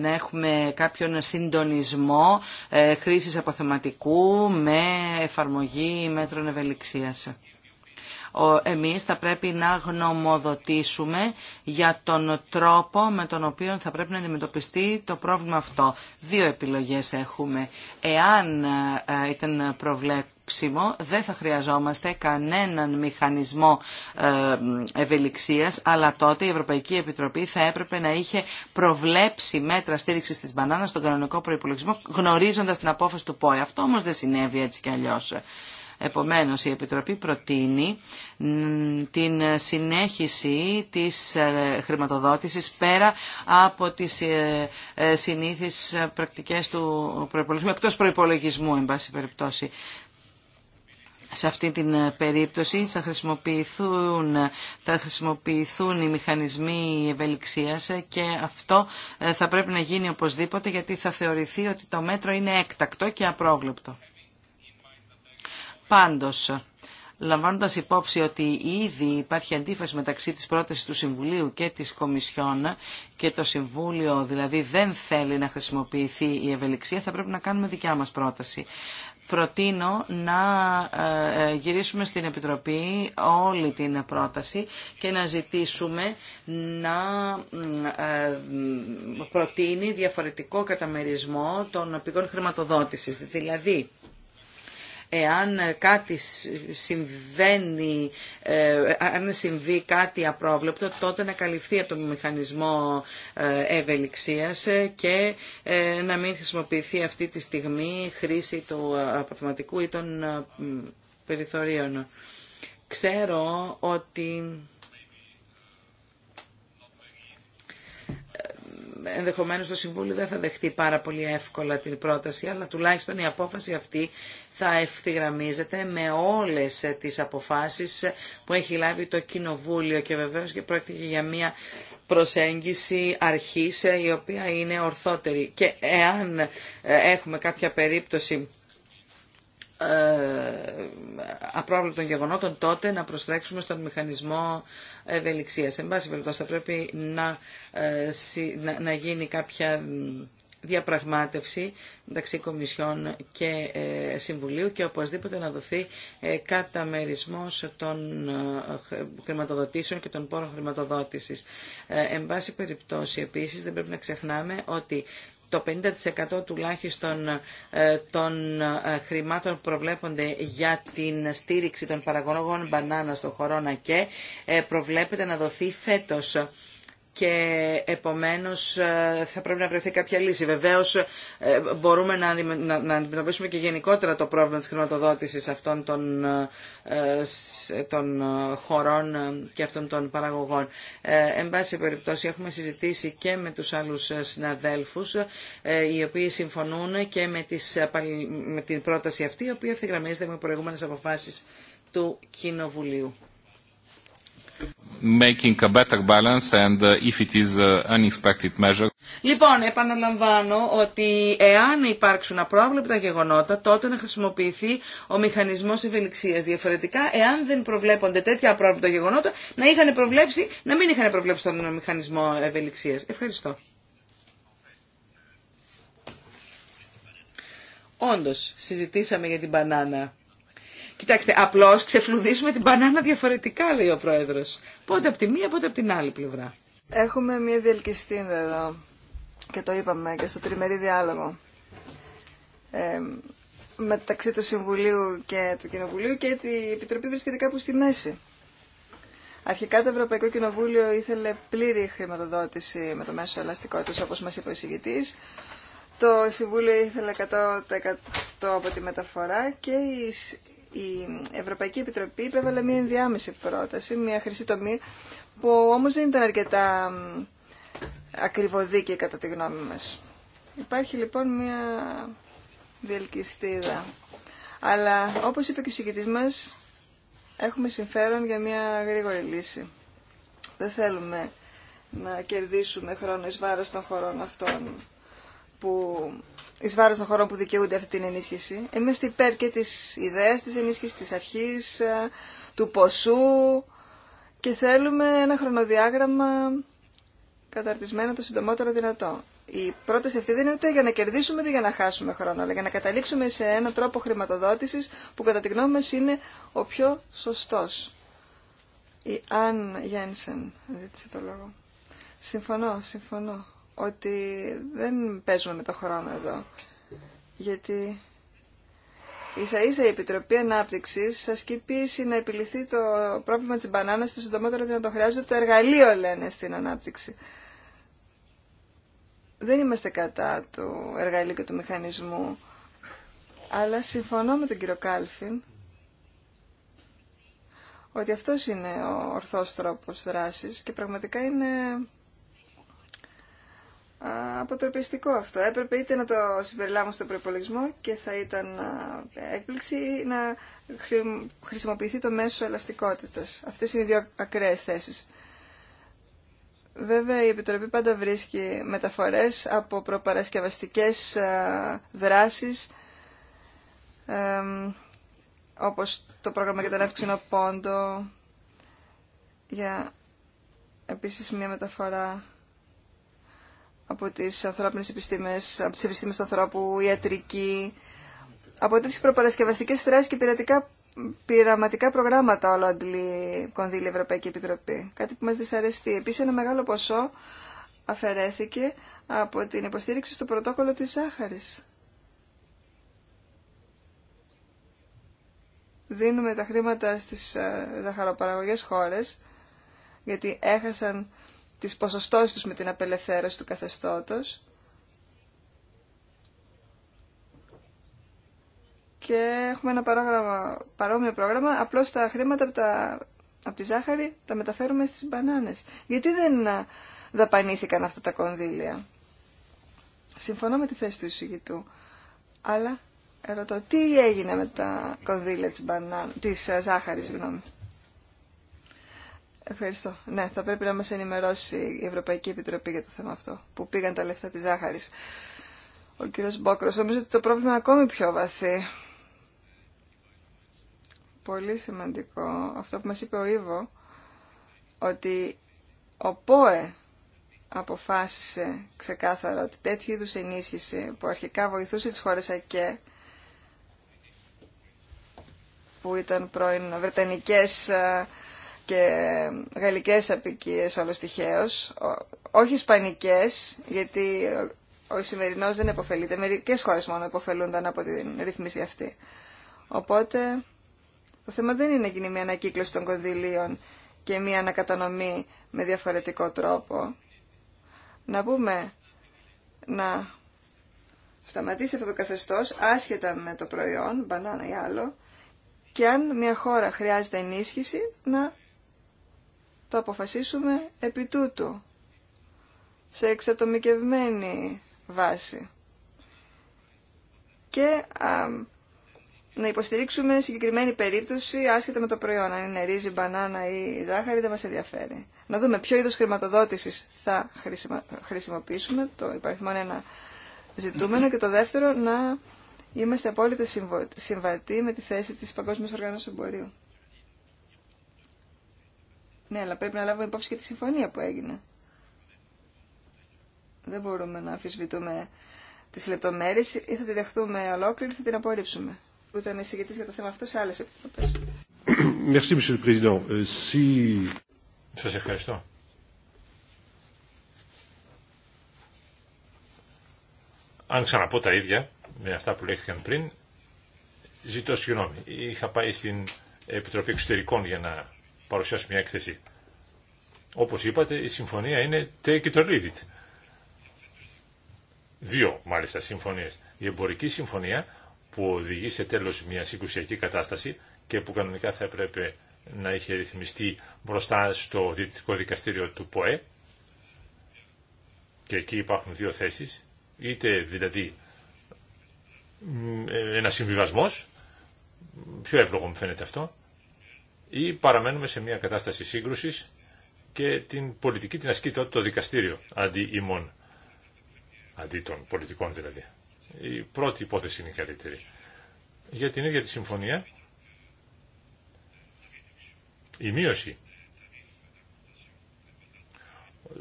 να έχουμε κάποιον συντονισμό χρήσης αποθεματικού με εφαρμογή μέτρων ευελιξίας εμείς θα πρέπει να γνωμοδοτήσουμε για τον τρόπο με τον οποίο θα πρέπει να αντιμετωπιστεί το πρόβλημα αυτό. Δύο επιλογές έχουμε. Εάν ε, ήταν προβλέψιμο δεν θα χρειαζόμαστε κανέναν μηχανισμό ε, ευελιξίας, αλλά τότε η Ευρωπαϊκή Επιτροπή θα έπρεπε να είχε προβλέψει μέτρα στήριξης της μπανάνας στον κανονικό προϋπολογισμό, γνωρίζοντας την απόφαση του ΠΟΕ. Αυτό όμως δεν συνέβη έτσι κι αλλιώς. Επομένως, η Επιτροπή προτείνει την συνέχιση της ε, χρηματοδότησης πέρα από τις ε, ε, συνήθεις πρακτικές του προϋπολογισμού, εκτός προϋπολογισμού, εν πάση περιπτώσει. Σε αυτή την περίπτωση θα χρησιμοποιηθούν, θα χρησιμοποιηθούν οι μηχανισμοί ευελιξίας και αυτό θα πρέπει να γίνει οπωσδήποτε γιατί θα θεωρηθεί ότι το μέτρο είναι έκτακτο και απρόβλεπτο. Πάντως, λαμβάνοντας υπόψη ότι ήδη υπάρχει αντίφαση μεταξύ της πρότασης του Συμβουλίου και της Κομισιόν και το Συμβούλιο δηλαδή δεν θέλει να χρησιμοποιηθεί η ευελιξία, θα πρέπει να κάνουμε δικιά μας πρόταση. Προτείνω να ε, ε, γυρίσουμε στην Επιτροπή όλη την πρόταση και να ζητήσουμε να ε, προτείνει διαφορετικό καταμερισμό των πηγών χρηματοδότησης. Δηλαδή, Εάν κάτι συμβαίνει, ε, αν συμβεί κάτι απρόβλεπτο, τότε να καλυφθεί από τον μηχανισμό ε, ευελιξίας και ε, να μην χρησιμοποιηθεί αυτή τη στιγμή χρήση του αποθεματικού ή των περιθωρίων. Ξέρω ότι ενδεχομένως το Συμβούλιο δεν θα δεχτεί πάρα πολύ εύκολα την πρόταση, αλλά τουλάχιστον η απόφαση αυτή θα ευθυγραμμίζεται με όλες τις αποφάσεις που έχει λάβει το Κοινοβούλιο και βεβαίως και πρόκειται για μια προσέγγιση αρχής ε, η οποία είναι ορθότερη. Και εάν ε, έχουμε κάποια περίπτωση ε, απρόβλεπτων γεγονότων τότε να προστρέξουμε στον μηχανισμό ευελιξίας. Εν πάση περιπτώσει θα πρέπει να, να γίνει κάποια διαπραγμάτευση μεταξύ Κομισιών και ε, Συμβουλίου και οπωσδήποτε να δοθεί ε, καταμερισμός των ε, χρηματοδοτήσεων και των πόρων χρηματοδότησης. Εν πάση περιπτώσει, επίσης, δεν πρέπει να ξεχνάμε ότι το 50% τουλάχιστον των χρημάτων που προβλέπονται για την στήριξη των παραγωγών μπανάνα στο χώρο και προβλέπεται να δοθεί φέτος και επομένως ε, θα πρέπει να βρεθεί κάποια λύση. Βεβαίως ε, μπορούμε να αντιμετωπίσουμε και γενικότερα το πρόβλημα της χρηματοδότησης αυτών των, ε, χωρών και αυτών των παραγωγών. Εν πάση περιπτώσει έχουμε συζητήσει και με τους άλλους συναδέλφους οι οποίοι συμφωνούν και με, τις, με την πρόταση αυτή η οποία ευθυγραμμίζεται με προηγούμενες αποφάσεις του Κοινοβουλίου. Λοιπόν, επαναλαμβάνω ότι εάν υπάρξουν απρόβλεπτα γεγονότα, τότε να χρησιμοποιηθεί ο μηχανισμό ευελιξία. Διαφορετικά, εάν δεν προβλέπονται τέτοια απρόβλεπτα γεγονότα, να είχαν προβλέψει, να μην είχαν προβλέψει τον μηχανισμό ευελιξία. Ευχαριστώ. Όντω, συζητήσαμε για την μπανάνα Κοιτάξτε, απλώ ξεφλουδίζουμε την μπανάνα διαφορετικά, λέει ο πρόεδρο. Πότε από τη μία, πότε από την άλλη πλευρά. Έχουμε μία διελκυστίνδα εδώ και το είπαμε και στο τριμερή διάλογο ε, μεταξύ του Συμβουλίου και του Κοινοβουλίου και η Επιτροπή βρίσκεται κάπου στη μέση. Αρχικά το Ευρωπαϊκό Κοινοβούλιο ήθελε πλήρη χρηματοδότηση με το μέσο ελαστικότητας όπως μας είπε ο εισηγητής. Το Συμβούλιο ήθελε 100% από τη μεταφορά και η Ευρωπαϊκή Επιτροπή υπέβαλε μια ενδιάμεση πρόταση, μια χρυσή τομή, που όμως δεν ήταν αρκετά ακριβωδίκη κατά τη γνώμη μας. Υπάρχει λοιπόν μια διελκυστίδα. Αλλά όπως είπε και ο συγκητής μας, έχουμε συμφέρον για μια γρήγορη λύση. Δεν θέλουμε να κερδίσουμε χρόνο βάρος των χωρών αυτών που εις βάρος των χωρών που δικαιούνται αυτή την ενίσχυση. Εμείς είμαστε υπέρ και της ιδέας της ενίσχυσης, της αρχής, ε, του ποσού και θέλουμε ένα χρονοδιάγραμμα καταρτισμένο το συντομότερο δυνατό. Η πρόταση αυτή δεν είναι ούτε για να κερδίσουμε ούτε για να χάσουμε χρόνο, αλλά για να καταλήξουμε σε έναν τρόπο χρηματοδότησης που κατά τη γνώμη μας είναι ο πιο σωστός. Η Αν Γένσεν ζήτησε το λόγο. Συμφωνώ, συμφωνώ ότι δεν παίζουμε με το χρόνο εδώ. Γιατί ίσα ίσα η Επιτροπή Ανάπτυξη σας κυπήσει να επιληθεί το πρόβλημα τη μπανάνα το συντομότερο δυνατό. Χρειάζεται το εργαλείο, λένε, στην ανάπτυξη. Δεν είμαστε κατά του εργαλείου και του μηχανισμού. Αλλά συμφωνώ με τον κύριο Κάλφιν ότι αυτός είναι ο ορθός τρόπος δράσης και πραγματικά είναι αποτροπιστικό αυτό. Έπρεπε είτε να το συμπεριλάβουν στο προπολογισμό και θα ήταν έκπληξη ή να χρησιμοποιηθεί το μέσο ελαστικότητας. Αυτές είναι οι δύο ακραίες θέσεις. Βέβαια η Επιτροπή πάντα βρίσκει μεταφορές από προπαρασκευαστικές δράσεις όπως το πρόγραμμα για τον αύξηνο πόντο για επίσης μια μεταφορά από τις ανθρώπινες επιστήμες, από τις επιστήμες του ανθρώπου, ιατρική, από τέτοιες προπαρασκευαστικές θράσεις και πειρατικά, πειραματικά προγράμματα όλο αντλεί κονδύλη Ευρωπαϊκή Επιτροπή. Κάτι που μας δυσαρεστεί. Επίσης ένα μεγάλο ποσό αφαιρέθηκε από την υποστήριξη στο πρωτόκολλο της ζάχαρης. Δίνουμε τα χρήματα στις ε, ζαχαροπαραγωγές χώρες, γιατί έχασαν τις ποσοστώσεις τους με την απελευθέρωση του καθεστώτος και έχουμε ένα παρόγραμμα, παρόμοιο πρόγραμμα, απλώς τα χρήματα από, τα, από τη ζάχαρη τα μεταφέρουμε στις μπανάνες. Γιατί δεν δαπανήθηκαν αυτά τα κονδύλια. Συμφωνώ με τη θέση του εισηγητού, αλλά ερώτω, τι έγινε με τα κονδύλια της, μπανάνα, της ε, ζάχαρης. Ευχαριστώ. Ναι, θα πρέπει να μας ενημερώσει η Ευρωπαϊκή Επιτροπή για το θέμα αυτό, που πήγαν τα λεφτά της ζάχαρης. Ο κύριος Μπόκρος, νομίζω ότι το πρόβλημα είναι ακόμη πιο βαθύ. Πολύ σημαντικό αυτό που μας είπε ο Ήβο, ότι ο ΠΟΕ αποφάσισε ξεκάθαρα ότι τέτοιου είδους ενίσχυση που αρχικά βοηθούσε τις χώρες ΑΚΕ, που ήταν πρώην βρετανικές ε, και γαλλικές απικίες όλος τυχαίως, όχι ισπανικές, γιατί ο σημερινό δεν επωφελείται. Μερικέ χώρε μόνο επωφελούνταν από την ρύθμιση αυτή. Οπότε το θέμα δεν είναι να γίνει μια ανακύκλωση των κονδυλίων και μια ανακατανομή με διαφορετικό τρόπο. Να πούμε να σταματήσει αυτό το καθεστώς άσχετα με το προϊόν, μπανάνα ή άλλο, και αν μια χώρα χρειάζεται ενίσχυση να το αποφασίσουμε επί τούτου, σε εξατομικευμένη βάση. Και να υποστηρίξουμε συγκεκριμένη περίπτωση άσχετα με το προϊόν. Αν είναι ρύζι, μπανάνα ή ζάχαρη δεν μας ενδιαφέρει. Να δούμε ποιο είδος χρηματοδότησης θα χρησιμοποιήσουμε, το υπαριθμό ένα ζητούμενο και το δεύτερο να είμαστε απόλυτα συμβατοί με τη θέση της Παγκόσμιας Οργάνωσης Εμπορίου. Ναι, αλλά πρέπει να λάβουμε υπόψη και τη συμφωνία που έγινε. Δεν μπορούμε να αφισβητούμε τις λεπτομέρειες. Ή θα τη δεχτούμε ολόκληρη ή θα την απορρίψουμε. Ούτε να για το θέμα αυτό σε άλλε επιτροπές. Ε, Σας ευχαριστώ. αν ξαναπώ τα ίδια με αυτά που λέχθηκαν πριν, ζητώ συγγνώμη. Είχα πάει στην Επιτροπή Εξωτερικών για να παρουσιάσει μια έκθεση. Όπως είπατε, η συμφωνία είναι take it or leave it. Δύο, μάλιστα, συμφωνίες. Η εμπορική συμφωνία που οδηγεί σε τέλος μια συγκουσιακή κατάσταση και που κανονικά θα έπρεπε να είχε ρυθμιστεί μπροστά στο Διεθνικό Δικαστήριο του ΠΟΕ και εκεί υπάρχουν δύο θέσεις, είτε δηλαδή ε, ένα συμβιβασμός, πιο εύλογο μου φαίνεται αυτό, ή παραμένουμε σε μια κατάσταση σύγκρουσης και την πολιτική την ασκεί τότε το δικαστήριο αντί ημών, αντί των πολιτικών δηλαδή. Η πρώτη υπόθεση είναι η καλύτερη. Για την ίδια τη συμφωνία, η μείωση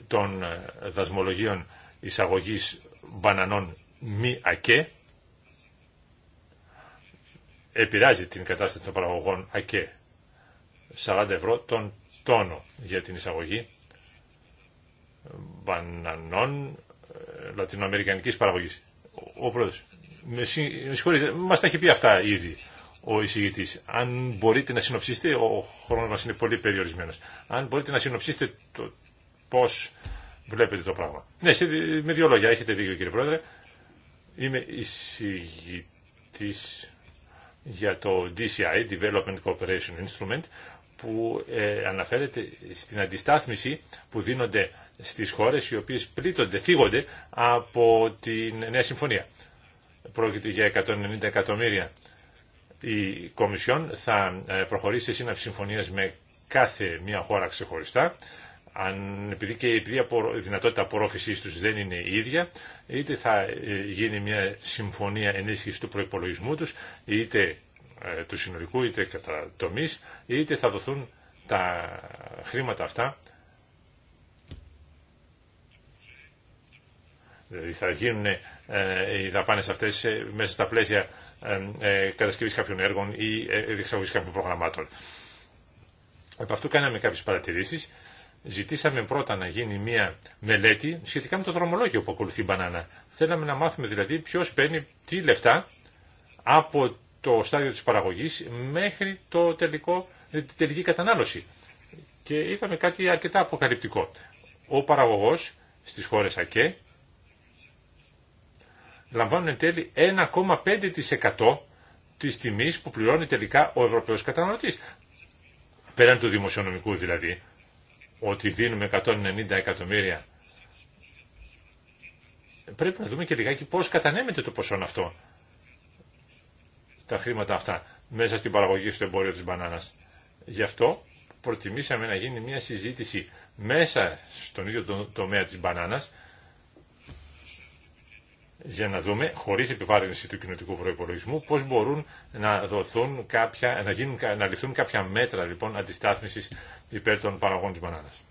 των ε, δασμολογίων εισαγωγής μπανανών μη ακέ επηρεάζει την κατάσταση των παραγωγών ακέ 40 ευρώ τον τόνο για την εισαγωγή μπανανών ε, λατινοαμερικανικής παραγωγής. Ο πρόεδρος, με συγχωρείτε, μας τα έχει πει αυτά ήδη ο εισηγητής. Αν μπορείτε να συνοψίσετε, ο χρόνος μας είναι πολύ περιορισμένος, αν μπορείτε να συνοψίσετε το πώς βλέπετε το πράγμα. Ναι, με δύο λόγια, έχετε δίκιο κύριε πρόεδρε. Είμαι εισηγητής για το DCI, Development Cooperation Instrument, που ε, αναφέρεται στην αντιστάθμιση που δίνονται στις χώρες οι οποίες πλήττονται, θίγονται από την Νέα Συμφωνία. Πρόκειται για 190 εκατομμύρια. Η Κομισιόν θα ε, προχωρήσει σε σύναψη συμφωνίας με κάθε μια χώρα ξεχωριστά, αν, επειδή και επειδή η δυνατότητα απορρόφησής τους δεν είναι η ίδια, είτε θα ε, γίνει μια συμφωνία ενίσχυση του προϋπολογισμού τους, είτε ε, του συνολικού είτε κατά τομεί, είτε θα δοθούν τα χρήματα αυτά Δηλαδή θα γίνουν ε, οι δαπάνες αυτές ε, μέσα στα πλαίσια ε, κατασκευής κάποιων έργων ή διεξαγωγή κάποιων προγραμμάτων. Από αυτού κάναμε κάποιες παρατηρήσεις. Ζητήσαμε πρώτα να γίνει μια μελέτη σχετικά με το δρομολόγιο που ακολουθεί η μπανάνα. Θέλαμε να μάθουμε δηλαδή ποιο παίρνει τι λεφτά από το στάδιο της παραγωγής μέχρι το τελικό, την τελική κατανάλωση. Και είδαμε κάτι αρκετά αποκαλυπτικό. Ο παραγωγός στις χώρες ΑΚΕ λαμβάνουν εν τέλει 1,5% της τιμής που πληρώνει τελικά ο Ευρωπαίος καταναλωτής. Πέραν του δημοσιονομικού δηλαδή, ότι δίνουμε 190 εκατομμύρια. Πρέπει να δούμε και λιγάκι πώς κατανέμεται το ποσό αυτό τα χρήματα αυτά μέσα στην παραγωγή στο εμπόριο της μπανάνας. Γι' αυτό προτιμήσαμε να γίνει μια συζήτηση μέσα στον ίδιο το, τομέα της μπανάνας για να δούμε, χωρίς επιβάρυνση του κοινωτικού προϋπολογισμού, πώς μπορούν να, δοθούν κάποια, να, γίνουν, να ληφθούν κάποια μέτρα λοιπόν, αντιστάθμισης υπέρ των παραγών της μπανάνας.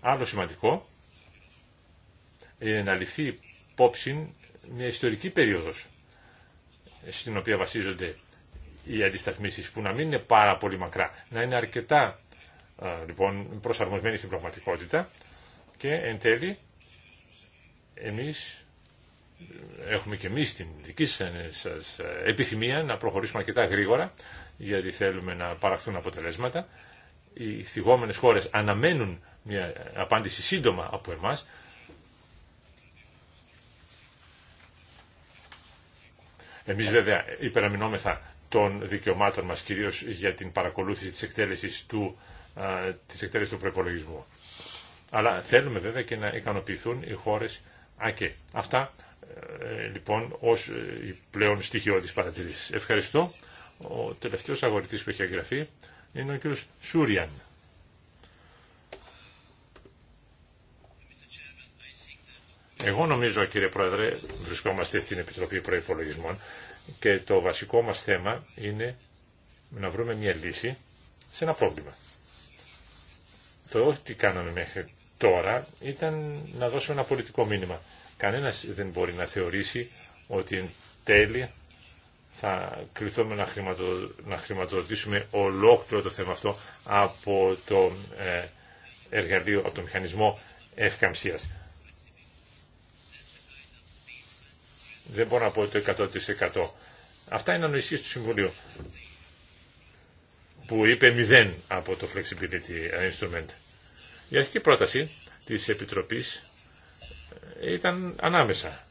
Άλλο σημαντικό είναι να ληφθεί υπόψη μια ιστορική περίοδος στην οποία βασίζονται οι αντισταθμίσεις που να μην είναι πάρα πολύ μακρά, να είναι αρκετά λοιπόν προσαρμοσμένη στην πραγματικότητα και εν τέλει εμείς ε, έχουμε και εμείς την δική σας ε, ε, επιθυμία να προχωρήσουμε αρκετά γρήγορα γιατί θέλουμε να παραχθούν αποτελέσματα. Οι θυγόμενε χώρες αναμένουν μια απάντηση σύντομα από εμάς Εμεί βέβαια υπεραμεινόμεθα των δικαιωμάτων μας κυρίω για την παρακολούθηση της εκτέλεσης του, του προπολογισμού. Αλλά θέλουμε βέβαια και να ικανοποιηθούν οι χώρες ΑΚΕ. Αυτά ε, λοιπόν ως ε, πλέον στοιχειώδεις παρατηρήσει. Ευχαριστώ. Ο τελευταίος αγορητή που έχει εγγραφεί είναι ο κ. Σούριαν. Εγώ νομίζω κύριε Πρόεδρε, βρισκόμαστε στην Επιτροπή Προϋπολογισμών και το βασικό μας θέμα είναι να βρούμε μια λύση σε ένα πρόβλημα. Το ό,τι κάναμε μέχρι τώρα ήταν να δώσουμε ένα πολιτικό μήνυμα. Κανένας δεν μπορεί να θεωρήσει ότι εν τέλει θα κληθούμε να, χρηματο, να χρηματοδοτήσουμε ολόκληρο το θέμα αυτό από το ε, εργαλείο, από το μηχανισμό ευκαμψίας. Δεν μπορώ να πω το 100%. Αυτά είναι ανοησίε του Συμβουλίου που είπε μηδέν από το Flexibility Instrument. Η αρχική πρόταση τη Επιτροπής ε, ήταν ανάμεσα.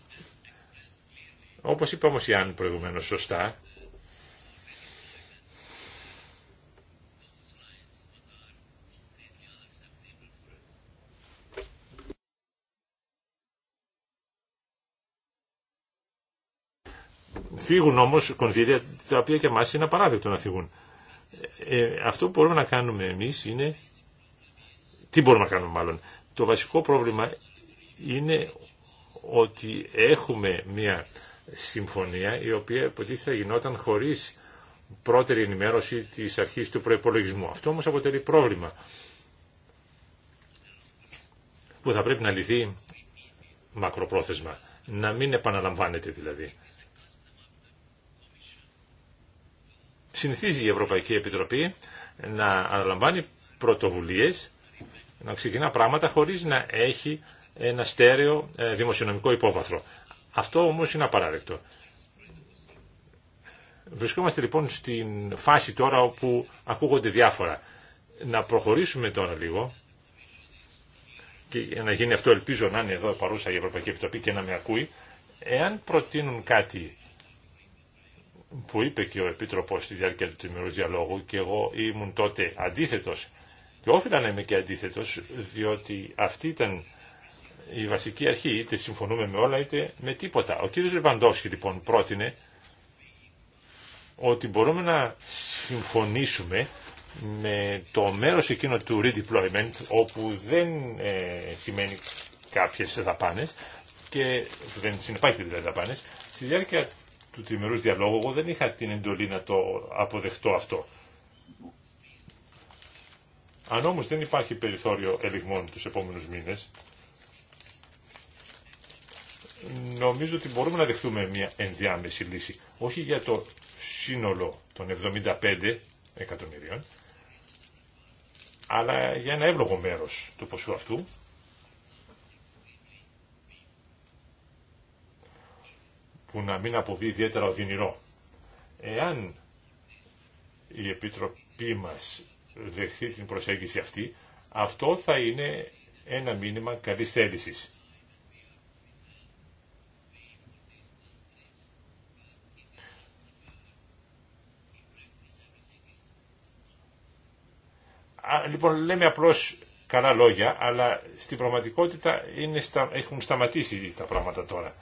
Όπως είπε όμω η Άννη προηγουμένως σωστά, φύγουν όμως κονδύλια τα οποία και εμά είναι απαράδεκτο να φύγουν. Ε, αυτό που μπορούμε να κάνουμε εμείς είναι... Τι μπορούμε να κάνουμε μάλλον. Το βασικό πρόβλημα είναι ότι έχουμε μια συμφωνία η οποία υποτίθεται γινόταν χωρίς πρώτερη ενημέρωση τη αρχή του προπολογισμού. Αυτό όμως αποτελεί πρόβλημα που θα πρέπει να λυθεί μακροπρόθεσμα. Να μην επαναλαμβάνεται δηλαδή. συνηθίζει η Ευρωπαϊκή Επιτροπή να αναλαμβάνει πρωτοβουλίες, να ξεκινά πράγματα χωρίς να έχει ένα στέρεο ε, δημοσιονομικό υπόβαθρο. Αυτό όμως είναι απαράδεκτο. Βρισκόμαστε λοιπόν στην φάση τώρα όπου ακούγονται διάφορα. Να προχωρήσουμε τώρα λίγο και να γίνει αυτό ελπίζω να είναι εδώ παρούσα η Ευρωπαϊκή Επιτροπή και να με ακούει εάν προτείνουν κάτι που είπε και ο Επίτροπος στη διάρκεια του τριμερούς διαλόγου και εγώ ήμουν τότε αντίθετος και όφιλα να είμαι και αντίθετος διότι αυτή ήταν η βασική αρχή είτε συμφωνούμε με όλα είτε με τίποτα. Ο κύριος Λεβαντόφσκι λοιπόν πρότεινε ότι μπορούμε να συμφωνήσουμε με το μέρος εκείνο του redeployment όπου δεν ε, σημαίνει κάποιες δαπάνες και δεν συνεπάγεται δηλαδή δαπάνες στη διάρκεια του τριμερού διαλόγου, εγώ δεν είχα την εντολή να το αποδεχτώ αυτό. Αν όμως δεν υπάρχει περιθώριο ελιγμών τους επόμενους μήνες, νομίζω ότι μπορούμε να δεχτούμε μια ενδιάμεση λύση. Όχι για το σύνολο των 75 εκατομμυρίων, αλλά για ένα εύλογο μέρος του ποσού αυτού, που να μην αποβεί ιδιαίτερα οδυνηρό. Εάν η Επιτροπή μας δεχθεί την προσέγγιση αυτή, αυτό θα είναι ένα μήνυμα καλής θέλησης. Λοιπόν, λέμε απλώς καλά λόγια, αλλά στην πραγματικότητα είναι, έχουν σταματήσει τα πράγματα τώρα.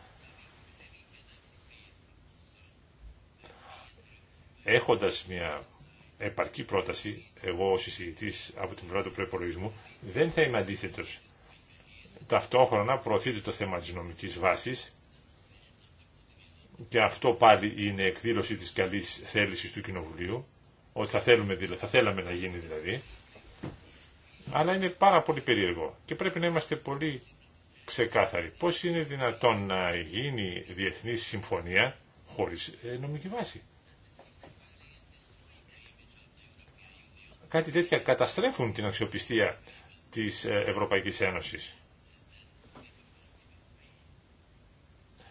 έχοντας μια επαρκή πρόταση, εγώ ως εισηγητής από την πλευρά του προπολογισμού, δεν θα είμαι αντίθετος. Ταυτόχρονα προωθείται το θέμα της νομικής βάσης και αυτό πάλι είναι εκδήλωση της καλής θέλησης του Κοινοβουλίου, ότι θα, θέλουμε, θα θέλαμε να γίνει δηλαδή, αλλά είναι πάρα πολύ περίεργο και πρέπει να είμαστε πολύ ξεκάθαροι. Πώς είναι δυνατόν να γίνει διεθνή συμφωνία χωρίς ε, νομική βάση. κάτι τέτοια καταστρέφουν την αξιοπιστία της ε, Ευρωπαϊκής Ένωσης.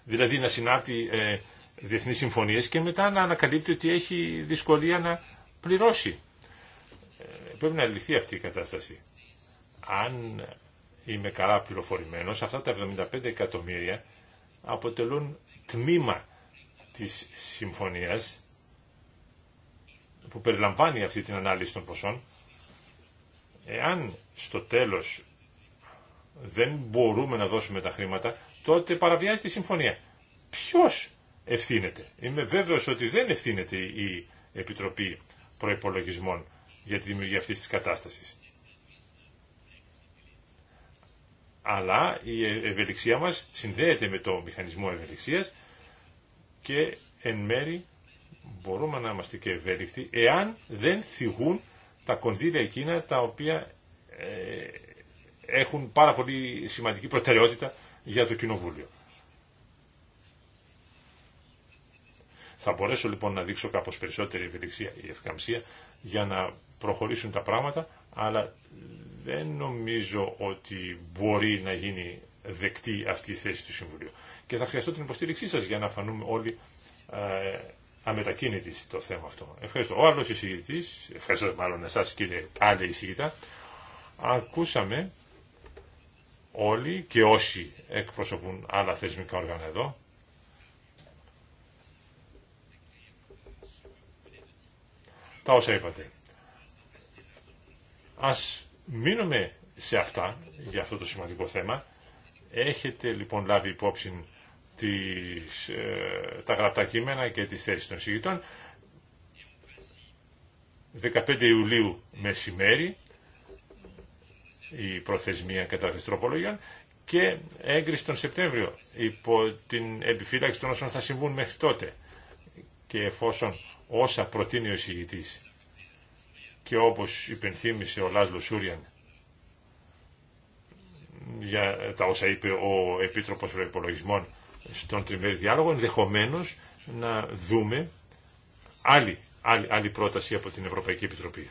Δηλαδή να συνάπτει ε, διεθνείς συμφωνίες και μετά να ανακαλύπτει ότι έχει δυσκολία να πληρώσει. Ε, πρέπει να λυθεί αυτή η κατάσταση. Αν είμαι καλά πληροφορημένος, αυτά τα 75 εκατομμύρια αποτελούν τμήμα της συμφωνίας που περιλαμβάνει αυτή την ανάλυση των ποσών, εάν στο τέλος δεν μπορούμε να δώσουμε τα χρήματα, τότε παραβιάζει τη συμφωνία. Ποιος ευθύνεται. Είμαι βέβαιος ότι δεν ευθύνεται η Επιτροπή Προϋπολογισμών για τη δημιουργία αυτής της κατάστασης. Αλλά η ευελιξία μας συνδέεται με το μηχανισμό ευελιξίας και εν μέρη μπορούμε να είμαστε και ευέλικτοι εάν δεν θυγούν τα κονδύλια εκείνα τα οποία ε, έχουν πάρα πολύ σημαντική προτεραιότητα για το Κοινοβούλιο. Θα μπορέσω λοιπόν να δείξω κάπως περισσότερη ευελιξία ή ευκαμψία για να προχωρήσουν τα πράγματα, αλλά δεν νομίζω ότι μπορεί να γίνει δεκτή αυτή η θέση του Συμβουλίου. Και θα χρειαστώ την υποστήριξή σας για να φανούμε όλοι ε, αμετακίνητη το θέμα αυτό. Ευχαριστώ. Ο άλλος εισηγητής, ευχαριστώ μάλλον εσάς κύριε άλλη εισηγητά, ακούσαμε όλοι και όσοι εκπροσωπούν άλλα θεσμικά όργανα εδώ, τα όσα είπατε. Ας μείνουμε σε αυτά, για αυτό το σημαντικό θέμα. Έχετε λοιπόν λάβει υπόψη τις, ε, τα γραπτά κείμενα και τις θέσεις των συγητών. 15 Ιουλίου μεσημέρι η προθεσμία κατά τροπολογιών και έγκριση τον Σεπτέμβριο υπό την επιφύλαξη των όσων θα συμβούν μέχρι τότε και εφόσον όσα προτείνει ο συγητής και όπως υπενθύμησε ο Λάσλο Σούριαν για τα όσα είπε ο Επίτροπος Προϋπολογισμών στον τριμερή διάλογο ενδεχομένω να δούμε άλλη, άλλη, άλλη πρόταση από την Ευρωπαϊκή Επιτροπή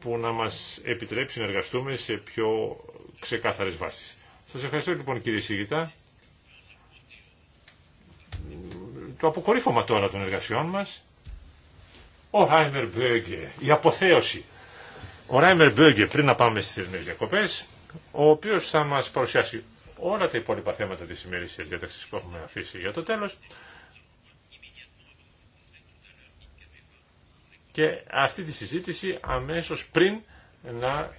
που να μας επιτρέψει να εργαστούμε σε πιο ξεκάθαρες βάσεις. Σας ευχαριστώ λοιπόν κύριε Σιγητά. Το αποκορύφωμα τώρα των εργασιών μας. Ο Ράιμερ Μπέγκε, η αποθέωση. Ο Ράιμερ Μπέγκε πριν να πάμε στις θερινές διακοπές, ο οποίος θα μας παρουσιάσει όλα τα υπόλοιπα θέματα της ημερήσιας διάταξης που έχουμε αφήσει για το τέλος. Και αυτή τη συζήτηση αμέσως πριν να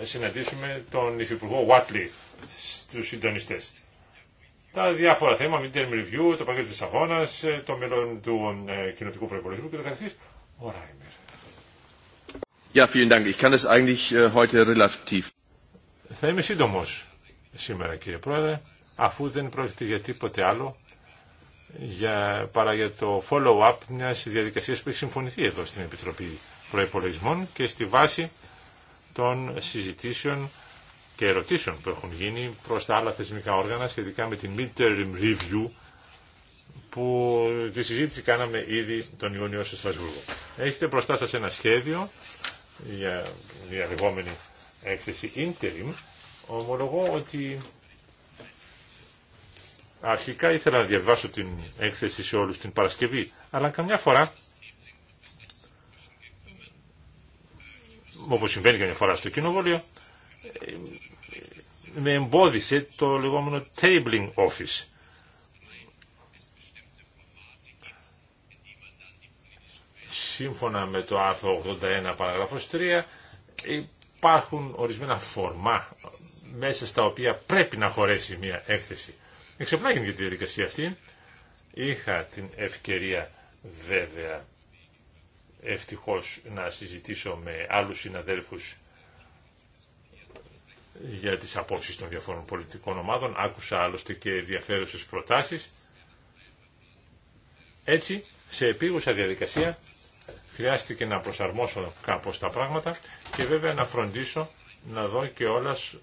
ε, συναντήσουμε τον Υφυπουργό Βάτλι στους συντονιστές. Τα διάφορα θέματα, midterm review, το παγκόσμιο της αγώνας, ε, το μέλλον του ε, κοινοτικού προϋπολογισμού και το καθεξής. Ωραία äh, Θα είμαι σύντομος σήμερα κύριε Πρόεδρε, αφού δεν πρόκειται για τίποτε άλλο για, παρά για το follow-up μιας διαδικασίας που έχει συμφωνηθεί εδώ στην Επιτροπή Προϋπολογισμών και στη βάση των συζητήσεων και ερωτήσεων που έχουν γίνει προς τα άλλα θεσμικά όργανα σχετικά με την midterm review που τη συζήτηση κάναμε ήδη τον Ιούνιο στο Στρασβούργο. Έχετε μπροστά σας ένα σχέδιο για μια λεγόμενη έκθεση interim Ομολογώ ότι αρχικά ήθελα να διαβάσω την έκθεση σε όλους την Παρασκευή, αλλά καμιά φορά, όπως συμβαίνει καμιά φορά στο κοινοβούλιο, με εμπόδισε το λεγόμενο tabling office. Σύμφωνα με το άρθρο 81 παραγράφος 3 υπάρχουν ορισμένα φορμά μέσα στα οποία πρέπει να χωρέσει μια έκθεση. Εξεπλάγει για τη διαδικασία αυτή. Είχα την ευκαιρία βέβαια ευτυχώς να συζητήσω με άλλους συναδέλφους για τις απόψεις των διαφόρων πολιτικών ομάδων. Άκουσα άλλωστε και ενδιαφέρουσες προτάσεις. Έτσι, σε επίγουσα διαδικασία χρειάστηκε να προσαρμόσω κάπως τα πράγματα και βέβαια να φροντίσω να δω και όλας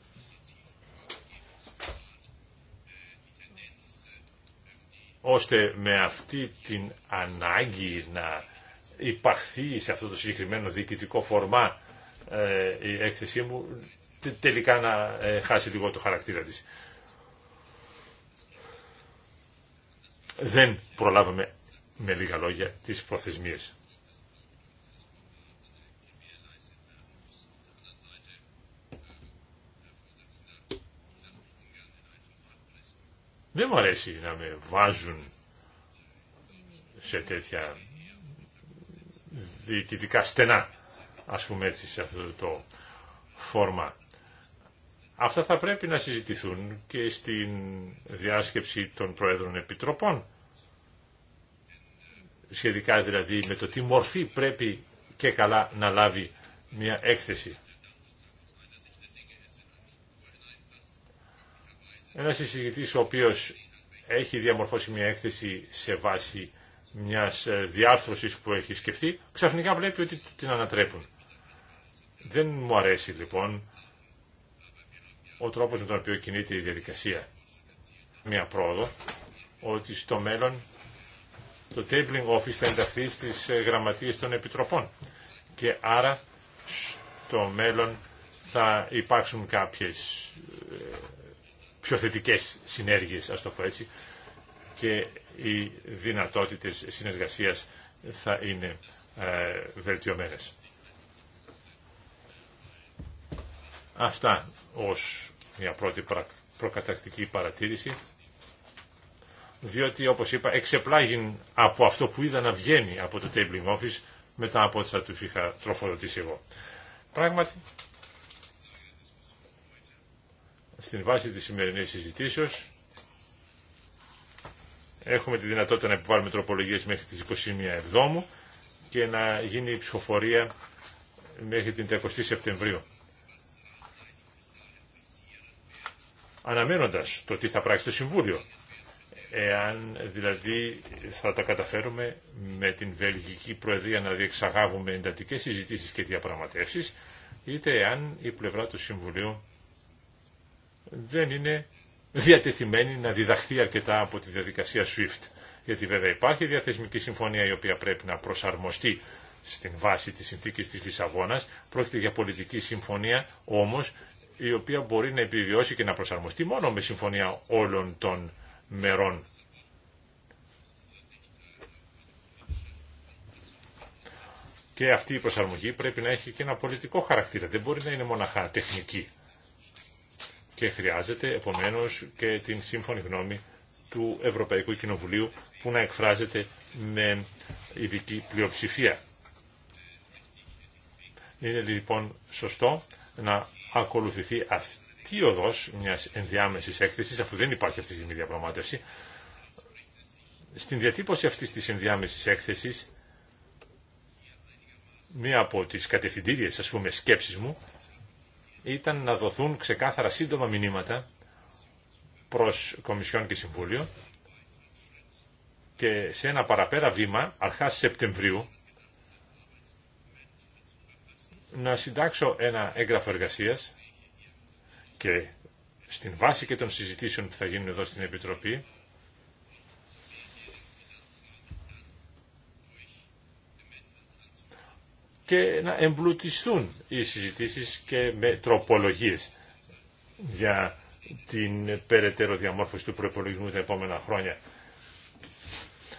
ώστε με αυτή την ανάγκη να υπαχθεί σε αυτό το συγκεκριμένο διοικητικό φορμά ε, η έκθεσή μου τελικά να ε, χάσει λίγο το χαρακτήρα της. Δεν προλάβαμε με λίγα λόγια τις προθεσμίες. Δεν μου αρέσει να με βάζουν σε τέτοια διοικητικά στενά, ας πούμε έτσι, σε αυτό το φόρμα. Αυτά θα πρέπει να συζητηθούν και στην διάσκεψη των Προέδρων Επιτροπών. Σχετικά δηλαδή με το τι μορφή πρέπει και καλά να λάβει μια έκθεση. Ένα συζητήτη ο οποίος έχει διαμορφώσει μια έκθεση σε βάση μιας ε, διάρθρωσης που έχει σκεφτεί, ξαφνικά βλέπει ότι την ανατρέπουν. Δεν μου αρέσει λοιπόν ο τρόπος με τον οποίο κινείται η διαδικασία. Μια πρόοδο ότι στο μέλλον το tabling office θα ενταχθεί στις ε, γραμματείες των επιτροπών και άρα στο μέλλον θα υπάρξουν κάποιες ε, πιο θετικές συνέργειες, ας το πω έτσι, και οι δυνατότητες συνεργασίας θα είναι ε, βελτιωμένες. Αυτά ως μια πρώτη προκατακτική παρατήρηση, διότι όπως είπα εξεπλάγει από αυτό που είδα να βγαίνει από το tabling office μετά από ό,τι θα τους είχα τροφοδοτήσει εγώ. Πράγματι, στην βάση της σημερινής συζητήσεως έχουμε τη δυνατότητα να επιβάλλουμε τροπολογίες μέχρι τις 21 Εβδόμου και να γίνει η ψηφοφορία μέχρι την 30 Σεπτεμβρίου. Αναμένοντας το τι θα πράξει το Συμβούλιο, εάν δηλαδή θα τα καταφέρουμε με την Βελγική Προεδρία να διεξαγάγουμε εντατικές συζητήσεις και διαπραγματεύσεις, είτε εάν η πλευρά του Συμβουλίου δεν είναι διατεθειμένη να διδαχθεί αρκετά από τη διαδικασία SWIFT. Γιατί βέβαια υπάρχει διαθεσμική συμφωνία η οποία πρέπει να προσαρμοστεί στην βάση της συνθήκης της Λισαβόνα. Πρόκειται για πολιτική συμφωνία όμως η οποία μπορεί να επιβιώσει και να προσαρμοστεί μόνο με συμφωνία όλων των μερών. Και αυτή η προσαρμογή πρέπει να έχει και ένα πολιτικό χαρακτήρα. Δεν μπορεί να είναι μοναχά τεχνική και χρειάζεται επομένως και την σύμφωνη γνώμη του Ευρωπαϊκού Κοινοβουλίου που να εκφράζεται με ειδική πλειοψηφία. Είναι λοιπόν σωστό να ακολουθηθεί αυτή η οδός μιας ενδιάμεσης έκθεσης, αφού δεν υπάρχει αυτή η διαπραγμάτευση. Στην διατύπωση αυτής της ενδιάμεσης έκθεσης, μία από τις κατευθυντήριες ας πούμε σκέψεις μου, ήταν να δοθούν ξεκάθαρα σύντομα μηνύματα προς Κομισιόν και Συμβούλιο και σε ένα παραπέρα βήμα, αρχάς Σεπτεμβρίου, να συντάξω ένα έγγραφο εργασίας και στην βάση και των συζητήσεων που θα γίνουν εδώ στην Επιτροπή, και να εμπλουτιστούν οι συζητήσεις και με τροπολογίες για την περαιτέρω διαμόρφωση του προπολογισμού τα επόμενα χρόνια.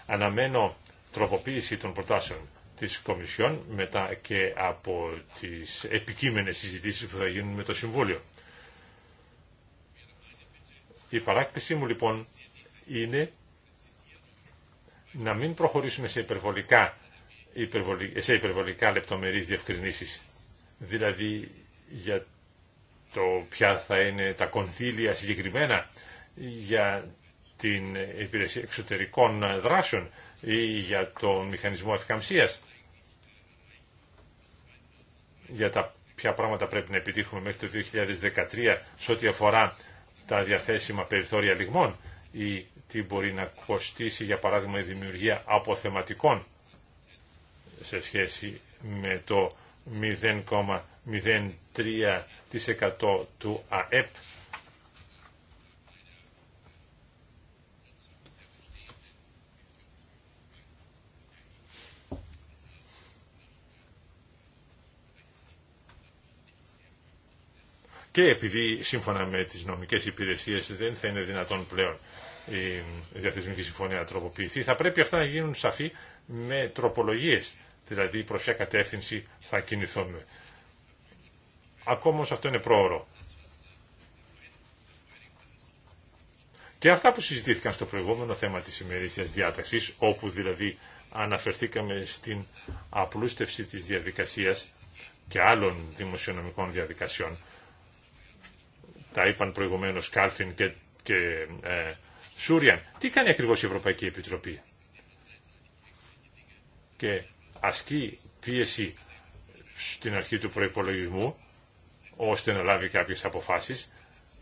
Αναμένω τροποποίηση των προτάσεων της Κομισιόν μετά και από τις επικείμενες συζητήσεις που θα γίνουν με το Συμβούλιο. Η παράκτησή μου λοιπόν είναι να μην προχωρήσουμε σε υπερβολικά σε υπερβολικά λεπτομερείς διευκρινήσεις. Δηλαδή για το ποια θα είναι τα κονδύλια συγκεκριμένα για την υπηρεσία εξωτερικών δράσεων ή για τον μηχανισμό ευκαμψίας. Για τα ποια πράγματα πρέπει να επιτύχουμε μέχρι το 2013 σε ό,τι αφορά τα διαθέσιμα περιθώρια λιγμών ή τι μπορεί να κοστίσει για παράδειγμα η δημιουργία αποθεματικών σε σχέση με το 0,03% του ΑΕΠ. Και επειδή σύμφωνα με τις νομικές υπηρεσίες δεν θα είναι δυνατόν πλέον η διαθεσμική συμφωνία να τροποποιηθεί, θα πρέπει αυτά να γίνουν σαφή με τροπολογίες δηλαδή προς ποια κατεύθυνση θα κινηθούμε. Ακόμα όμως αυτό είναι πρόωρο. Και αυτά που συζητήθηκαν στο προηγούμενο θέμα της ημερήσιας διάταξης, όπου δηλαδή αναφερθήκαμε στην απλούστευση της διαδικασίας και άλλων δημοσιονομικών διαδικασιών, τα είπαν προηγουμένως Κάλφιν και, και ε, Σούριαν, τι κάνει ακριβώ η Ευρωπαϊκή Επιτροπή. Και ασκεί πίεση στην αρχή του προπολογισμού, ώστε να λάβει κάποιες αποφάσεις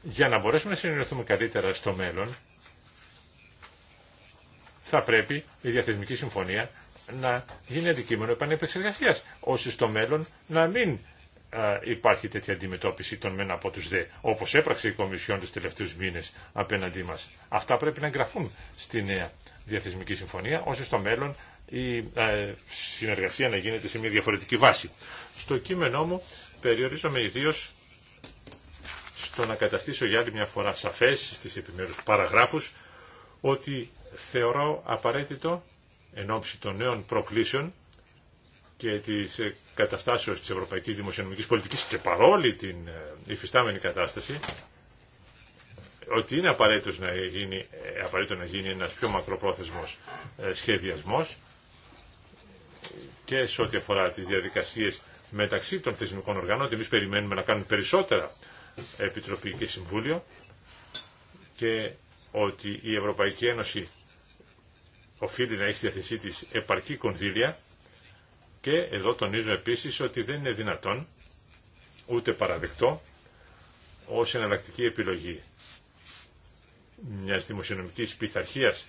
για να μπορέσουμε να συνεργαστούμε καλύτερα στο μέλλον θα πρέπει η διαθεσμική συμφωνία να γίνει αντικείμενο επανεπεξεργασίας ώστε στο μέλλον να μην υπάρχει τέτοια αντιμετώπιση των μεν από τους δε, όπως έπραξε η Κομισιόν τους τελευταίους μήνες απέναντί μας. Αυτά πρέπει να εγγραφούν στη νέα διαθεσμική συμφωνία, ώστε στο μέλλον η ε, συνεργασία να γίνεται σε μια διαφορετική βάση. Στο κείμενό μου περιορίζομαι ιδίω στο να καταστήσω για άλλη μια φορά σαφές στις επιμέρους παραγράφους ότι θεωρώ απαραίτητο εν ώψη των νέων προκλήσεων και της καταστάσεως της ευρωπαϊκής δημοσιονομικής πολιτικής και παρόλη την ε, υφιστάμενη κατάσταση ότι είναι ε, απαραίτητο να γίνει, απαραίτητο να γίνει πιο μακροπρόθεσμος σχεδιασμός και σε ό,τι αφορά τις διαδικασίες μεταξύ των θεσμικών οργανών. ότι Εμείς περιμένουμε να κάνουν περισσότερα Επιτροπή και Συμβούλιο και ότι η Ευρωπαϊκή Ένωση οφείλει να έχει στη διαθεσή της επαρκή κονδύλια και εδώ τονίζω επίσης ότι δεν είναι δυνατόν ούτε παραδεκτό ως εναλλακτική επιλογή μια δημοσιονομικής πειθαρχίας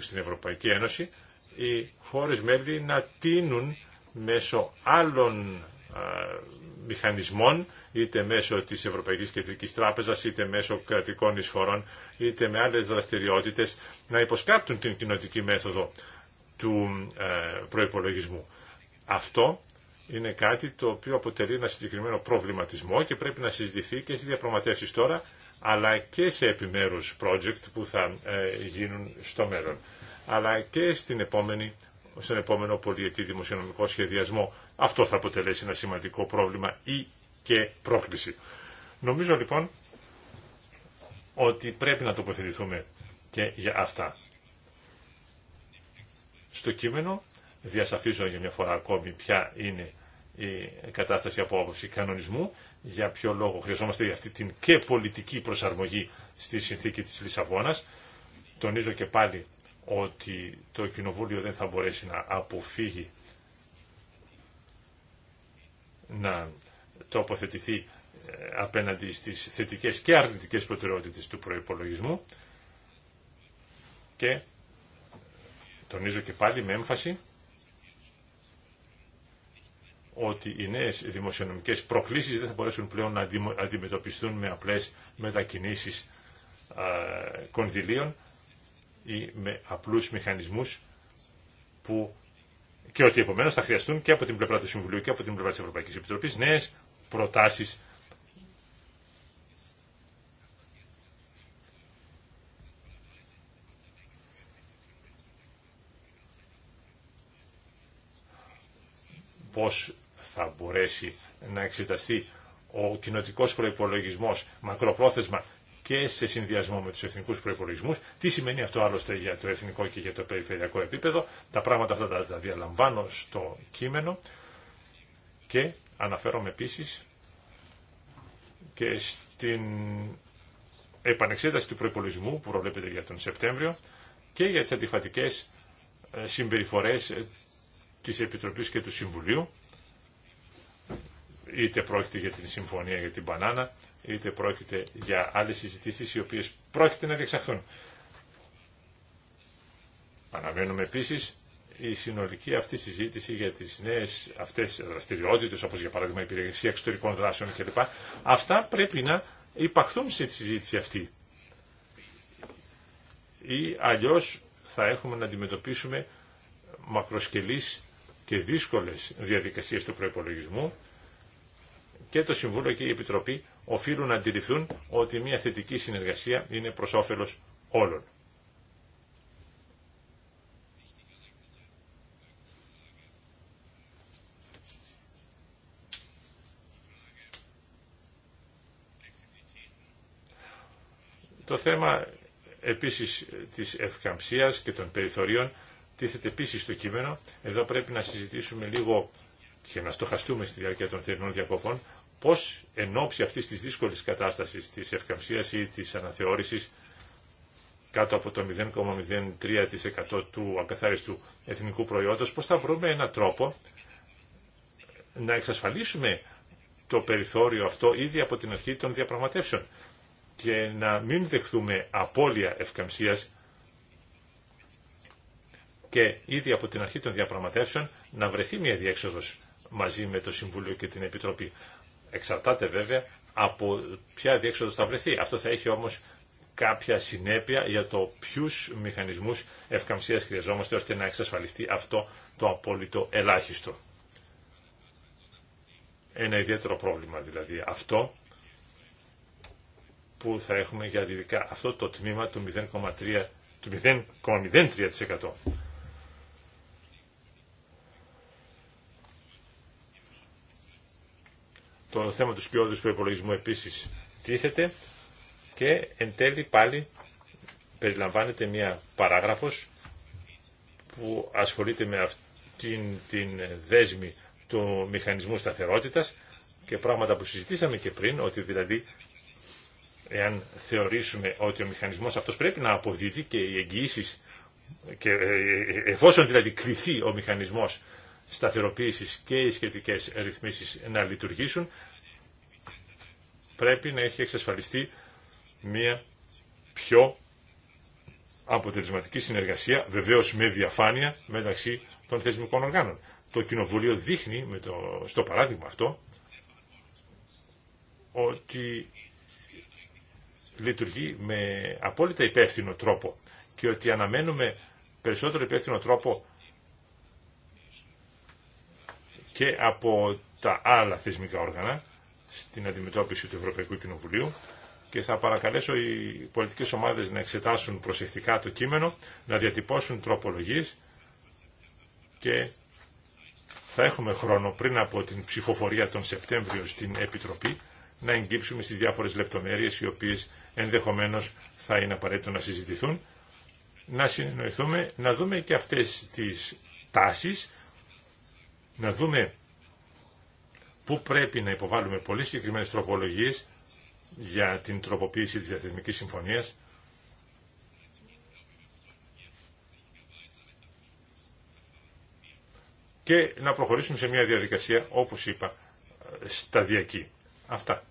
στην Ευρωπαϊκή Ένωση οι χώρες μέλη να τίνουν μέσω άλλων μηχανισμών, είτε μέσω της Ευρωπαϊκής Κεντρικής Τράπεζας, είτε μέσω κρατικών εισφορών, είτε με άλλες δραστηριότητες, να υποσκάπτουν την κοινωτική μέθοδο του προϋπολογισμού. Αυτό είναι κάτι το οποίο αποτελεί ένα συγκεκριμένο προβληματισμό και πρέπει να συζητηθεί και στις διαπραγματεύσεις τώρα, αλλά και σε επιμέρους project που θα ε, γίνουν στο μέλλον αλλά και στην επόμενη, στον επόμενο πολιετή δημοσιονομικό σχεδιασμό. Αυτό θα αποτελέσει ένα σημαντικό πρόβλημα ή και πρόκληση. Νομίζω λοιπόν ότι πρέπει να τοποθετηθούμε και για αυτά. Στο κείμενο διασαφίζω για μια φορά ακόμη ποια είναι η κατάσταση από άποψη κανονισμού, για ποιο λόγο χρειαζόμαστε αυτή την και πολιτική προσαρμογή στη συνθήκη της Λισαβόνας. Τονίζω και πάλι ότι το Κοινοβούλιο δεν θα μπορέσει να αποφύγει να τοποθετηθεί ε, απέναντι στις θετικές και αρνητικές προτεραιότητες του προϋπολογισμού και τονίζω και πάλι με έμφαση ότι οι νέες δημοσιονομικές προκλήσεις δεν θα μπορέσουν πλέον να αντιμετωπιστούν με απλές μετακινήσεις ε, κονδυλίων ή με απλούς μηχανισμούς που και ότι επομένω θα χρειαστούν και από την πλευρά του Συμβουλίου και από την πλευρά της Ευρωπαϊκής Επιτροπής νέες προτάσεις πώς θα μπορέσει να εξεταστεί ο κοινοτικός προϋπολογισμός μακροπρόθεσμα και σε συνδυασμό με του εθνικού προπολογισμού, Τι σημαίνει αυτό άλλωστε για το εθνικό και για το περιφερειακό επίπεδο. Τα πράγματα αυτά τα διαλαμβάνω στο κείμενο και αναφέρομαι επίση και στην επανεξέταση του προπολογισμού που προβλέπεται για τον Σεπτέμβριο και για τι αντιφατικέ ε, συμπεριφορέ ε, τη Επιτροπή και του Συμβουλίου είτε πρόκειται για την συμφωνία για την μπανάνα, είτε πρόκειται για άλλες συζητήσεις οι οποίες πρόκειται να διεξαχθούν. Αναμένουμε επίσης η συνολική αυτή συζήτηση για τις νέες αυτές δραστηριότητες, όπως για παράδειγμα η υπηρεσία εξωτερικών δράσεων κλπ. Αυτά πρέπει να υπαχθούν σε τη συζήτηση αυτή. Ή αλλιώς θα έχουμε να αντιμετωπίσουμε μακροσκελείς και δύσκολες διαδικασίες του προπολογισμού και το Συμβούλιο και η Επιτροπή οφείλουν να αντιληφθούν ότι μια θετική συνεργασία είναι προς όφελος όλων. Το θέμα επίσης της ευκαμψίας και των περιθωρίων τίθεται επίσης στο κείμενο. Εδώ πρέπει να συζητήσουμε λίγο και να στοχαστούμε στη διάρκεια των θερινών διακοπών πώς εν ώψη αυτής της δύσκολης κατάστασης της ευκαμψίας ή της αναθεώρησης κάτω από το 0,03% του ακαθάριστου εθνικού προϊόντος, πώς θα βρούμε έναν τρόπο να εξασφαλίσουμε το περιθώριο αυτό ήδη από την αρχή των διαπραγματεύσεων και να μην δεχθούμε απώλεια ευκαμψίας και ήδη από την αρχή των διαπραγματεύσεων να βρεθεί μια διέξοδος μαζί με το Συμβούλιο και την Επιτροπή. Εξαρτάται βέβαια από ποια διέξοδο θα βρεθεί. Αυτό θα έχει όμως κάποια συνέπεια για το ποιου μηχανισμούς ευκαμψίας χρειαζόμαστε ώστε να εξασφαλιστεί αυτό το απόλυτο ελάχιστο. Ένα ιδιαίτερο πρόβλημα δηλαδή αυτό που θα έχουμε για ειδικά αυτό το τμήμα του 0,3% του 0,03%. Το θέμα του του προπολογισμού επίσης τίθεται και εν τέλει πάλι περιλαμβάνεται μια παράγραφος που ασχολείται με αυτήν την δέσμη του μηχανισμού σταθερότητας και πράγματα που συζητήσαμε και πριν, ότι δηλαδή εάν θεωρήσουμε ότι ο μηχανισμός αυτός πρέπει να αποδίδει και οι εγγυήσεις και ε, ε, ε, εφόσον δηλαδή κληθεί ο μηχανισμός σταθεροποίησης και οι σχετικές ρυθμίσεις να λειτουργήσουν, πρέπει να έχει εξασφαλιστεί μια πιο αποτελεσματική συνεργασία, βεβαίως με διαφάνεια, μεταξύ των θεσμικών οργάνων. Το Κοινοβούλιο δείχνει, με το, στο παράδειγμα αυτό, ότι λειτουργεί με απόλυτα υπεύθυνο τρόπο και ότι αναμένουμε περισσότερο υπεύθυνο τρόπο και από τα άλλα θεσμικά όργανα στην αντιμετώπιση του Ευρωπαϊκού Κοινοβουλίου και θα παρακαλέσω οι πολιτικές ομάδες να εξετάσουν προσεκτικά το κείμενο, να διατυπώσουν τροπολογίες και θα έχουμε χρόνο πριν από την ψηφοφορία τον Σεπτέμβριο στην Επιτροπή να εγκύψουμε στις διάφορες λεπτομέρειες οι οποίες ενδεχομένως θα είναι απαραίτητο να συζητηθούν, να συνεννοηθούμε, να δούμε και αυτές τις τάσεις να δούμε πού πρέπει να υποβάλουμε πολύ συγκεκριμένες τροπολογίες για την τροποποίηση της Διαθεσμικής Συμφωνίας και να προχωρήσουμε σε μια διαδικασία, όπως είπα, σταδιακή. Αυτά,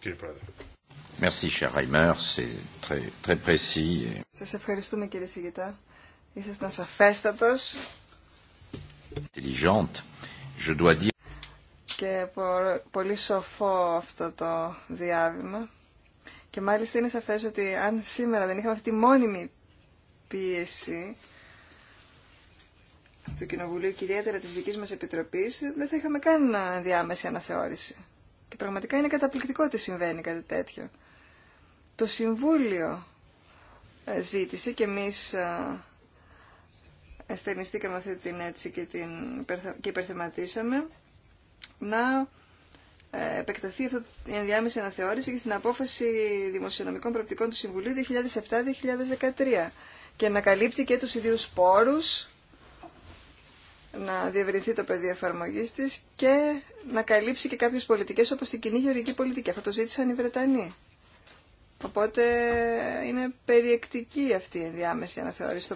κύριε Πρόεδρε. Merci, cher très, très Σας ευχαριστούμε, κύριε Σιγητά. Ήσασταν σαφέστατος. Και πολύ σοφό αυτό το διάβημα. Και μάλιστα είναι σαφές ότι αν σήμερα δεν είχαμε αυτή τη μόνιμη πίεση του Κοινοβουλίου και ιδιαίτερα της δικής μας Επιτροπής, δεν θα είχαμε καν διάμεση αναθεώρηση. Και πραγματικά είναι καταπληκτικό ότι συμβαίνει κάτι τέτοιο. Το Συμβούλιο ε, ζήτησε και εμείς ε, ασθενιστήκαμε αυτή την έτσι και, την, και υπερθεματίσαμε, να ε, επεκταθεί αυτή η ενδιάμεση αναθεώρηση και στην απόφαση δημοσιονομικών προοπτικών του Συμβουλίου 2007-2013 και να καλύπτει και τους ιδίους πόρους, να διευρυνθεί το πεδίο εφαρμογής της και να καλύψει και κάποιες πολιτικές όπως την κοινή γεωργική πολιτική. Αυτό το ζήτησαν οι Βρετανοί. Οπότε είναι περιεκτική αυτή η ενδιάμεση αναθεώρηση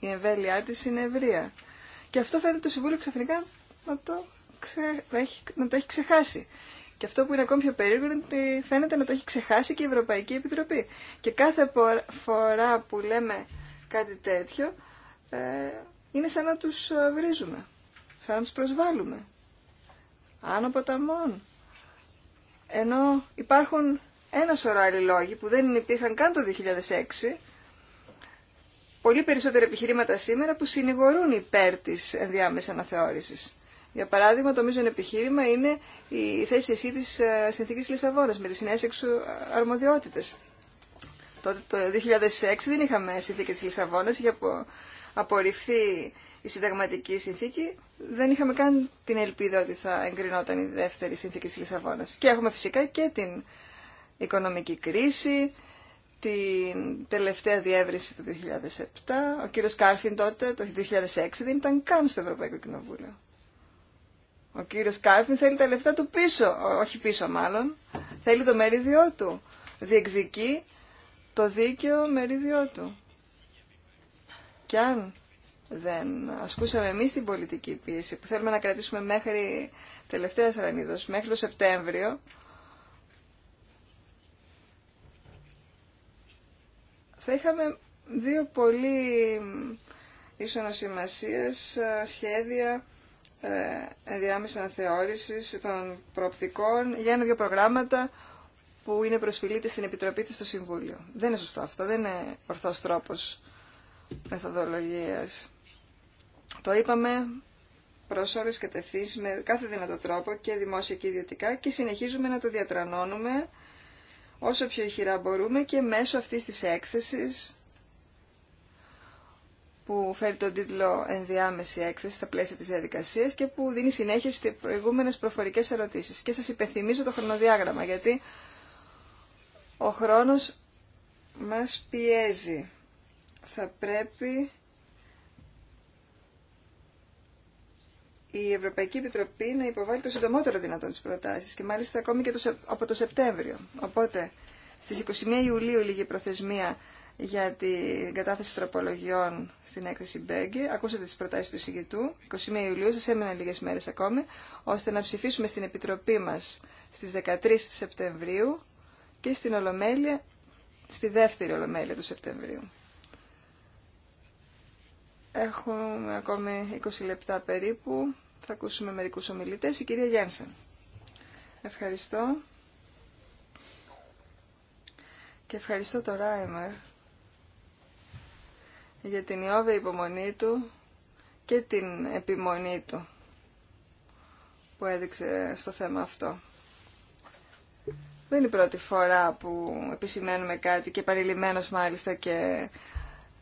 η εμβέλειά τη είναι ευρεία. Και αυτό φαίνεται το Συμβούλιο ξαφνικά να το, ξε... να, έχει... να το έχει ξεχάσει. Και αυτό που είναι ακόμη πιο περίεργο είναι ότι φαίνεται να το έχει ξεχάσει και η Ευρωπαϊκή Επιτροπή. Και κάθε φορά που λέμε κάτι τέτοιο, ε, είναι σαν να τους ε, βρίζουμε, σαν να τους προσβάλλουμε. Άνω ποταμών. Ενώ υπάρχουν ένα σωρό άλλοι λόγοι που δεν υπήρχαν καν το 2006 πολύ περισσότερα επιχειρήματα σήμερα που συνηγορούν υπέρ της ενδιάμεσης αναθεώρησης. Για παράδειγμα, το μείζον επιχείρημα είναι η θέση ισχύ τη ε, συνθήκη Λισαβόνα με τι νέε αρμοδιότητε. Τότε το 2006 δεν είχαμε συνθήκη τη Λισαβόνα, είχε απορριφθεί η συνταγματική συνθήκη. Δεν είχαμε καν την ελπίδα ότι θα εγκρινόταν η δεύτερη συνθήκη τη Λισαβόνα. Και έχουμε φυσικά και την οικονομική κρίση, την τελευταία διεύρυνση του 2007. Ο κύριος Κάρφιν τότε, το 2006, δεν ήταν καν στο Ευρωπαϊκό Κοινοβούλιο. Ο κύριος Κάρφιν θέλει τα λεφτά του πίσω, όχι πίσω μάλλον, θέλει το μερίδιό του. Διεκδικεί το δίκαιο μερίδιό του. Κι αν δεν ασκούσαμε εμείς την πολιτική πίεση που θέλουμε να κρατήσουμε μέχρι τελευταία σαρανίδος, μέχρι το Σεπτέμβριο, θα είχαμε δύο πολύ ισονοσημασίες ε, σχέδια ε, ενδιάμεση αναθεώρηση των προοπτικών για ένα-δύο προγράμματα που είναι προσφυλίτε στην Επιτροπή της στο Συμβούλιο. Δεν είναι σωστό αυτό, δεν είναι ορθός τρόπος μεθοδολογίας. Το είπαμε προς και κατευθύνσεις με κάθε δυνατό τρόπο και δημόσια και ιδιωτικά και συνεχίζουμε να το διατρανώνουμε όσο πιο χειρά μπορούμε και μέσω αυτής της έκθεσης που φέρει τον τίτλο «Ενδιάμεση έκθεση στα πλαίσια της διαδικασίας» και που δίνει συνέχεια στις προηγούμενες προφορικές ερωτήσεις. Και σας υπενθυμίζω το χρονοδιάγραμμα, γιατί ο χρόνος μας πιέζει. Θα πρέπει η Ευρωπαϊκή Επιτροπή να υποβάλει το συντομότερο δυνατόν τις προτάσεις και μάλιστα ακόμη και το, από το Σεπτέμβριο. Οπότε στις 21 Ιουλίου λίγη προθεσμία για την κατάθεση τροπολογιών στην έκθεση Μπέγκε. Ακούσατε τις προτάσεις του εισηγητού. 21 Ιουλίου σας έμειναν λίγες μέρες ακόμη, ώστε να ψηφίσουμε στην Επιτροπή μας στις 13 Σεπτεμβρίου και στην Ολομέλεια, στη δεύτερη Ολομέλεια του Σεπτεμβρίου. Έχουμε ακόμη 20 λεπτά περίπου. Θα ακούσουμε μερικούς ομιλητές. Η κυρία Γιάνσεν. Ευχαριστώ. Και ευχαριστώ το Ράιμερ για την ιόβια υπομονή του και την επιμονή του που έδειξε στο θέμα αυτό. Δεν είναι η πρώτη φορά που επισημαίνουμε κάτι και παρελειμμένος μάλιστα και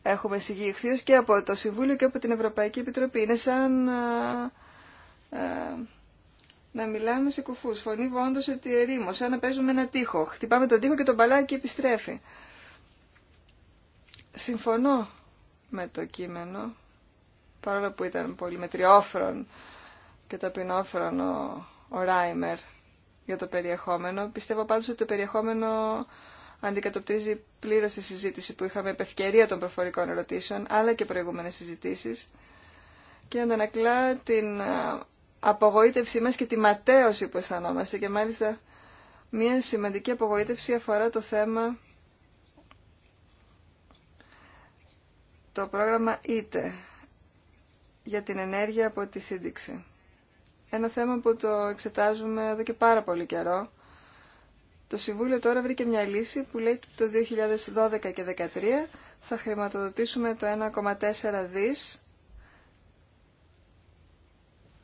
έχουμε συγγυηθεί και από το Συμβούλιο και από την Ευρωπαϊκή Επιτροπή. Είναι σαν ε, ε, να μιλάμε σε κουφού. Φωνή βόντω ότι ερήμο, σαν να παίζουμε ένα τείχο. Χτυπάμε τον τείχο και τον μπαλάκι επιστρέφει. Συμφωνώ με το κείμενο, παρόλο που ήταν πολύ μετριόφρον και ταπεινόφρον ο, ο Ράιμερ για το περιεχόμενο. Πιστεύω πάντως ότι το περιεχόμενο αντικατοπτρίζει πλήρω τη συζήτηση που είχαμε επ' ευκαιρία των προφορικών ερωτήσεων, αλλά και προηγούμενες συζητήσεις και αντανακλά την απογοήτευσή μας και τη ματέωση που αισθανόμαστε και μάλιστα μια σημαντική απογοήτευση αφορά το θέμα το πρόγραμμα ΙΤΕ για την ενέργεια από τη σύνδεξη. Ένα θέμα που το εξετάζουμε εδώ και πάρα πολύ καιρό το Συμβούλιο τώρα βρήκε μια λύση που λέει ότι το 2012 και 2013 θα χρηματοδοτήσουμε το 1,4 δις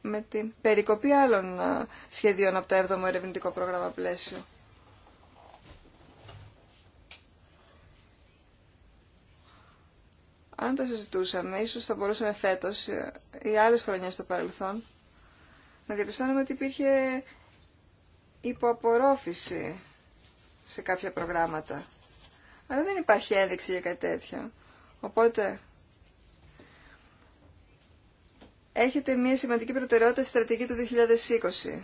με την περικοπή άλλων σχεδίων από το 7ο ερευνητικό πρόγραμμα πλαίσιο. Αν το συζητούσαμε, ίσως θα μπορούσαμε φέτος ε, ή άλλες χρονιές στο παρελθόν να διαπιστώνουμε ότι υπήρχε υποαπορρόφηση σε κάποια προγράμματα. Αλλά δεν υπάρχει ένδειξη για κάτι τέτοιο. Οπότε, έχετε μια σημαντική προτεραιότητα στη στρατηγική του 2020.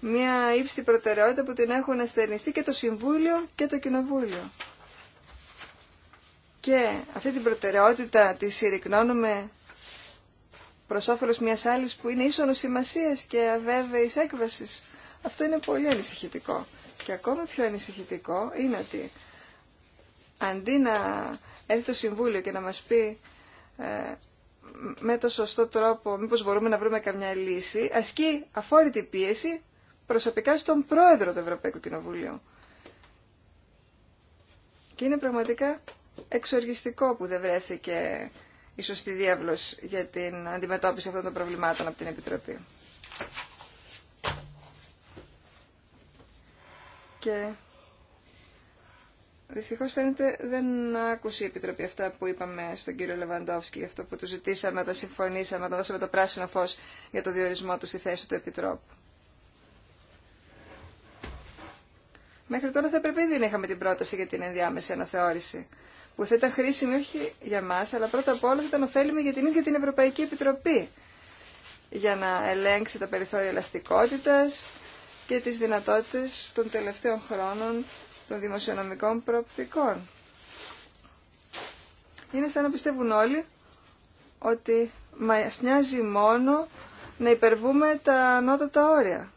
Μια ύψη προτεραιότητα που την έχουν αστερνιστεί και το Συμβούλιο και το Κοινοβούλιο. Και αυτή την προτεραιότητα τη συρρυκνώνουμε προς όφελος μιας άλλης που είναι ίσονος σημασίας και αβέβαιης έκβασης. Αυτό είναι πολύ ανησυχητικό. Και ακόμα πιο ανησυχητικό είναι ότι αντί να έρθει το Συμβούλιο και να μας πει ε, με το σωστό τρόπο μήπως μπορούμε να βρούμε καμιά λύση, ασκεί αφόρητη πίεση προσωπικά στον Πρόεδρο του Ευρωπαϊκού Κοινοβουλίου. Και είναι πραγματικά εξοργιστικό που δεν βρέθηκε η σωστή διάβλος για την αντιμετώπιση αυτών των προβλημάτων από την Επιτροπή. Και δυστυχώς φαίνεται δεν άκουσε η Επιτροπή αυτά που είπαμε στον κύριο Λεβαντόφσκι για αυτό που του ζητήσαμε όταν συμφωνήσαμε, όταν δώσαμε το πράσινο φως για το διορισμό του στη θέση του Επιτρόπου. Μέχρι τώρα θα πρέπει ήδη να είχαμε την πρόταση για την ενδιάμεση αναθεώρηση. Που θα ήταν χρήσιμη όχι για μας, αλλά πρώτα απ' όλα θα ήταν ωφέλιμη για την ίδια την Ευρωπαϊκή Επιτροπή. Για να ελέγξει τα περιθώρια ελαστικότητας και τις δυνατότητες των τελευταίων χρόνων των δημοσιονομικών προοπτικών. Είναι σαν να πιστεύουν όλοι ότι μας νοιάζει μόνο να υπερβούμε τα ανώτατα όρια.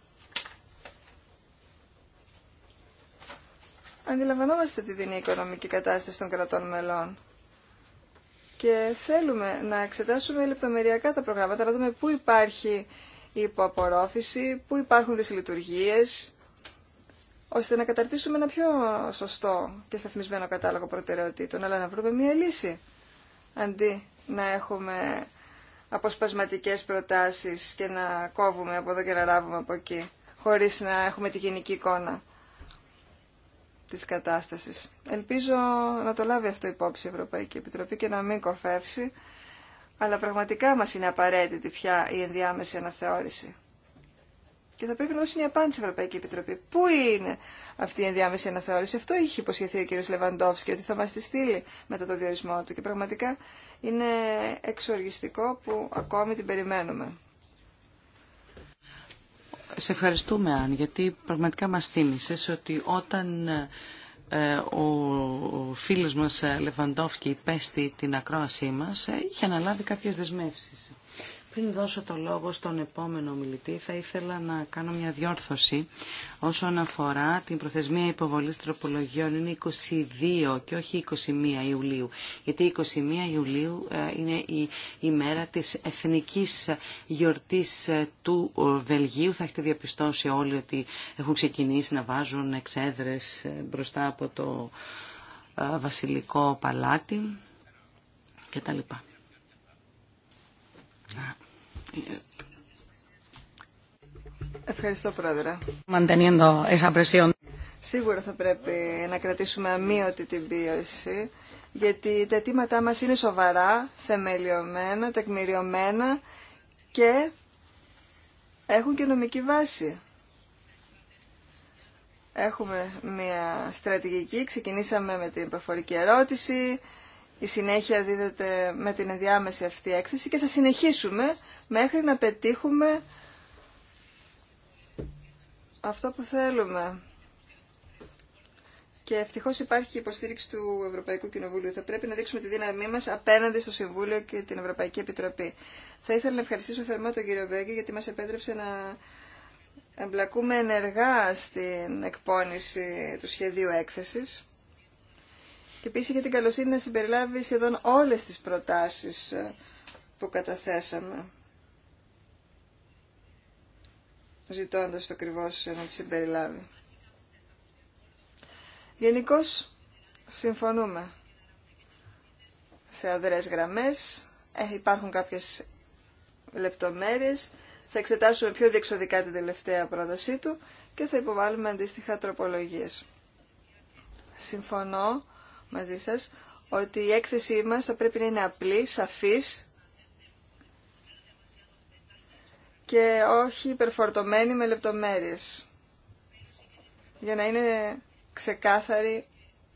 Αντιλαμβανόμαστε τη δινή οικονομική κατάσταση των κρατών μελών και θέλουμε να εξετάσουμε λεπτομεριακά τα προγράμματα, να δούμε πού υπάρχει υποαπορρόφηση, που υπάρχουν δυσλειτουργίες, ώστε να καταρτήσουμε ένα πιο σωστό και σταθμισμένο κατάλογο προτεραιοτήτων, αλλά να βρούμε μία λύση, αντί να έχουμε αποσπασματικές προτάσεις και να κόβουμε από εδώ και να ράβουμε από εκεί, χωρίς να έχουμε τη γενική εικόνα της κατάστασης. Ελπίζω να το λάβει αυτό υπόψη η Ευρωπαϊκή Επιτροπή και να μην κοφεύσει αλλά πραγματικά μας είναι απαραίτητη πια η ενδιάμεση αναθεώρηση. Και θα πρέπει να δώσει μια απάντηση η Ευρωπαϊκή Επιτροπή. Πού είναι αυτή η ενδιάμεση αναθεώρηση. Αυτό είχε υποσχεθεί ο κ. Λεβαντόφσκι ότι θα μα τη στείλει μετά το διορισμό του. Και πραγματικά είναι εξοργιστικό που ακόμη την περιμένουμε. Σε ευχαριστούμε, Αν, γιατί πραγματικά μας θύμισες ότι όταν ε, ο φίλος μας ε, Λεβαντόφκη πέστη την ακρόασή μας ε, είχε αναλάβει κάποιες δεσμεύσεις. Πριν δώσω το λόγο στον επόμενο μιλητή, θα ήθελα να κάνω μια διόρθωση όσον αφορά την προθεσμία υποβολής τροπολογιών. Είναι 22 και όχι 21 Ιουλίου, γιατί 21 Ιουλίου ε, είναι η ημέρα της εθνικής γιορτής ε, του ε, Βελγίου. Θα έχετε διαπιστώσει όλοι ότι έχουν ξεκινήσει να βάζουν εξέδρες μπροστά από το βασιλικό παλάτι κτλ. Ευχαριστώ, Πρόεδρε. Σίγουρα θα πρέπει να κρατήσουμε αμύωτη την πίεση, γιατί τα αιτήματά μας είναι σοβαρά, θεμελιωμένα, τεκμηριωμένα και έχουν και νομική βάση. Έχουμε μια στρατηγική, ξεκινήσαμε με την προφορική ερώτηση, η συνέχεια δίδεται με την ενδιάμεση αυτή έκθεση και θα συνεχίσουμε μέχρι να πετύχουμε αυτό που θέλουμε. Και ευτυχώ υπάρχει η υποστήριξη του Ευρωπαϊκού Κοινοβουλίου. Θα πρέπει να δείξουμε τη δύναμή μα απέναντι στο Συμβούλιο και την Ευρωπαϊκή Επιτροπή. Θα ήθελα να ευχαριστήσω θερμά τον κύριο Μπέγκη γιατί μα επέτρεψε να εμπλακούμε ενεργά στην εκπόνηση του σχεδίου έκθεσης και επίση για την καλοσύνη να συμπεριλάβει σχεδόν όλες τις προτάσεις ε, που καταθέσαμε. Ζητώντας το ακριβώ να τις συμπεριλάβει. Γενικώ συμφωνούμε σε αδρές γραμμές. Ε, υπάρχουν κάποιες λεπτομέρειες. Θα εξετάσουμε πιο διεξοδικά την τελευταία πρότασή του και θα υποβάλουμε αντίστοιχα τροπολογίες. Συμφωνώ μαζί σας ότι η έκθεσή μας θα πρέπει να είναι απλή, σαφής και όχι υπερφορτωμένη με λεπτομέρειες για να είναι ξεκάθαρη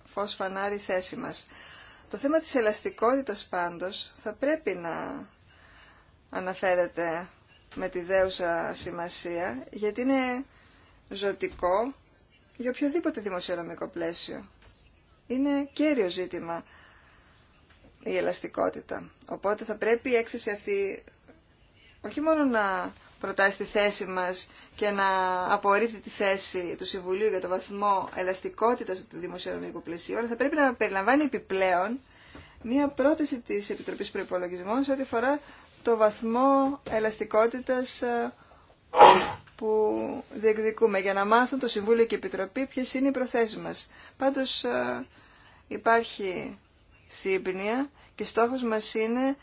φως φανάρι θέση μας. Το θέμα της ελαστικότητας πάντως θα πρέπει να αναφέρεται με τη δέουσα σημασία γιατί είναι ζωτικό για οποιοδήποτε δημοσιονομικό πλαίσιο είναι κέριο ζήτημα η ελαστικότητα. Οπότε θα πρέπει η έκθεση αυτή όχι μόνο να προτάσει τη θέση μας και να απορρίπτει τη θέση του Συμβουλίου για το βαθμό ελαστικότητας του δημοσιονομικού πλαισίου, αλλά θα πρέπει να περιλαμβάνει επιπλέον μία πρόταση της Επιτροπής Προϋπολογισμών σε ό,τι αφορά το βαθμό ελαστικότητας ε, που διεκδικούμε για να μάθουν το Συμβούλιο και η Επιτροπή ποιε είναι οι προθέσεις μας. Πάντως ε, υπάρχει σύμπνοια και στόχος μας είναι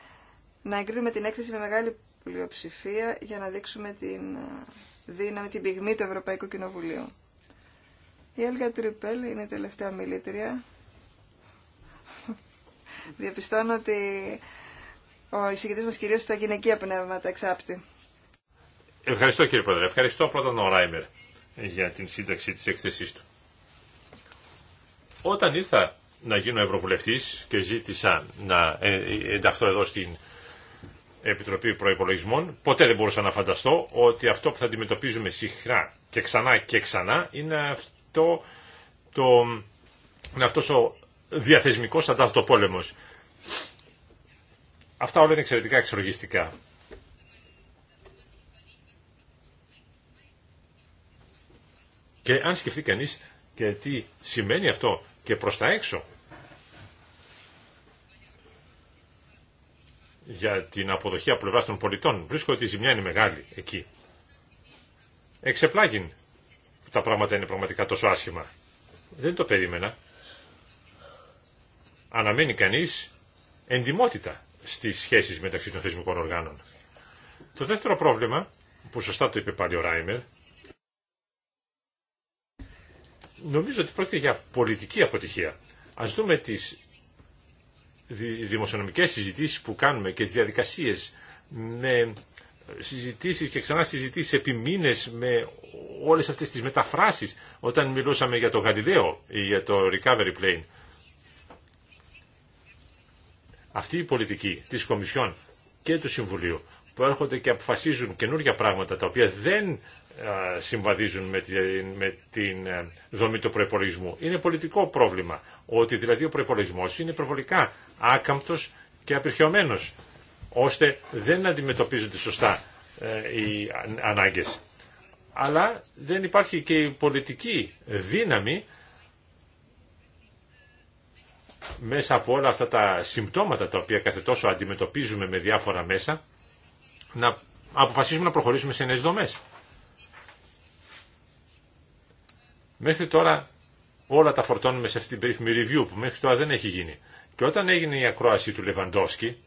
να εγκρίνουμε την έκθεση με μεγάλη πλειοψηφία για να δείξουμε την ε, δύναμη, την πυγμή του Ευρωπαϊκού Κοινοβουλίου. Η Έλγα Τρυπέλ είναι η τελευταία μιλήτρια. Διαπιστώνω ότι ο εισηγητής μας κυρίως στα γυναικεία πνεύματα εξάπτει. Ευχαριστώ κύριε Πρόεδρε. Ευχαριστώ πρώτα τον Ράιμερ για την σύνταξη της έκθεσής του. Όταν ήρθα να γίνω Ευρωβουλευτής και ζήτησα να ε, ενταχθώ εδώ στην Επιτροπή Προϋπολογισμών, ποτέ δεν μπορούσα να φανταστώ ότι αυτό που θα αντιμετωπίζουμε συχνά και ξανά και ξανά είναι αυτό το, είναι αυτός ο διαθεσμικός αντάθετο πόλεμος. Αυτά όλα είναι εξαιρετικά εξοργιστικά. Και αν σκεφτεί κανείς και τι σημαίνει αυτό και προς τα έξω για την αποδοχή από πλευρά των πολιτών. Βρίσκω ότι η ζημιά είναι μεγάλη εκεί. Εξεπλάγιν τα πράγματα είναι πραγματικά τόσο άσχημα. Δεν το περίμενα. Αναμένει κανείς εντιμότητα στις σχέσεις μεταξύ των θεσμικών οργάνων. Το δεύτερο πρόβλημα, που σωστά το είπε πάλι ο Ράιμερ, Νομίζω ότι πρόκειται για πολιτική αποτυχία. Ας δούμε τις δημοσιονομικές συζητήσεις που κάνουμε και τις διαδικασίες με συζητήσεις και ξανά συζητήσεις επί μήνε με όλες αυτές τις μεταφράσεις όταν μιλούσαμε για το Γαλιλαίο ή για το Recovery Plane. Αυτή η πολιτική της Κομισιόν και του Συμβουλίου που έρχονται και αποφασίζουν καινούργια πράγματα τα οποία δεν συμβαδίζουν με την, με την ε, δομή του προπολογισμού. Είναι πολιτικό πρόβλημα, ότι δηλαδή ο προπολογισμό είναι προβολικά άκαμπτος και απερχαιωμένο ώστε δεν αντιμετωπίζονται σωστά ε, οι ανάγκε, Αλλά δεν υπάρχει και η πολιτική δύναμη μέσα από όλα αυτά τα συμπτώματα τα οποία κάθε τόσο αντιμετωπίζουμε με διάφορα μέσα να αποφασίσουμε να προχωρήσουμε σε νέες δομές. Μέχρι τώρα όλα τα φορτώνουμε σε αυτή την περίφημη review που μέχρι τώρα δεν έχει γίνει. Και όταν έγινε η ακρόαση του Λεβαντόσκη,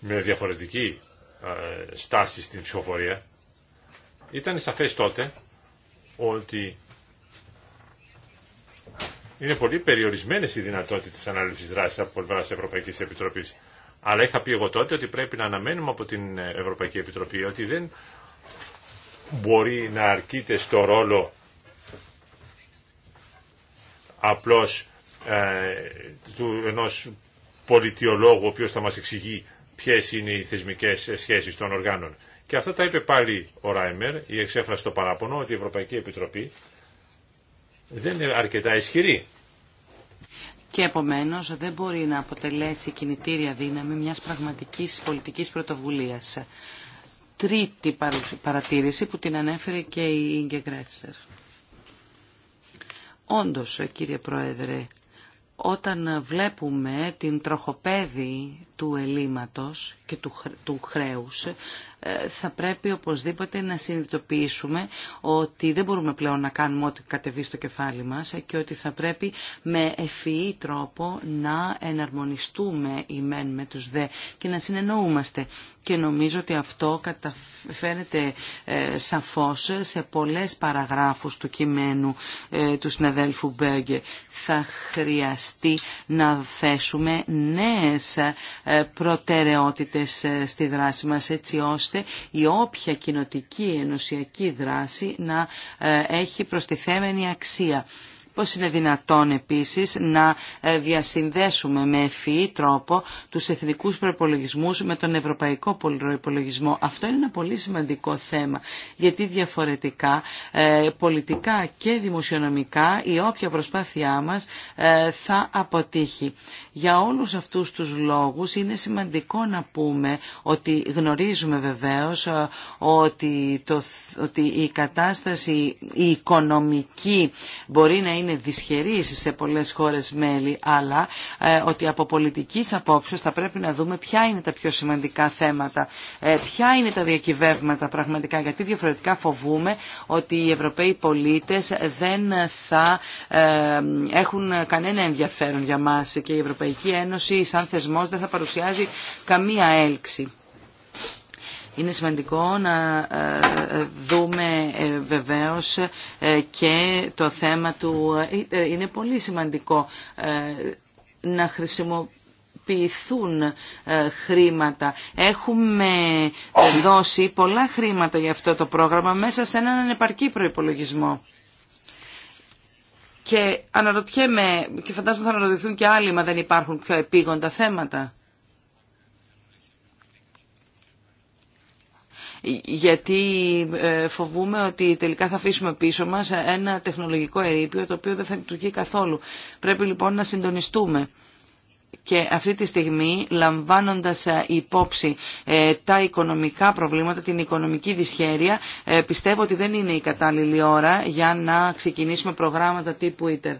με διαφορετική ε, στάση στην ψηφοφορία, ήταν σαφές τότε ότι είναι πολύ περιορισμένες οι δυνατότητες ανάληψης δράσης από πλευρά Ευρωπαϊκής Επιτροπής. Αλλά είχα πει εγώ τότε ότι πρέπει να αναμένουμε από την Ευρωπαϊκή Επιτροπή ότι δεν μπορεί να αρκείται στο ρόλο απλώς ε, του ενός πολιτιολόγου ο οποίος θα μας εξηγεί ποιες είναι οι θεσμικές σχέσεις των οργάνων. Και αυτά τα είπε πάλι ο Ράιμερ, η εξέφραση το παράπονο, ότι η Ευρωπαϊκή Επιτροπή δεν είναι αρκετά ισχυρή και επομένως δεν μπορεί να αποτελέσει κινητήρια δύναμη μιας πραγματικής πολιτικής πρωτοβουλίας. Τρίτη παρατήρηση που την ανέφερε και η Ίγκε Γκρέτσλερ. Όντως, κύριε Πρόεδρε, όταν βλέπουμε την τροχοπέδη του ελίματος και του χρέους, ε, θα πρέπει οπωσδήποτε να συνειδητοποιήσουμε ότι δεν μπορούμε πλέον να κάνουμε ό,τι κατεβεί στο κεφάλι μας ε, και ότι θα πρέπει με ευφυή τρόπο να εναρμονιστούμε οι μεν με τους δε και να συνεννοούμαστε. Και νομίζω ότι αυτό καταφέρεται ε, σαφώς σε πολλές παραγράφους του κειμένου του συναδέλφου Μπέγκε. Θα χρειαστεί να θέσουμε νέες προτεραιότητες στη δράση μας έτσι ώστε η όποια κοινοτική ενωσιακή δράση να ε, έχει προστιθέμενη αξία. Πώς είναι δυνατόν επίσης να ε, διασυνδέσουμε με ευφυή τρόπο τους εθνικούς προπολογισμούς με τον ευρωπαϊκό προπολογισμό. Αυτό είναι ένα πολύ σημαντικό θέμα, γιατί διαφορετικά ε, πολιτικά και δημοσιονομικά η όποια προσπάθειά μας θα αποτύχει. Για όλους αυτούς τους λόγους είναι σημαντικό να πούμε ότι γνωρίζουμε βεβαίως ε, ότι, το, ότι η κατάσταση η οικονομική μπορεί να είναι δυσχερής σε πολλές χώρες μέλη, αλλά ε, ότι από πολιτικής απόψεως θα πρέπει να δούμε ποια είναι τα πιο σημαντικά θέματα, ε, ποια είναι τα διακυβεύματα πραγματικά, γιατί διαφορετικά φοβούμε ότι οι Ευρωπαίοι πολίτες δεν θα έχουν κανένα ενδιαφέρον για μας και οι Ευρωπαϊκή Ένωση σαν θεσμός δεν θα παρουσιάζει καμία έλξη. Είναι σημαντικό να ε, ε, δούμε ε, βεβαίως και το θέμα του... Είναι πολύ σημαντικό να χρησιμοποιηθούν χρήματα. Έχουμε δώσει πολλά χρήματα για αυτό το πρόγραμμα μέσα σε έναν ανεπαρκή προϋπολογισμό. Και αναρωτιέμαι, και φαντάζομαι θα αναρωτηθούν και άλλοι, μα δεν υπάρχουν πιο επίγοντα θέματα. γιατί ε, φοβούμε ότι τελικά θα αφήσουμε πίσω μας ένα τεχνολογικό ερείπιο το οποίο δεν θα λειτουργεί καθόλου. Πρέπει λοιπόν να συντονιστούμε και αυτή τη στιγμή λαμβάνοντας ε, υπόψη ε, τα οικονομικά προβλήματα, την οικονομική δυσχέρεια, ε, πιστεύω ότι δεν είναι η κατάλληλη ώρα για να ξεκινήσουμε προγράμματα τύπου ITER.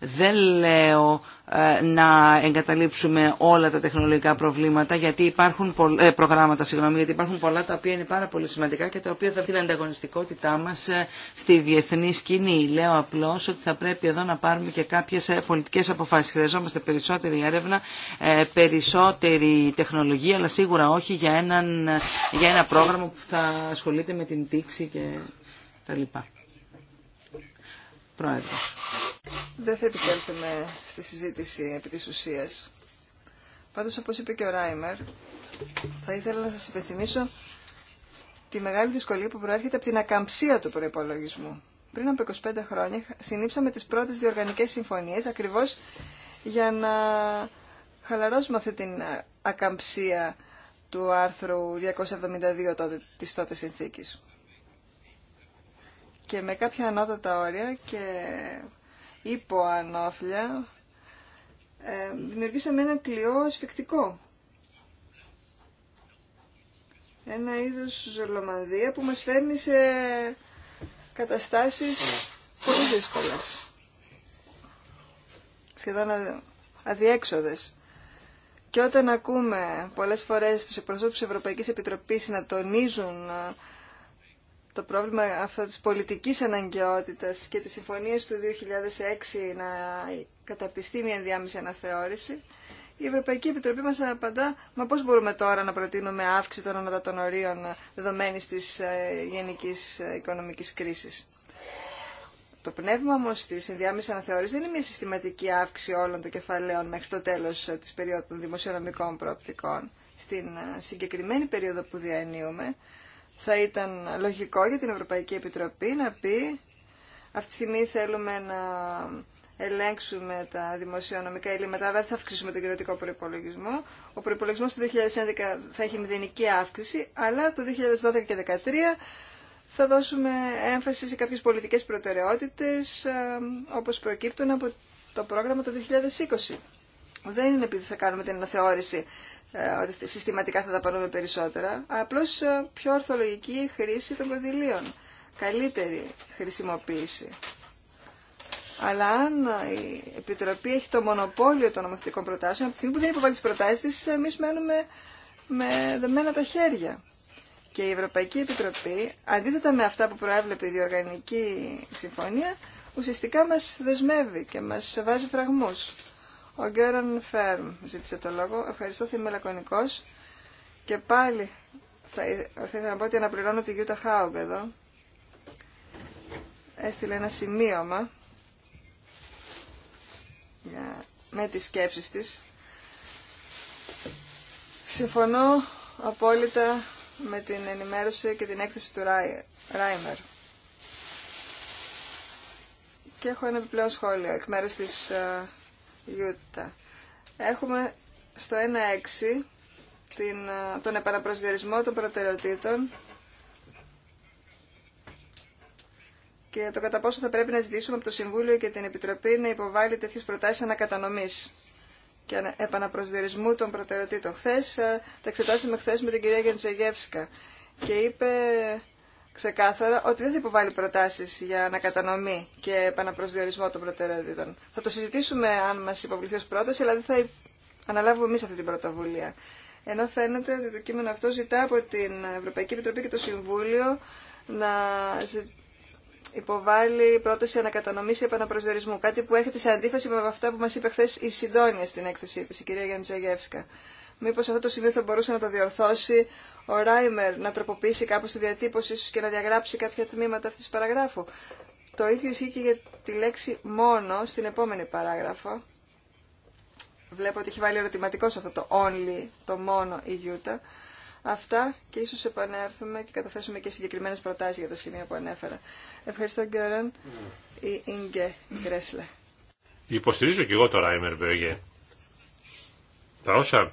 Δεν λέω ε, να εγκαταλείψουμε όλα τα τεχνολογικά προβλήματα γιατί υπάρχουν ε, προγράμματα συγγνώμη, γιατί υπάρχουν πολλά τα οποία είναι πάρα πολύ σημαντικά και τα οποία θα την ανταγωνιστικότητά μας ε, στη διεθνή σκηνή. Λέω απλώς ότι θα πρέπει εδώ να πάρουμε και κάποιες πολιτικές αποφάσεις. Χρειαζόμαστε περισσότερη έρευνα, περισσότερη τεχνολογία αλλά σίγουρα όχι για, έναν, για ένα πρόγραμμα που θα ασχολείται με την τήξη και τα λοιπά. Δεν θα επισέλθουμε στη συζήτηση επί της ουσίας. Πάντως, όπως είπε και ο Ράιμερ, θα ήθελα να σας υπενθυμίσω τη μεγάλη δυσκολία που προέρχεται από την ακαμψία του προϋπολογισμού. Πριν από 25 χρόνια συνήψαμε τις πρώτες διοργανικές συμφωνίες ακριβώς για να χαλαρώσουμε αυτή την ακαμψία του άρθρου 272 τότε, της τότε συνθήκης και με κάποια ανώτατα όρια και υποανόφλια ε, δημιουργήσαμε ένα κλειό ασφυκτικό. Ένα είδος ζωλομανδία που μας φέρνει σε καταστάσεις πολύ δύσκολες. Σχεδόν αδιέξοδες. Και όταν ακούμε πολλές φορές τους εκπροσώπους της Ευρωπαϊκής Επιτροπής να τονίζουν το πρόβλημα αυτό της πολιτικής αναγκαιότητας και της συμφωνίας του 2006 να καταρτιστεί μια ενδιάμεση αναθεώρηση, η Ευρωπαϊκή Επιτροπή μας απαντά «Μα πώς μπορούμε τώρα να προτείνουμε αύξηση των ανώτατων ορίων δεδομένης της ε, γενικής ε, οικονομικής κρίσης». Το πνεύμα όμω τη ενδιάμεση αναθεώρηση δεν είναι μια συστηματική αύξηση όλων των κεφαλαίων μέχρι το τέλο ε, τη περίοδου των δημοσιονομικών προοπτικών. Στην συγκεκριμένη περίοδο που διανύουμε, θα ήταν λογικό για την Ευρωπαϊκή Επιτροπή να πει αυτή τη στιγμή θέλουμε να ελέγξουμε τα δημοσιονομικά ελλείμματα, αλλά δεν θα αυξήσουμε τον κυρωτικό προπολογισμό. Ο προπολογισμό του 2011 θα έχει μηδενική αύξηση, αλλά το 2012 και 2013 θα δώσουμε έμφαση σε κάποιες πολιτικές προτεραιότητες, ε, όπως προκύπτουν από το πρόγραμμα το 2020. Δεν είναι επειδή θα κάνουμε την αναθεώρηση ε, ότι συστηματικά θα τα δαπανούμε περισσότερα, απλώς ε, πιο ορθολογική χρήση των κονδυλίων, καλύτερη χρησιμοποίηση. Αλλά αν η Επιτροπή έχει το μονοπόλιο των νομοθετικών προτάσεων, από τη στιγμή που δεν υποβάλλει τι προτάσει τη, εμεί μένουμε με δεμένα τα χέρια. Και η Ευρωπαϊκή Επιτροπή, αντίθετα με αυτά που προέβλεπε η Διοργανική Συμφωνία, ουσιαστικά μα δεσμεύει και μα βάζει φραγμού. Ο Γκέραν Φέρμ ζήτησε το λόγο. Ευχαριστώ, θα είμαι Και πάλι θα, θα ήθελα να πω ότι αναπληρώνω τη Γιούτα Χάουγκ εδώ. Έστειλε ένα σημείωμα για, με τις σκέψεις της. Συμφωνώ απόλυτα με την ενημέρωση και την έκθεση του Ράιμερ. Και έχω ένα επιπλέον σχόλιο εκ μέρους της ε, Έχουμε στο 1.6 τον επαναπροσδιορισμό των προτεραιοτήτων και το κατά πόσο θα πρέπει να ζητήσουμε από το Συμβούλιο και την Επιτροπή να υποβάλει τέτοιες προτάσεις ανακατανομής και επαναπροσδιορισμού των προτεραιοτήτων. Χθες, τα εξετάσαμε χθε με την κυρία Γεντζεγεύσκα και είπε ξεκάθαρα ότι δεν θα υποβάλει προτάσεις για ανακατανομή και επαναπροσδιορισμό των προτεραιότητων. Θα το συζητήσουμε αν μας υποβληθεί ως πρόταση, αλλά δεν θα αναλάβουμε εμείς αυτή την πρωτοβουλία. Ενώ φαίνεται ότι το κείμενο αυτό ζητά από την Ευρωπαϊκή Επιτροπή και το Συμβούλιο να υποβάλει πρόταση ανακατανομή ή επαναπροσδιορισμού. Κάτι που έρχεται σε αντίφαση με αυτά που μα είπε χθε η Σιντόνια στην έκθεσή τη, η κυρία Γιάννη Ζαγεύσκα. Μήπως αυτό το σημείο θα μπορούσε να το διορθώσει ο Ράιμερ, να τροποποιήσει κάπως τη διατύπωση ίσως και να διαγράψει κάποια τμήματα αυτής της παραγράφου. Το ίδιο ισχύει και για τη λέξη μόνο στην επόμενη παράγραφο. Βλέπω ότι έχει βάλει ερωτηματικό σε αυτό το only, το μόνο η Γιούτα. Αυτά και ίσως επανέρθουμε και καταθέσουμε και συγκεκριμένες προτάσεις για τα σημεία που ανέφερα. Ευχαριστώ Γκέραν ή Ινγκε Γκρέσλε. Υποστηρίζω και εγώ το Ράιμερ Μπέγε. Τα όσα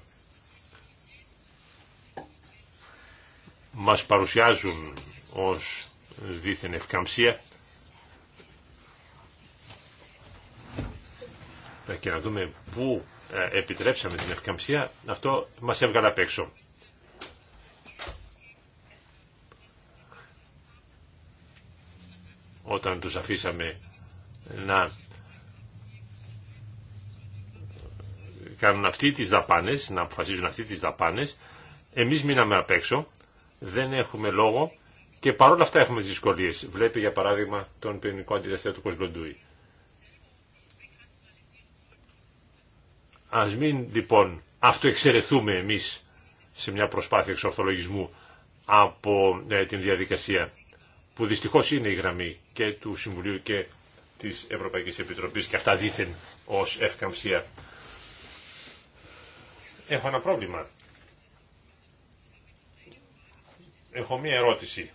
μας παρουσιάζουν ως δίθεν ευκαμψία ε, και να δούμε πού ε, επιτρέψαμε την ευκαμψία, αυτό μας έβγαλε απ' έξω. Όταν τους αφήσαμε να κάνουν αυτοί τις δαπάνες, να αποφασίζουν αυτοί τις δαπάνες, εμείς μείναμε απ' έξω δεν έχουμε λόγο και παρόλα αυτά έχουμε δυσκολίε. Βλέπει για παράδειγμα τον ποινικό αντιδραστήρα του Κοσλοντούι. Ας μην λοιπόν αυτοεξαιρεθούμε εμείς σε μια προσπάθεια εξορθολογισμού από ε, την διαδικασία που δυστυχώ είναι η γραμμή και του Συμβουλίου και της Ευρωπαϊκής Επιτροπής και αυτά δήθεν ως ευκαμψία. Έχω ένα πρόβλημα. έχω μία ερώτηση,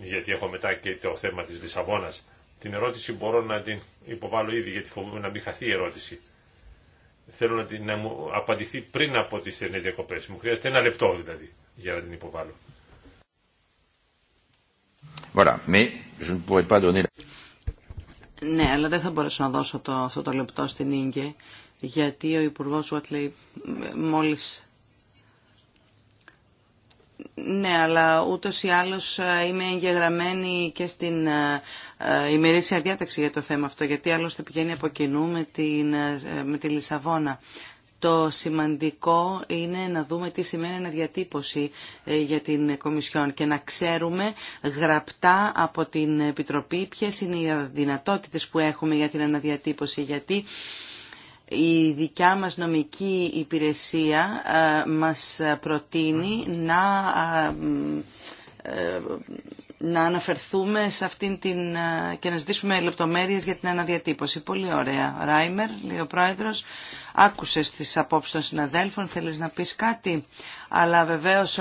γιατί έχω μετά και το θέμα της Λισαβόνας. Την ερώτηση μπορώ να την υποβάλω ήδη, γιατί φοβούμαι να μην χαθεί η ερώτηση. Θέλω να, την, μου απαντηθεί πριν από τις θερινές διακοπές. Μου χρειάζεται ένα λεπτό δηλαδή, για να την υποβάλω. Voilà, mais je ne pas donner... Ναι, αλλά δεν θα μπορέσω να δώσω το, αυτό το λεπτό στην Ίγκε, γιατί ο Υπουργός μόλις ναι, αλλά ούτως ή άλλως ε, είμαι εγγεγραμμένη και στην ε, ε, ημερήσια διάταξη για το θέμα αυτό, γιατί άλλωστε πηγαίνει από κοινού με, την, τη Λισαβόνα. Το σημαντικό είναι να δούμε τι σημαίνει αναδιατύπωση για την Κομισιόν και να ξέρουμε γραπτά από την Επιτροπή ποιες είναι οι δυνατότητες που έχουμε για την αναδιατύπωση, γιατί η δικιά μας νομική υπηρεσία ε, μας προτείνει να ε, ε, να αναφερθούμε σε αυτήν την, και να ζητήσουμε λεπτομέρειες για την αναδιατύπωση. Πολύ ωραία. Ράιμερ, λέει ο πρόεδρος, άκουσες τις απόψεις των συναδέλφων, θέλεις να πεις κάτι, αλλά βεβαίως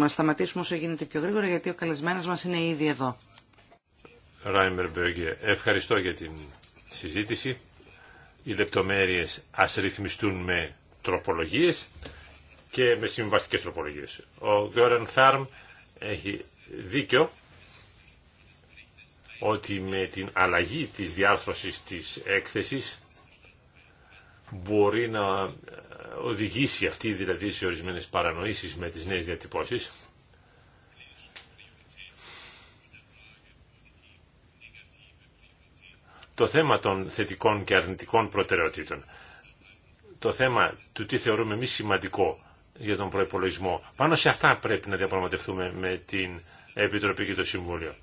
να σταματήσουμε όσο γίνεται πιο γρήγορα γιατί ο καλεσμένος μας είναι ήδη εδώ. Ράιμερ Μπέργκε, ευχαριστώ για την συζήτηση οι λεπτομέρειε ας ρυθμιστούν με τροπολογίες και με συμβαστικές τροπολογίες. Ο Γιώργεν Θάρμ έχει δίκιο ότι με την αλλαγή της διάρθρωσης της έκθεσης μπορεί να οδηγήσει αυτή δηλαδή σε ορισμένες παρανοήσεις με τις νέες διατυπώσεις το θέμα των θετικών και αρνητικών προτεραιοτήτων, το θέμα του τι θεωρούμε εμεί σημαντικό για τον προπολογισμό, πάνω σε αυτά πρέπει να διαπραγματευτούμε με την Επιτροπή και το Συμβούλιο.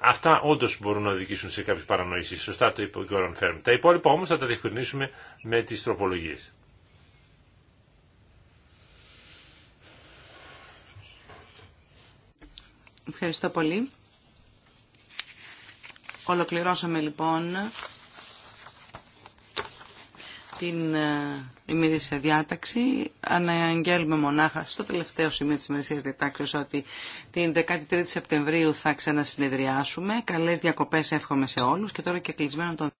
Αυτά όντω μπορούν να οδηγήσουν σε κάποιε παρανοήσει. Σωστά το είπε ο κ. Φέρμ. Τα υπόλοιπα όμω θα τα διευκρινίσουμε με τι τροπολογίε. Ευχαριστώ πολύ. Ολοκληρώσαμε λοιπόν την ε, ημερήσια διάταξη. Αναγγέλουμε μονάχα στο τελευταίο σημείο της ημερήσιας διατάξεως ότι την 13η Σεπτεμβρίου θα ξανασυνεδριάσουμε. Καλές διακοπές εύχομαι σε όλους και τώρα και κλεισμένο τον...